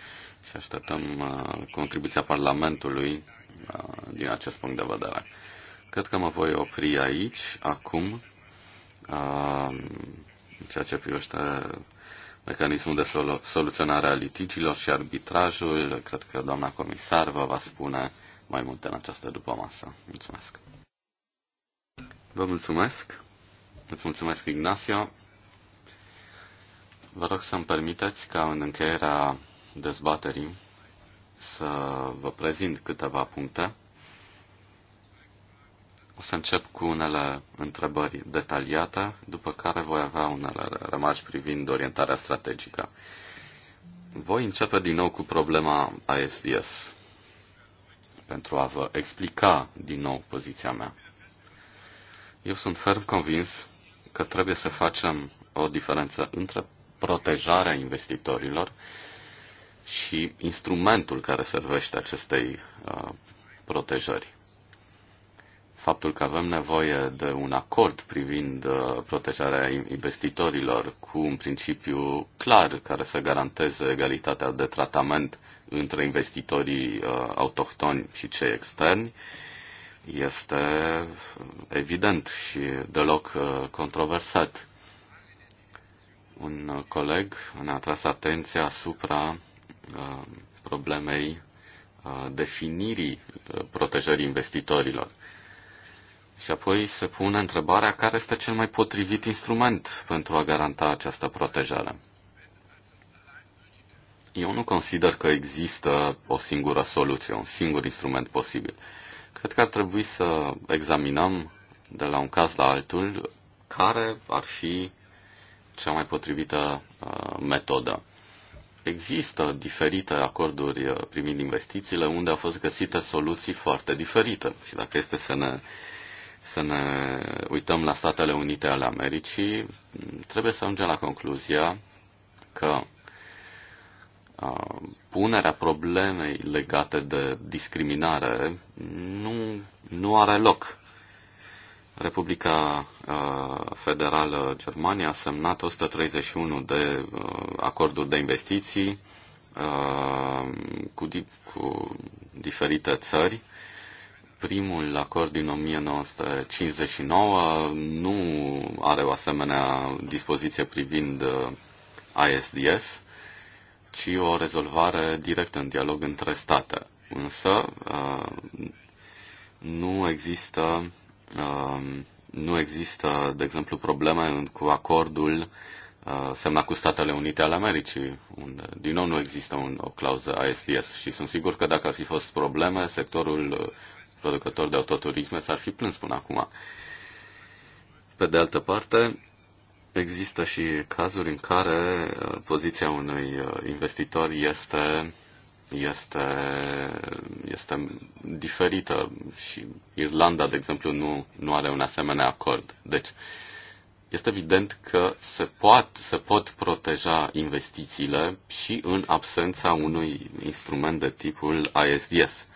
S3: și așteptăm uh, contribuția Parlamentului uh, din acest punct de vedere. Cred că mă voi opri aici, acum, în ceea ce privește mecanismul de soluționare a litigiilor și arbitrajul. Cred că doamna comisar vă va spune mai multe în această după masă. Mulțumesc! Vă mulțumesc! Îți mulțumesc, Ignacio! Vă rog să-mi permiteți ca în încheierea dezbaterii să vă prezint câteva puncte o să încep cu unele întrebări detaliate, după care voi avea unele rămași privind orientarea strategică. Voi începe din nou cu problema ISDS pentru a vă explica din nou poziția mea. Eu sunt ferm convins că trebuie să facem o diferență între protejarea investitorilor și instrumentul care servește acestei uh, protejări faptul că avem nevoie de un acord privind uh, protejarea investitorilor cu un principiu clar care să garanteze egalitatea de tratament între investitorii uh, autohtoni și cei externi este uh, evident și deloc controversat. Un coleg ne-a atras atenția asupra problemei definirii protejării investitorilor. Și apoi se pune întrebarea care este cel mai potrivit instrument pentru a garanta această protejare. Eu nu consider că există o singură soluție, un singur instrument posibil. Cred că ar trebui să examinăm de la un caz la altul care ar fi cea mai potrivită uh, metodă. Există diferite acorduri uh, privind investițiile unde au fost găsite soluții foarte diferite și dacă este să ne uh, să ne uităm la Statele Unite ale Americii, trebuie să ajungem la concluzia că punerea problemei legate de discriminare nu, nu are loc. Republica Federală Germania a semnat 131 de acorduri de investiții cu, cu diferite țări primul acord din 1959 nu are o asemenea dispoziție privind uh, ISDS, ci o rezolvare directă în dialog între state. Însă uh, nu există, uh, nu există, de exemplu, probleme cu acordul semnat cu Statele Unite ale Americii, unde din nou nu există un, o clauză ASDS și sunt sigur că dacă ar fi fost probleme, sectorul producători de autoturisme s-ar fi plâns până acum. Pe de altă parte, există și cazuri în care uh, poziția unui uh, investitor este, este, este diferită și Irlanda, de exemplu, nu, nu are un asemenea acord. Deci, este evident că se, poat, se pot proteja investițiile și în absența unui instrument de tipul ISDS.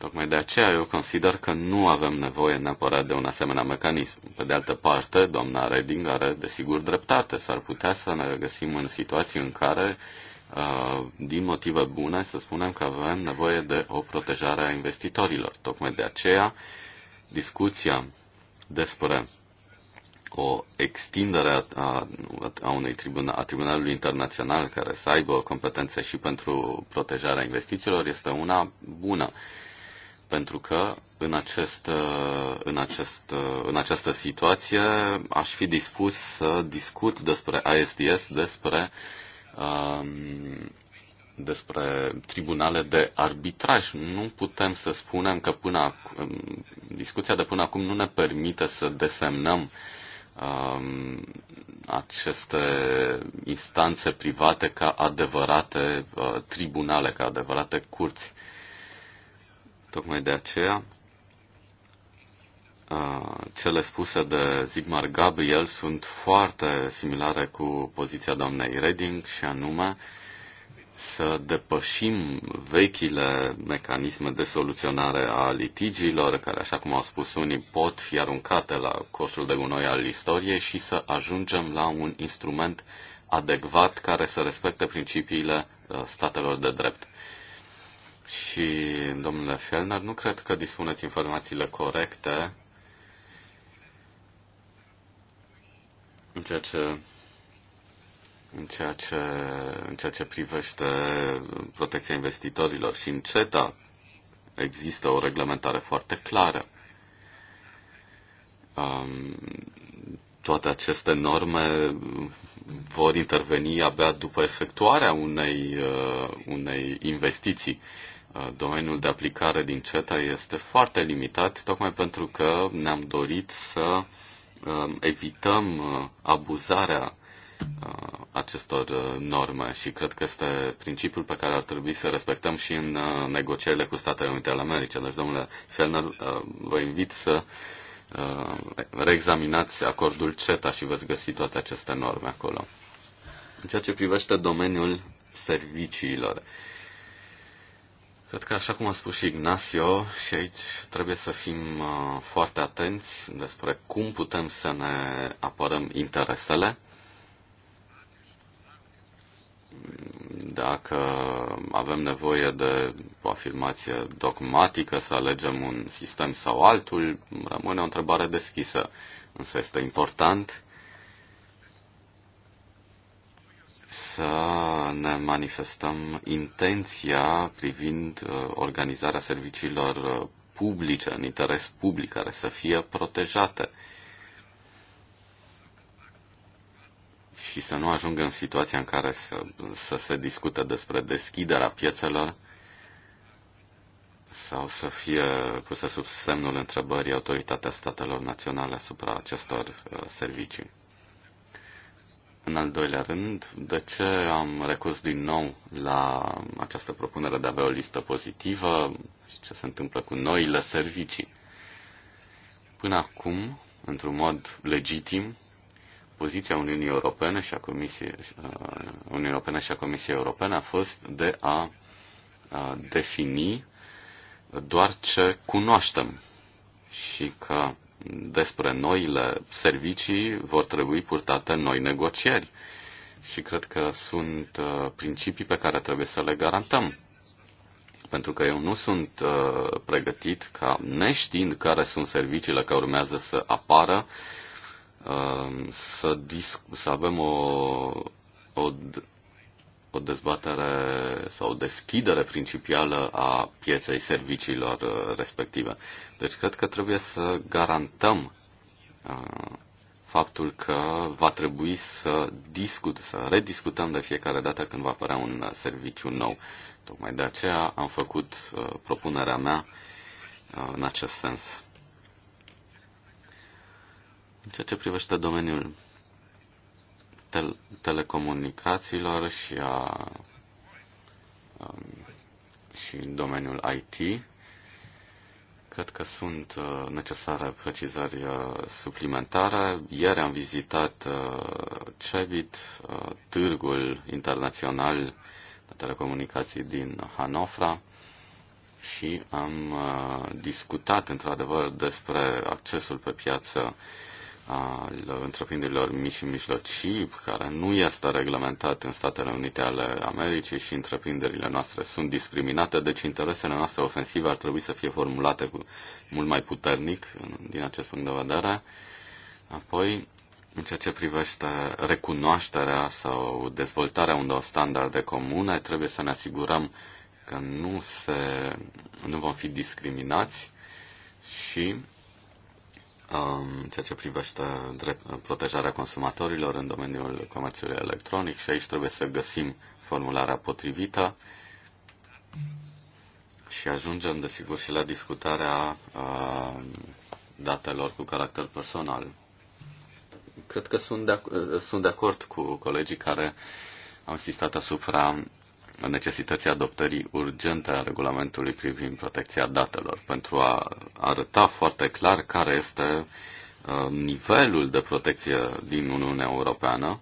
S3: Tocmai de aceea eu consider că nu avem nevoie neapărat de un asemenea mecanism. Pe de altă parte, doamna Reding are desigur dreptate. S-ar putea să ne regăsim în situații în care, uh, din motive bune, să spunem că avem nevoie de o protejare a investitorilor. Tocmai de aceea, discuția despre o extindere a, a unei tribuna, a Tribunalului Internațional care să aibă competențe și pentru protejarea investițiilor este una bună pentru că în, acest, uh, în, acest, uh, în această situație aș fi dispus să discut despre ISDS, despre, um, despre tribunale de arbitraj. Nu putem să spunem că până acum, discuția de până acum nu ne permite să desemnăm um, aceste instanțe private ca adevărate uh, tribunale, ca adevărate curți Tocmai de aceea, cele spuse de Zigmar Gabriel sunt foarte similare cu poziția doamnei Reding și anume să depășim vechile mecanisme de soluționare a litigiilor, care, așa cum au spus unii, pot fi aruncate la coșul de gunoi al istoriei și să ajungem la un instrument adecvat care să respecte principiile statelor de drept și domnule Fellner, nu cred că dispuneți informațiile corecte în ceea ce în ceea ce, în ceea ce privește protecția investitorilor și în CETA există o reglementare foarte clară. Um, toate aceste norme vor interveni abia după efectuarea unei, uh, unei investiții domeniul de aplicare din CETA este foarte limitat, tocmai pentru că ne-am dorit să evităm abuzarea acestor norme și cred că este principiul pe care ar trebui să respectăm și în negocierile cu Statele Unite ale Americii. Deci, domnule Fellner, vă invit să reexaminați acordul CETA și veți găsi toate aceste norme acolo. În ceea ce privește domeniul serviciilor, uh, Cred că, așa cum a spus și Ignacio, și aici trebuie să fim uh, foarte atenți despre cum putem să ne apărăm interesele. Dacă avem nevoie de o afirmație dogmatică să alegem un sistem sau altul, rămâne o întrebare deschisă. Însă este important să ne manifestăm intenția privind uh, organizarea serviciilor uh, publice, în interes public, care să fie protejate și să nu ajungă în situația în care să, să se discute despre deschiderea piețelor sau să fie pusă sub semnul întrebării autoritatea statelor naționale asupra acestor uh, servicii. În al doilea rând, de ce am recurs din nou la această propunere de a avea o listă pozitivă și ce se întâmplă cu noile servicii? Până acum, într-un mod legitim, poziția Uniunii Europene și a Comisiei, uh, Uniunii Europene și a Comisiei Europene a fost de a uh, defini doar ce cunoaștem și că despre noile servicii vor trebui purtate noi negocieri. Și cred că sunt uh, principii pe care trebuie să le garantăm. Pentru că eu nu sunt uh, pregătit ca, neștiind care sunt serviciile care urmează să apară, uh, să, discu să avem o, o o dezbatere sau o deschidere principială a pieței serviciilor uh, respective. Deci cred că trebuie să garantăm uh, faptul că va trebui să discut, să rediscutăm de fiecare dată când va apărea un serviciu nou. Tocmai de aceea am făcut uh, propunerea mea în acest sens. În ceea ce privește domeniul tel- telecomunicațiilor și, a, um, și în domeniul IT. Cred că sunt uh, necesare precizări uh, suplimentare. Ieri am vizitat uh, CEBIT, târgul internațional de telecomunicații din Hanofra și am discutat într-adevăr despre accesul pe piață al întreprinderilor mici și mijlocii, care nu este reglementat în Statele Unite ale Americii și întreprinderile noastre sunt discriminate, deci interesele noastre ofensive ar trebui să fie formulate cu mult mai puternic din acest punct de vedere. Apoi, în ceea ce privește recunoașterea sau dezvoltarea unor standarde comune, trebuie să ne asigurăm că nu, se, nu vom fi discriminați și Um, ceea ce privește drept, protejarea consumatorilor în domeniul comerțului electronic și aici trebuie să găsim formularea potrivită și ajungem, desigur, și la discutarea um, datelor cu caracter personal. Cred că sunt de, ac- sunt de acord cu colegii care au insistat asupra necesității adoptării urgente a regulamentului privind protecția datelor, pentru a arăta foarte clar care este uh, nivelul de protecție din Uniunea Europeană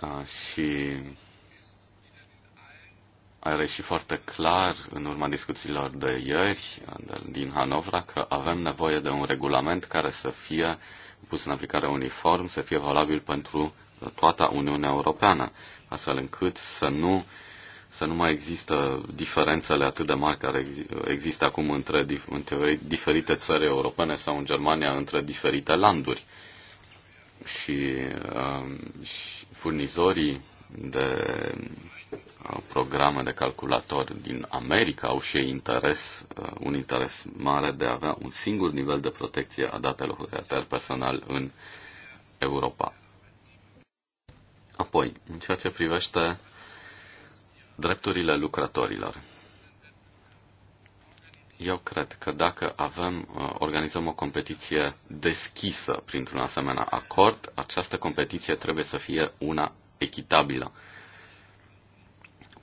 S3: uh, și are și foarte clar în urma discuțiilor de ieri din Hanovra că avem nevoie de un regulament care să fie pus în aplicare uniform, să fie valabil pentru toată Uniunea Europeană, astfel încât să nu, să nu mai există diferențele atât de mari care există acum între, între diferite țări europene sau în Germania între diferite landuri. Și, um, și furnizorii de uh, programe de calculatori din America au și ei interes, uh, un interes mare de a avea un singur nivel de protecție a datelor de personal în Europa. Apoi, în ceea ce privește drepturile lucrătorilor. Eu cred că dacă avem, uh, organizăm o competiție deschisă printr-un asemenea acord, această competiție trebuie să fie una echitabilă.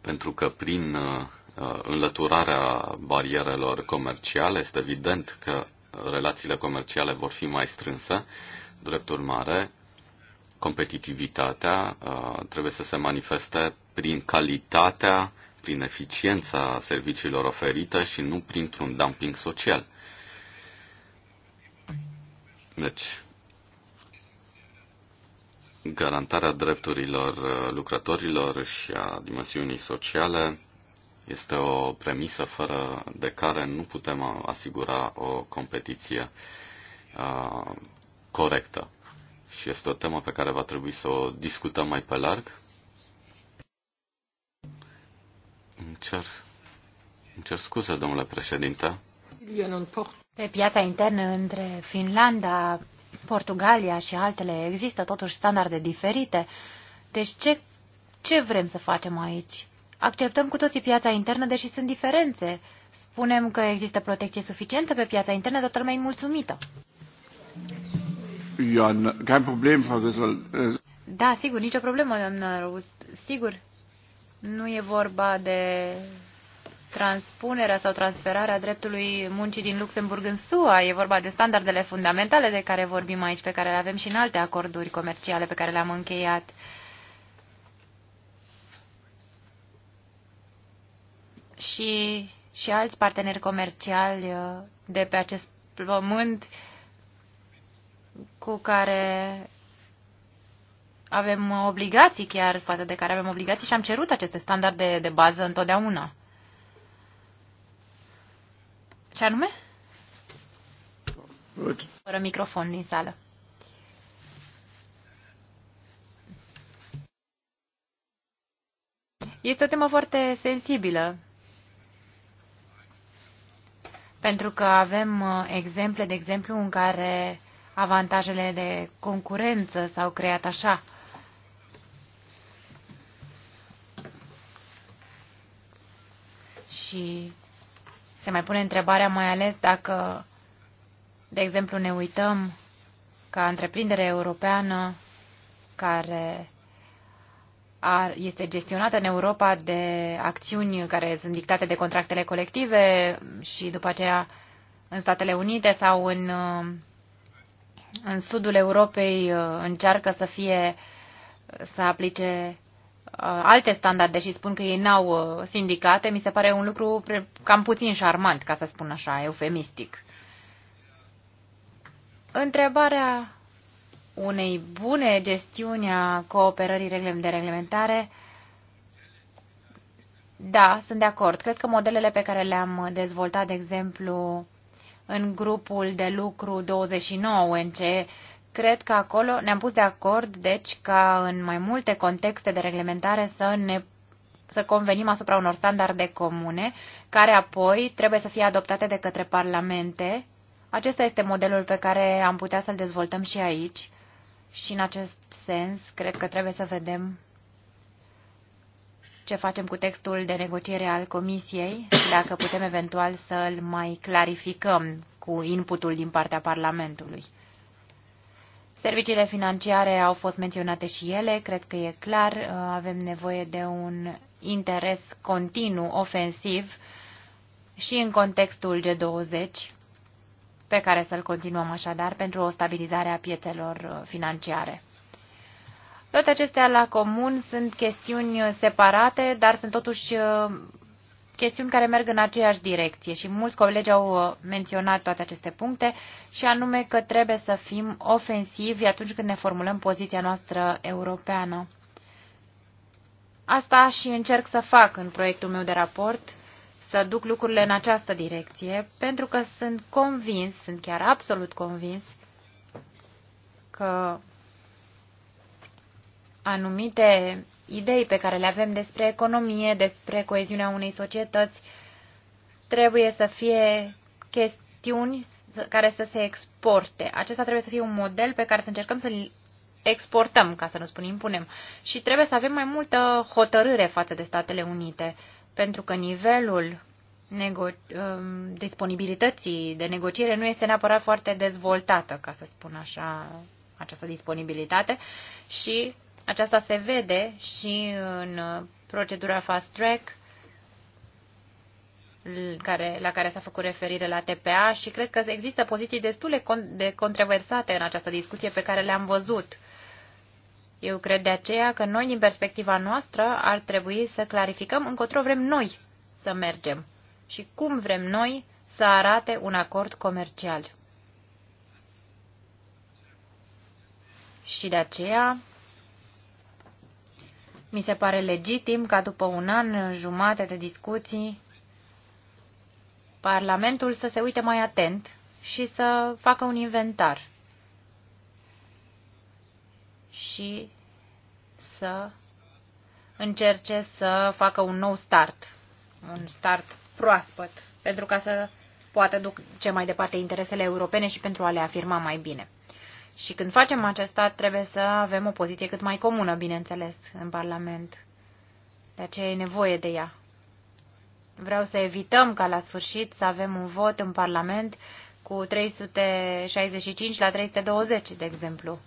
S3: Pentru că prin uh, uh, înlăturarea barierelor comerciale este evident că relațiile comerciale vor fi mai strânse. Drept urmare, competitivitatea uh, trebuie să se manifeste prin calitatea, prin eficiența serviciilor oferite și nu printr-un dumping social. Deci, garantarea drepturilor uh, lucrătorilor și a dimensiunii sociale este o premisă fără de care nu putem asigura o competiție uh, corectă și este o temă pe care va trebui să o discutăm mai pe larg. Îmi cer, îmi cer scuze, domnule
S1: președinte. Pe piața internă între Finlanda, Portugalia și altele există totuși standarde diferite. Deci ce, ce vrem să facem aici? Acceptăm cu toții piața internă, deși sunt diferențe. Spunem că există protecție suficientă pe piața internă, toată lumea e mulțumită. Ioan, kein problem, Frau Da, sigur, nicio problemă, doamnă Rus. Sigur, nu e vorba de transpunerea sau transferarea dreptului muncii din Luxemburg în SUA. E vorba de standardele fundamentale de care vorbim aici, pe care le avem și în alte acorduri comerciale pe care le-am încheiat. Și, și alți parteneri comerciali uh, de pe acest pământ uh, cu care avem obligații chiar, față de care avem obligații și am cerut aceste standarde de bază întotdeauna. Ce anume? Fără microfon din sală. Este o temă foarte sensibilă, pentru că avem uh, exemple, de exemplu, în care avantajele de concurență s-au creat așa. Și se mai pune întrebarea mai ales dacă, de exemplu, ne uităm ca întreprindere europeană care ar, este gestionată în Europa de acțiuni care sunt dictate de contractele colective și după aceea în Statele Unite sau în în sudul Europei uh, încearcă să fie să aplice uh, alte standarde și spun că ei n-au uh, sindicate, mi se pare un lucru cam puțin șarmant, ca să spun așa, eufemistic. Întrebarea unei bune gestiuni a cooperării de reglementare, da, sunt de acord. Cred că modelele pe care le-am dezvoltat, de exemplu, în grupul de lucru 29 în ce cred că acolo ne-am pus de acord, deci, ca în mai multe contexte de reglementare să ne să convenim asupra unor standarde comune, care apoi trebuie să fie adoptate de către parlamente. Acesta este modelul pe care am putea să-l dezvoltăm și aici. Și în acest sens, cred că trebuie să vedem ce facem cu textul de negociere al Comisiei și dacă putem eventual să-l mai clarificăm cu inputul din partea Parlamentului. Serviciile financiare au fost menționate și ele, cred că e clar, avem nevoie de un interes continuu ofensiv și în contextul G20, pe care să-l continuăm așadar pentru o stabilizare a piețelor financiare. Toate acestea la comun sunt chestiuni separate, dar sunt totuși uh, chestiuni care merg în aceeași direcție și mulți colegi au uh, menționat toate aceste puncte și anume că trebuie să fim ofensivi atunci când ne formulăm poziția noastră europeană. Asta și încerc să fac în proiectul meu de raport, să duc lucrurile în această direcție, pentru că sunt convins, sunt chiar absolut convins că anumite idei pe care le avem despre economie, despre coeziunea unei societăți, trebuie să fie chestiuni care să se exporte. Acesta trebuie să fie un model pe care să încercăm să-l exportăm, ca să nu spun impunem. Și trebuie să avem mai multă hotărâre față de Statele Unite, pentru că nivelul um, disponibilității de negociere nu este neapărat foarte dezvoltată, ca să spun așa, această disponibilitate și aceasta se vede și în uh, procedura fast track care, la care s-a făcut referire la TPA și cred că există poziții destule de controversate în această discuție pe care le-am văzut. Eu cred de aceea că noi, din perspectiva noastră, ar trebui să clarificăm încotro vrem noi să mergem și cum vrem noi să arate un acord comercial. Și de aceea mi se pare legitim ca după un an jumate de discuții, Parlamentul să se uite mai atent și să facă un inventar și să încerce să facă un nou start, un start proaspăt, pentru ca să poată duce mai departe interesele europene și pentru a le afirma mai bine. Și când facem acesta, trebuie să avem o poziție cât mai comună, bineînțeles, în Parlament. De aceea e nevoie de ea. Vreau să evităm ca la sfârșit să avem un vot în Parlament cu 365 la 320, de exemplu.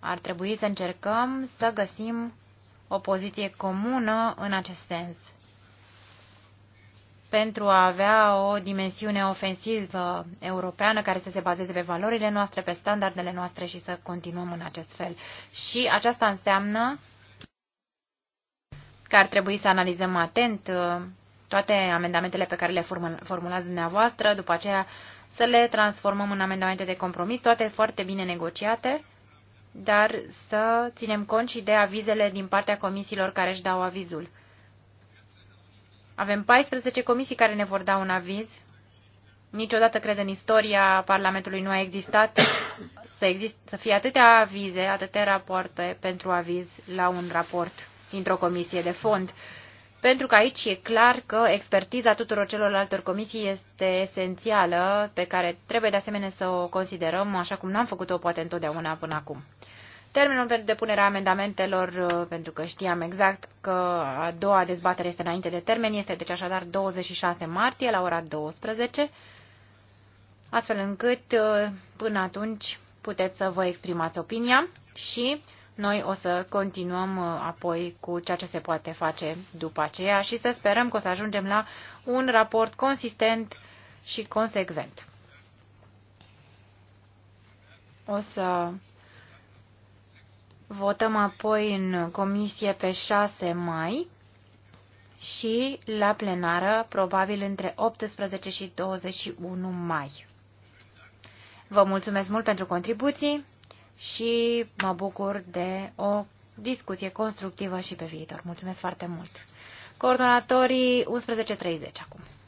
S1: Ar trebui să încercăm să găsim o poziție comună în acest sens pentru a avea o dimensiune ofensivă europeană care să se bazeze pe valorile noastre, pe standardele noastre și să continuăm în acest fel. Și aceasta înseamnă că ar trebui să analizăm atent uh, toate amendamentele pe care le formulați dumneavoastră, după aceea să le transformăm în amendamente de compromis, toate foarte bine negociate, dar să ținem cont și de avizele din partea comisiilor care își dau avizul. Avem 14 comisii care ne vor da un aviz. Niciodată, cred, în istoria Parlamentului nu a existat să, exist, să fie atâtea avize, atâtea rapoarte pentru aviz la un raport dintr-o comisie de fond. Pentru că aici e clar că expertiza tuturor celorlaltor comisii este esențială, pe care trebuie de asemenea să o considerăm, așa cum n-am făcut-o poate întotdeauna până acum. Termenul pentru depunerea amendamentelor, uh, pentru că știam exact că a doua dezbatere este înainte de termen, este deci așadar 26 martie la ora 12, astfel încât uh, până atunci puteți să vă exprimați opinia și noi o să continuăm uh, apoi cu ceea ce se poate face după aceea și să sperăm că o să ajungem la un raport consistent și consecvent. O să Votăm apoi în comisie pe 6 mai și la plenară probabil între 18 și 21 mai. Vă mulțumesc mult pentru contribuții și mă bucur de o discuție constructivă și pe viitor. Mulțumesc foarte mult! Coordonatorii 11.30 acum.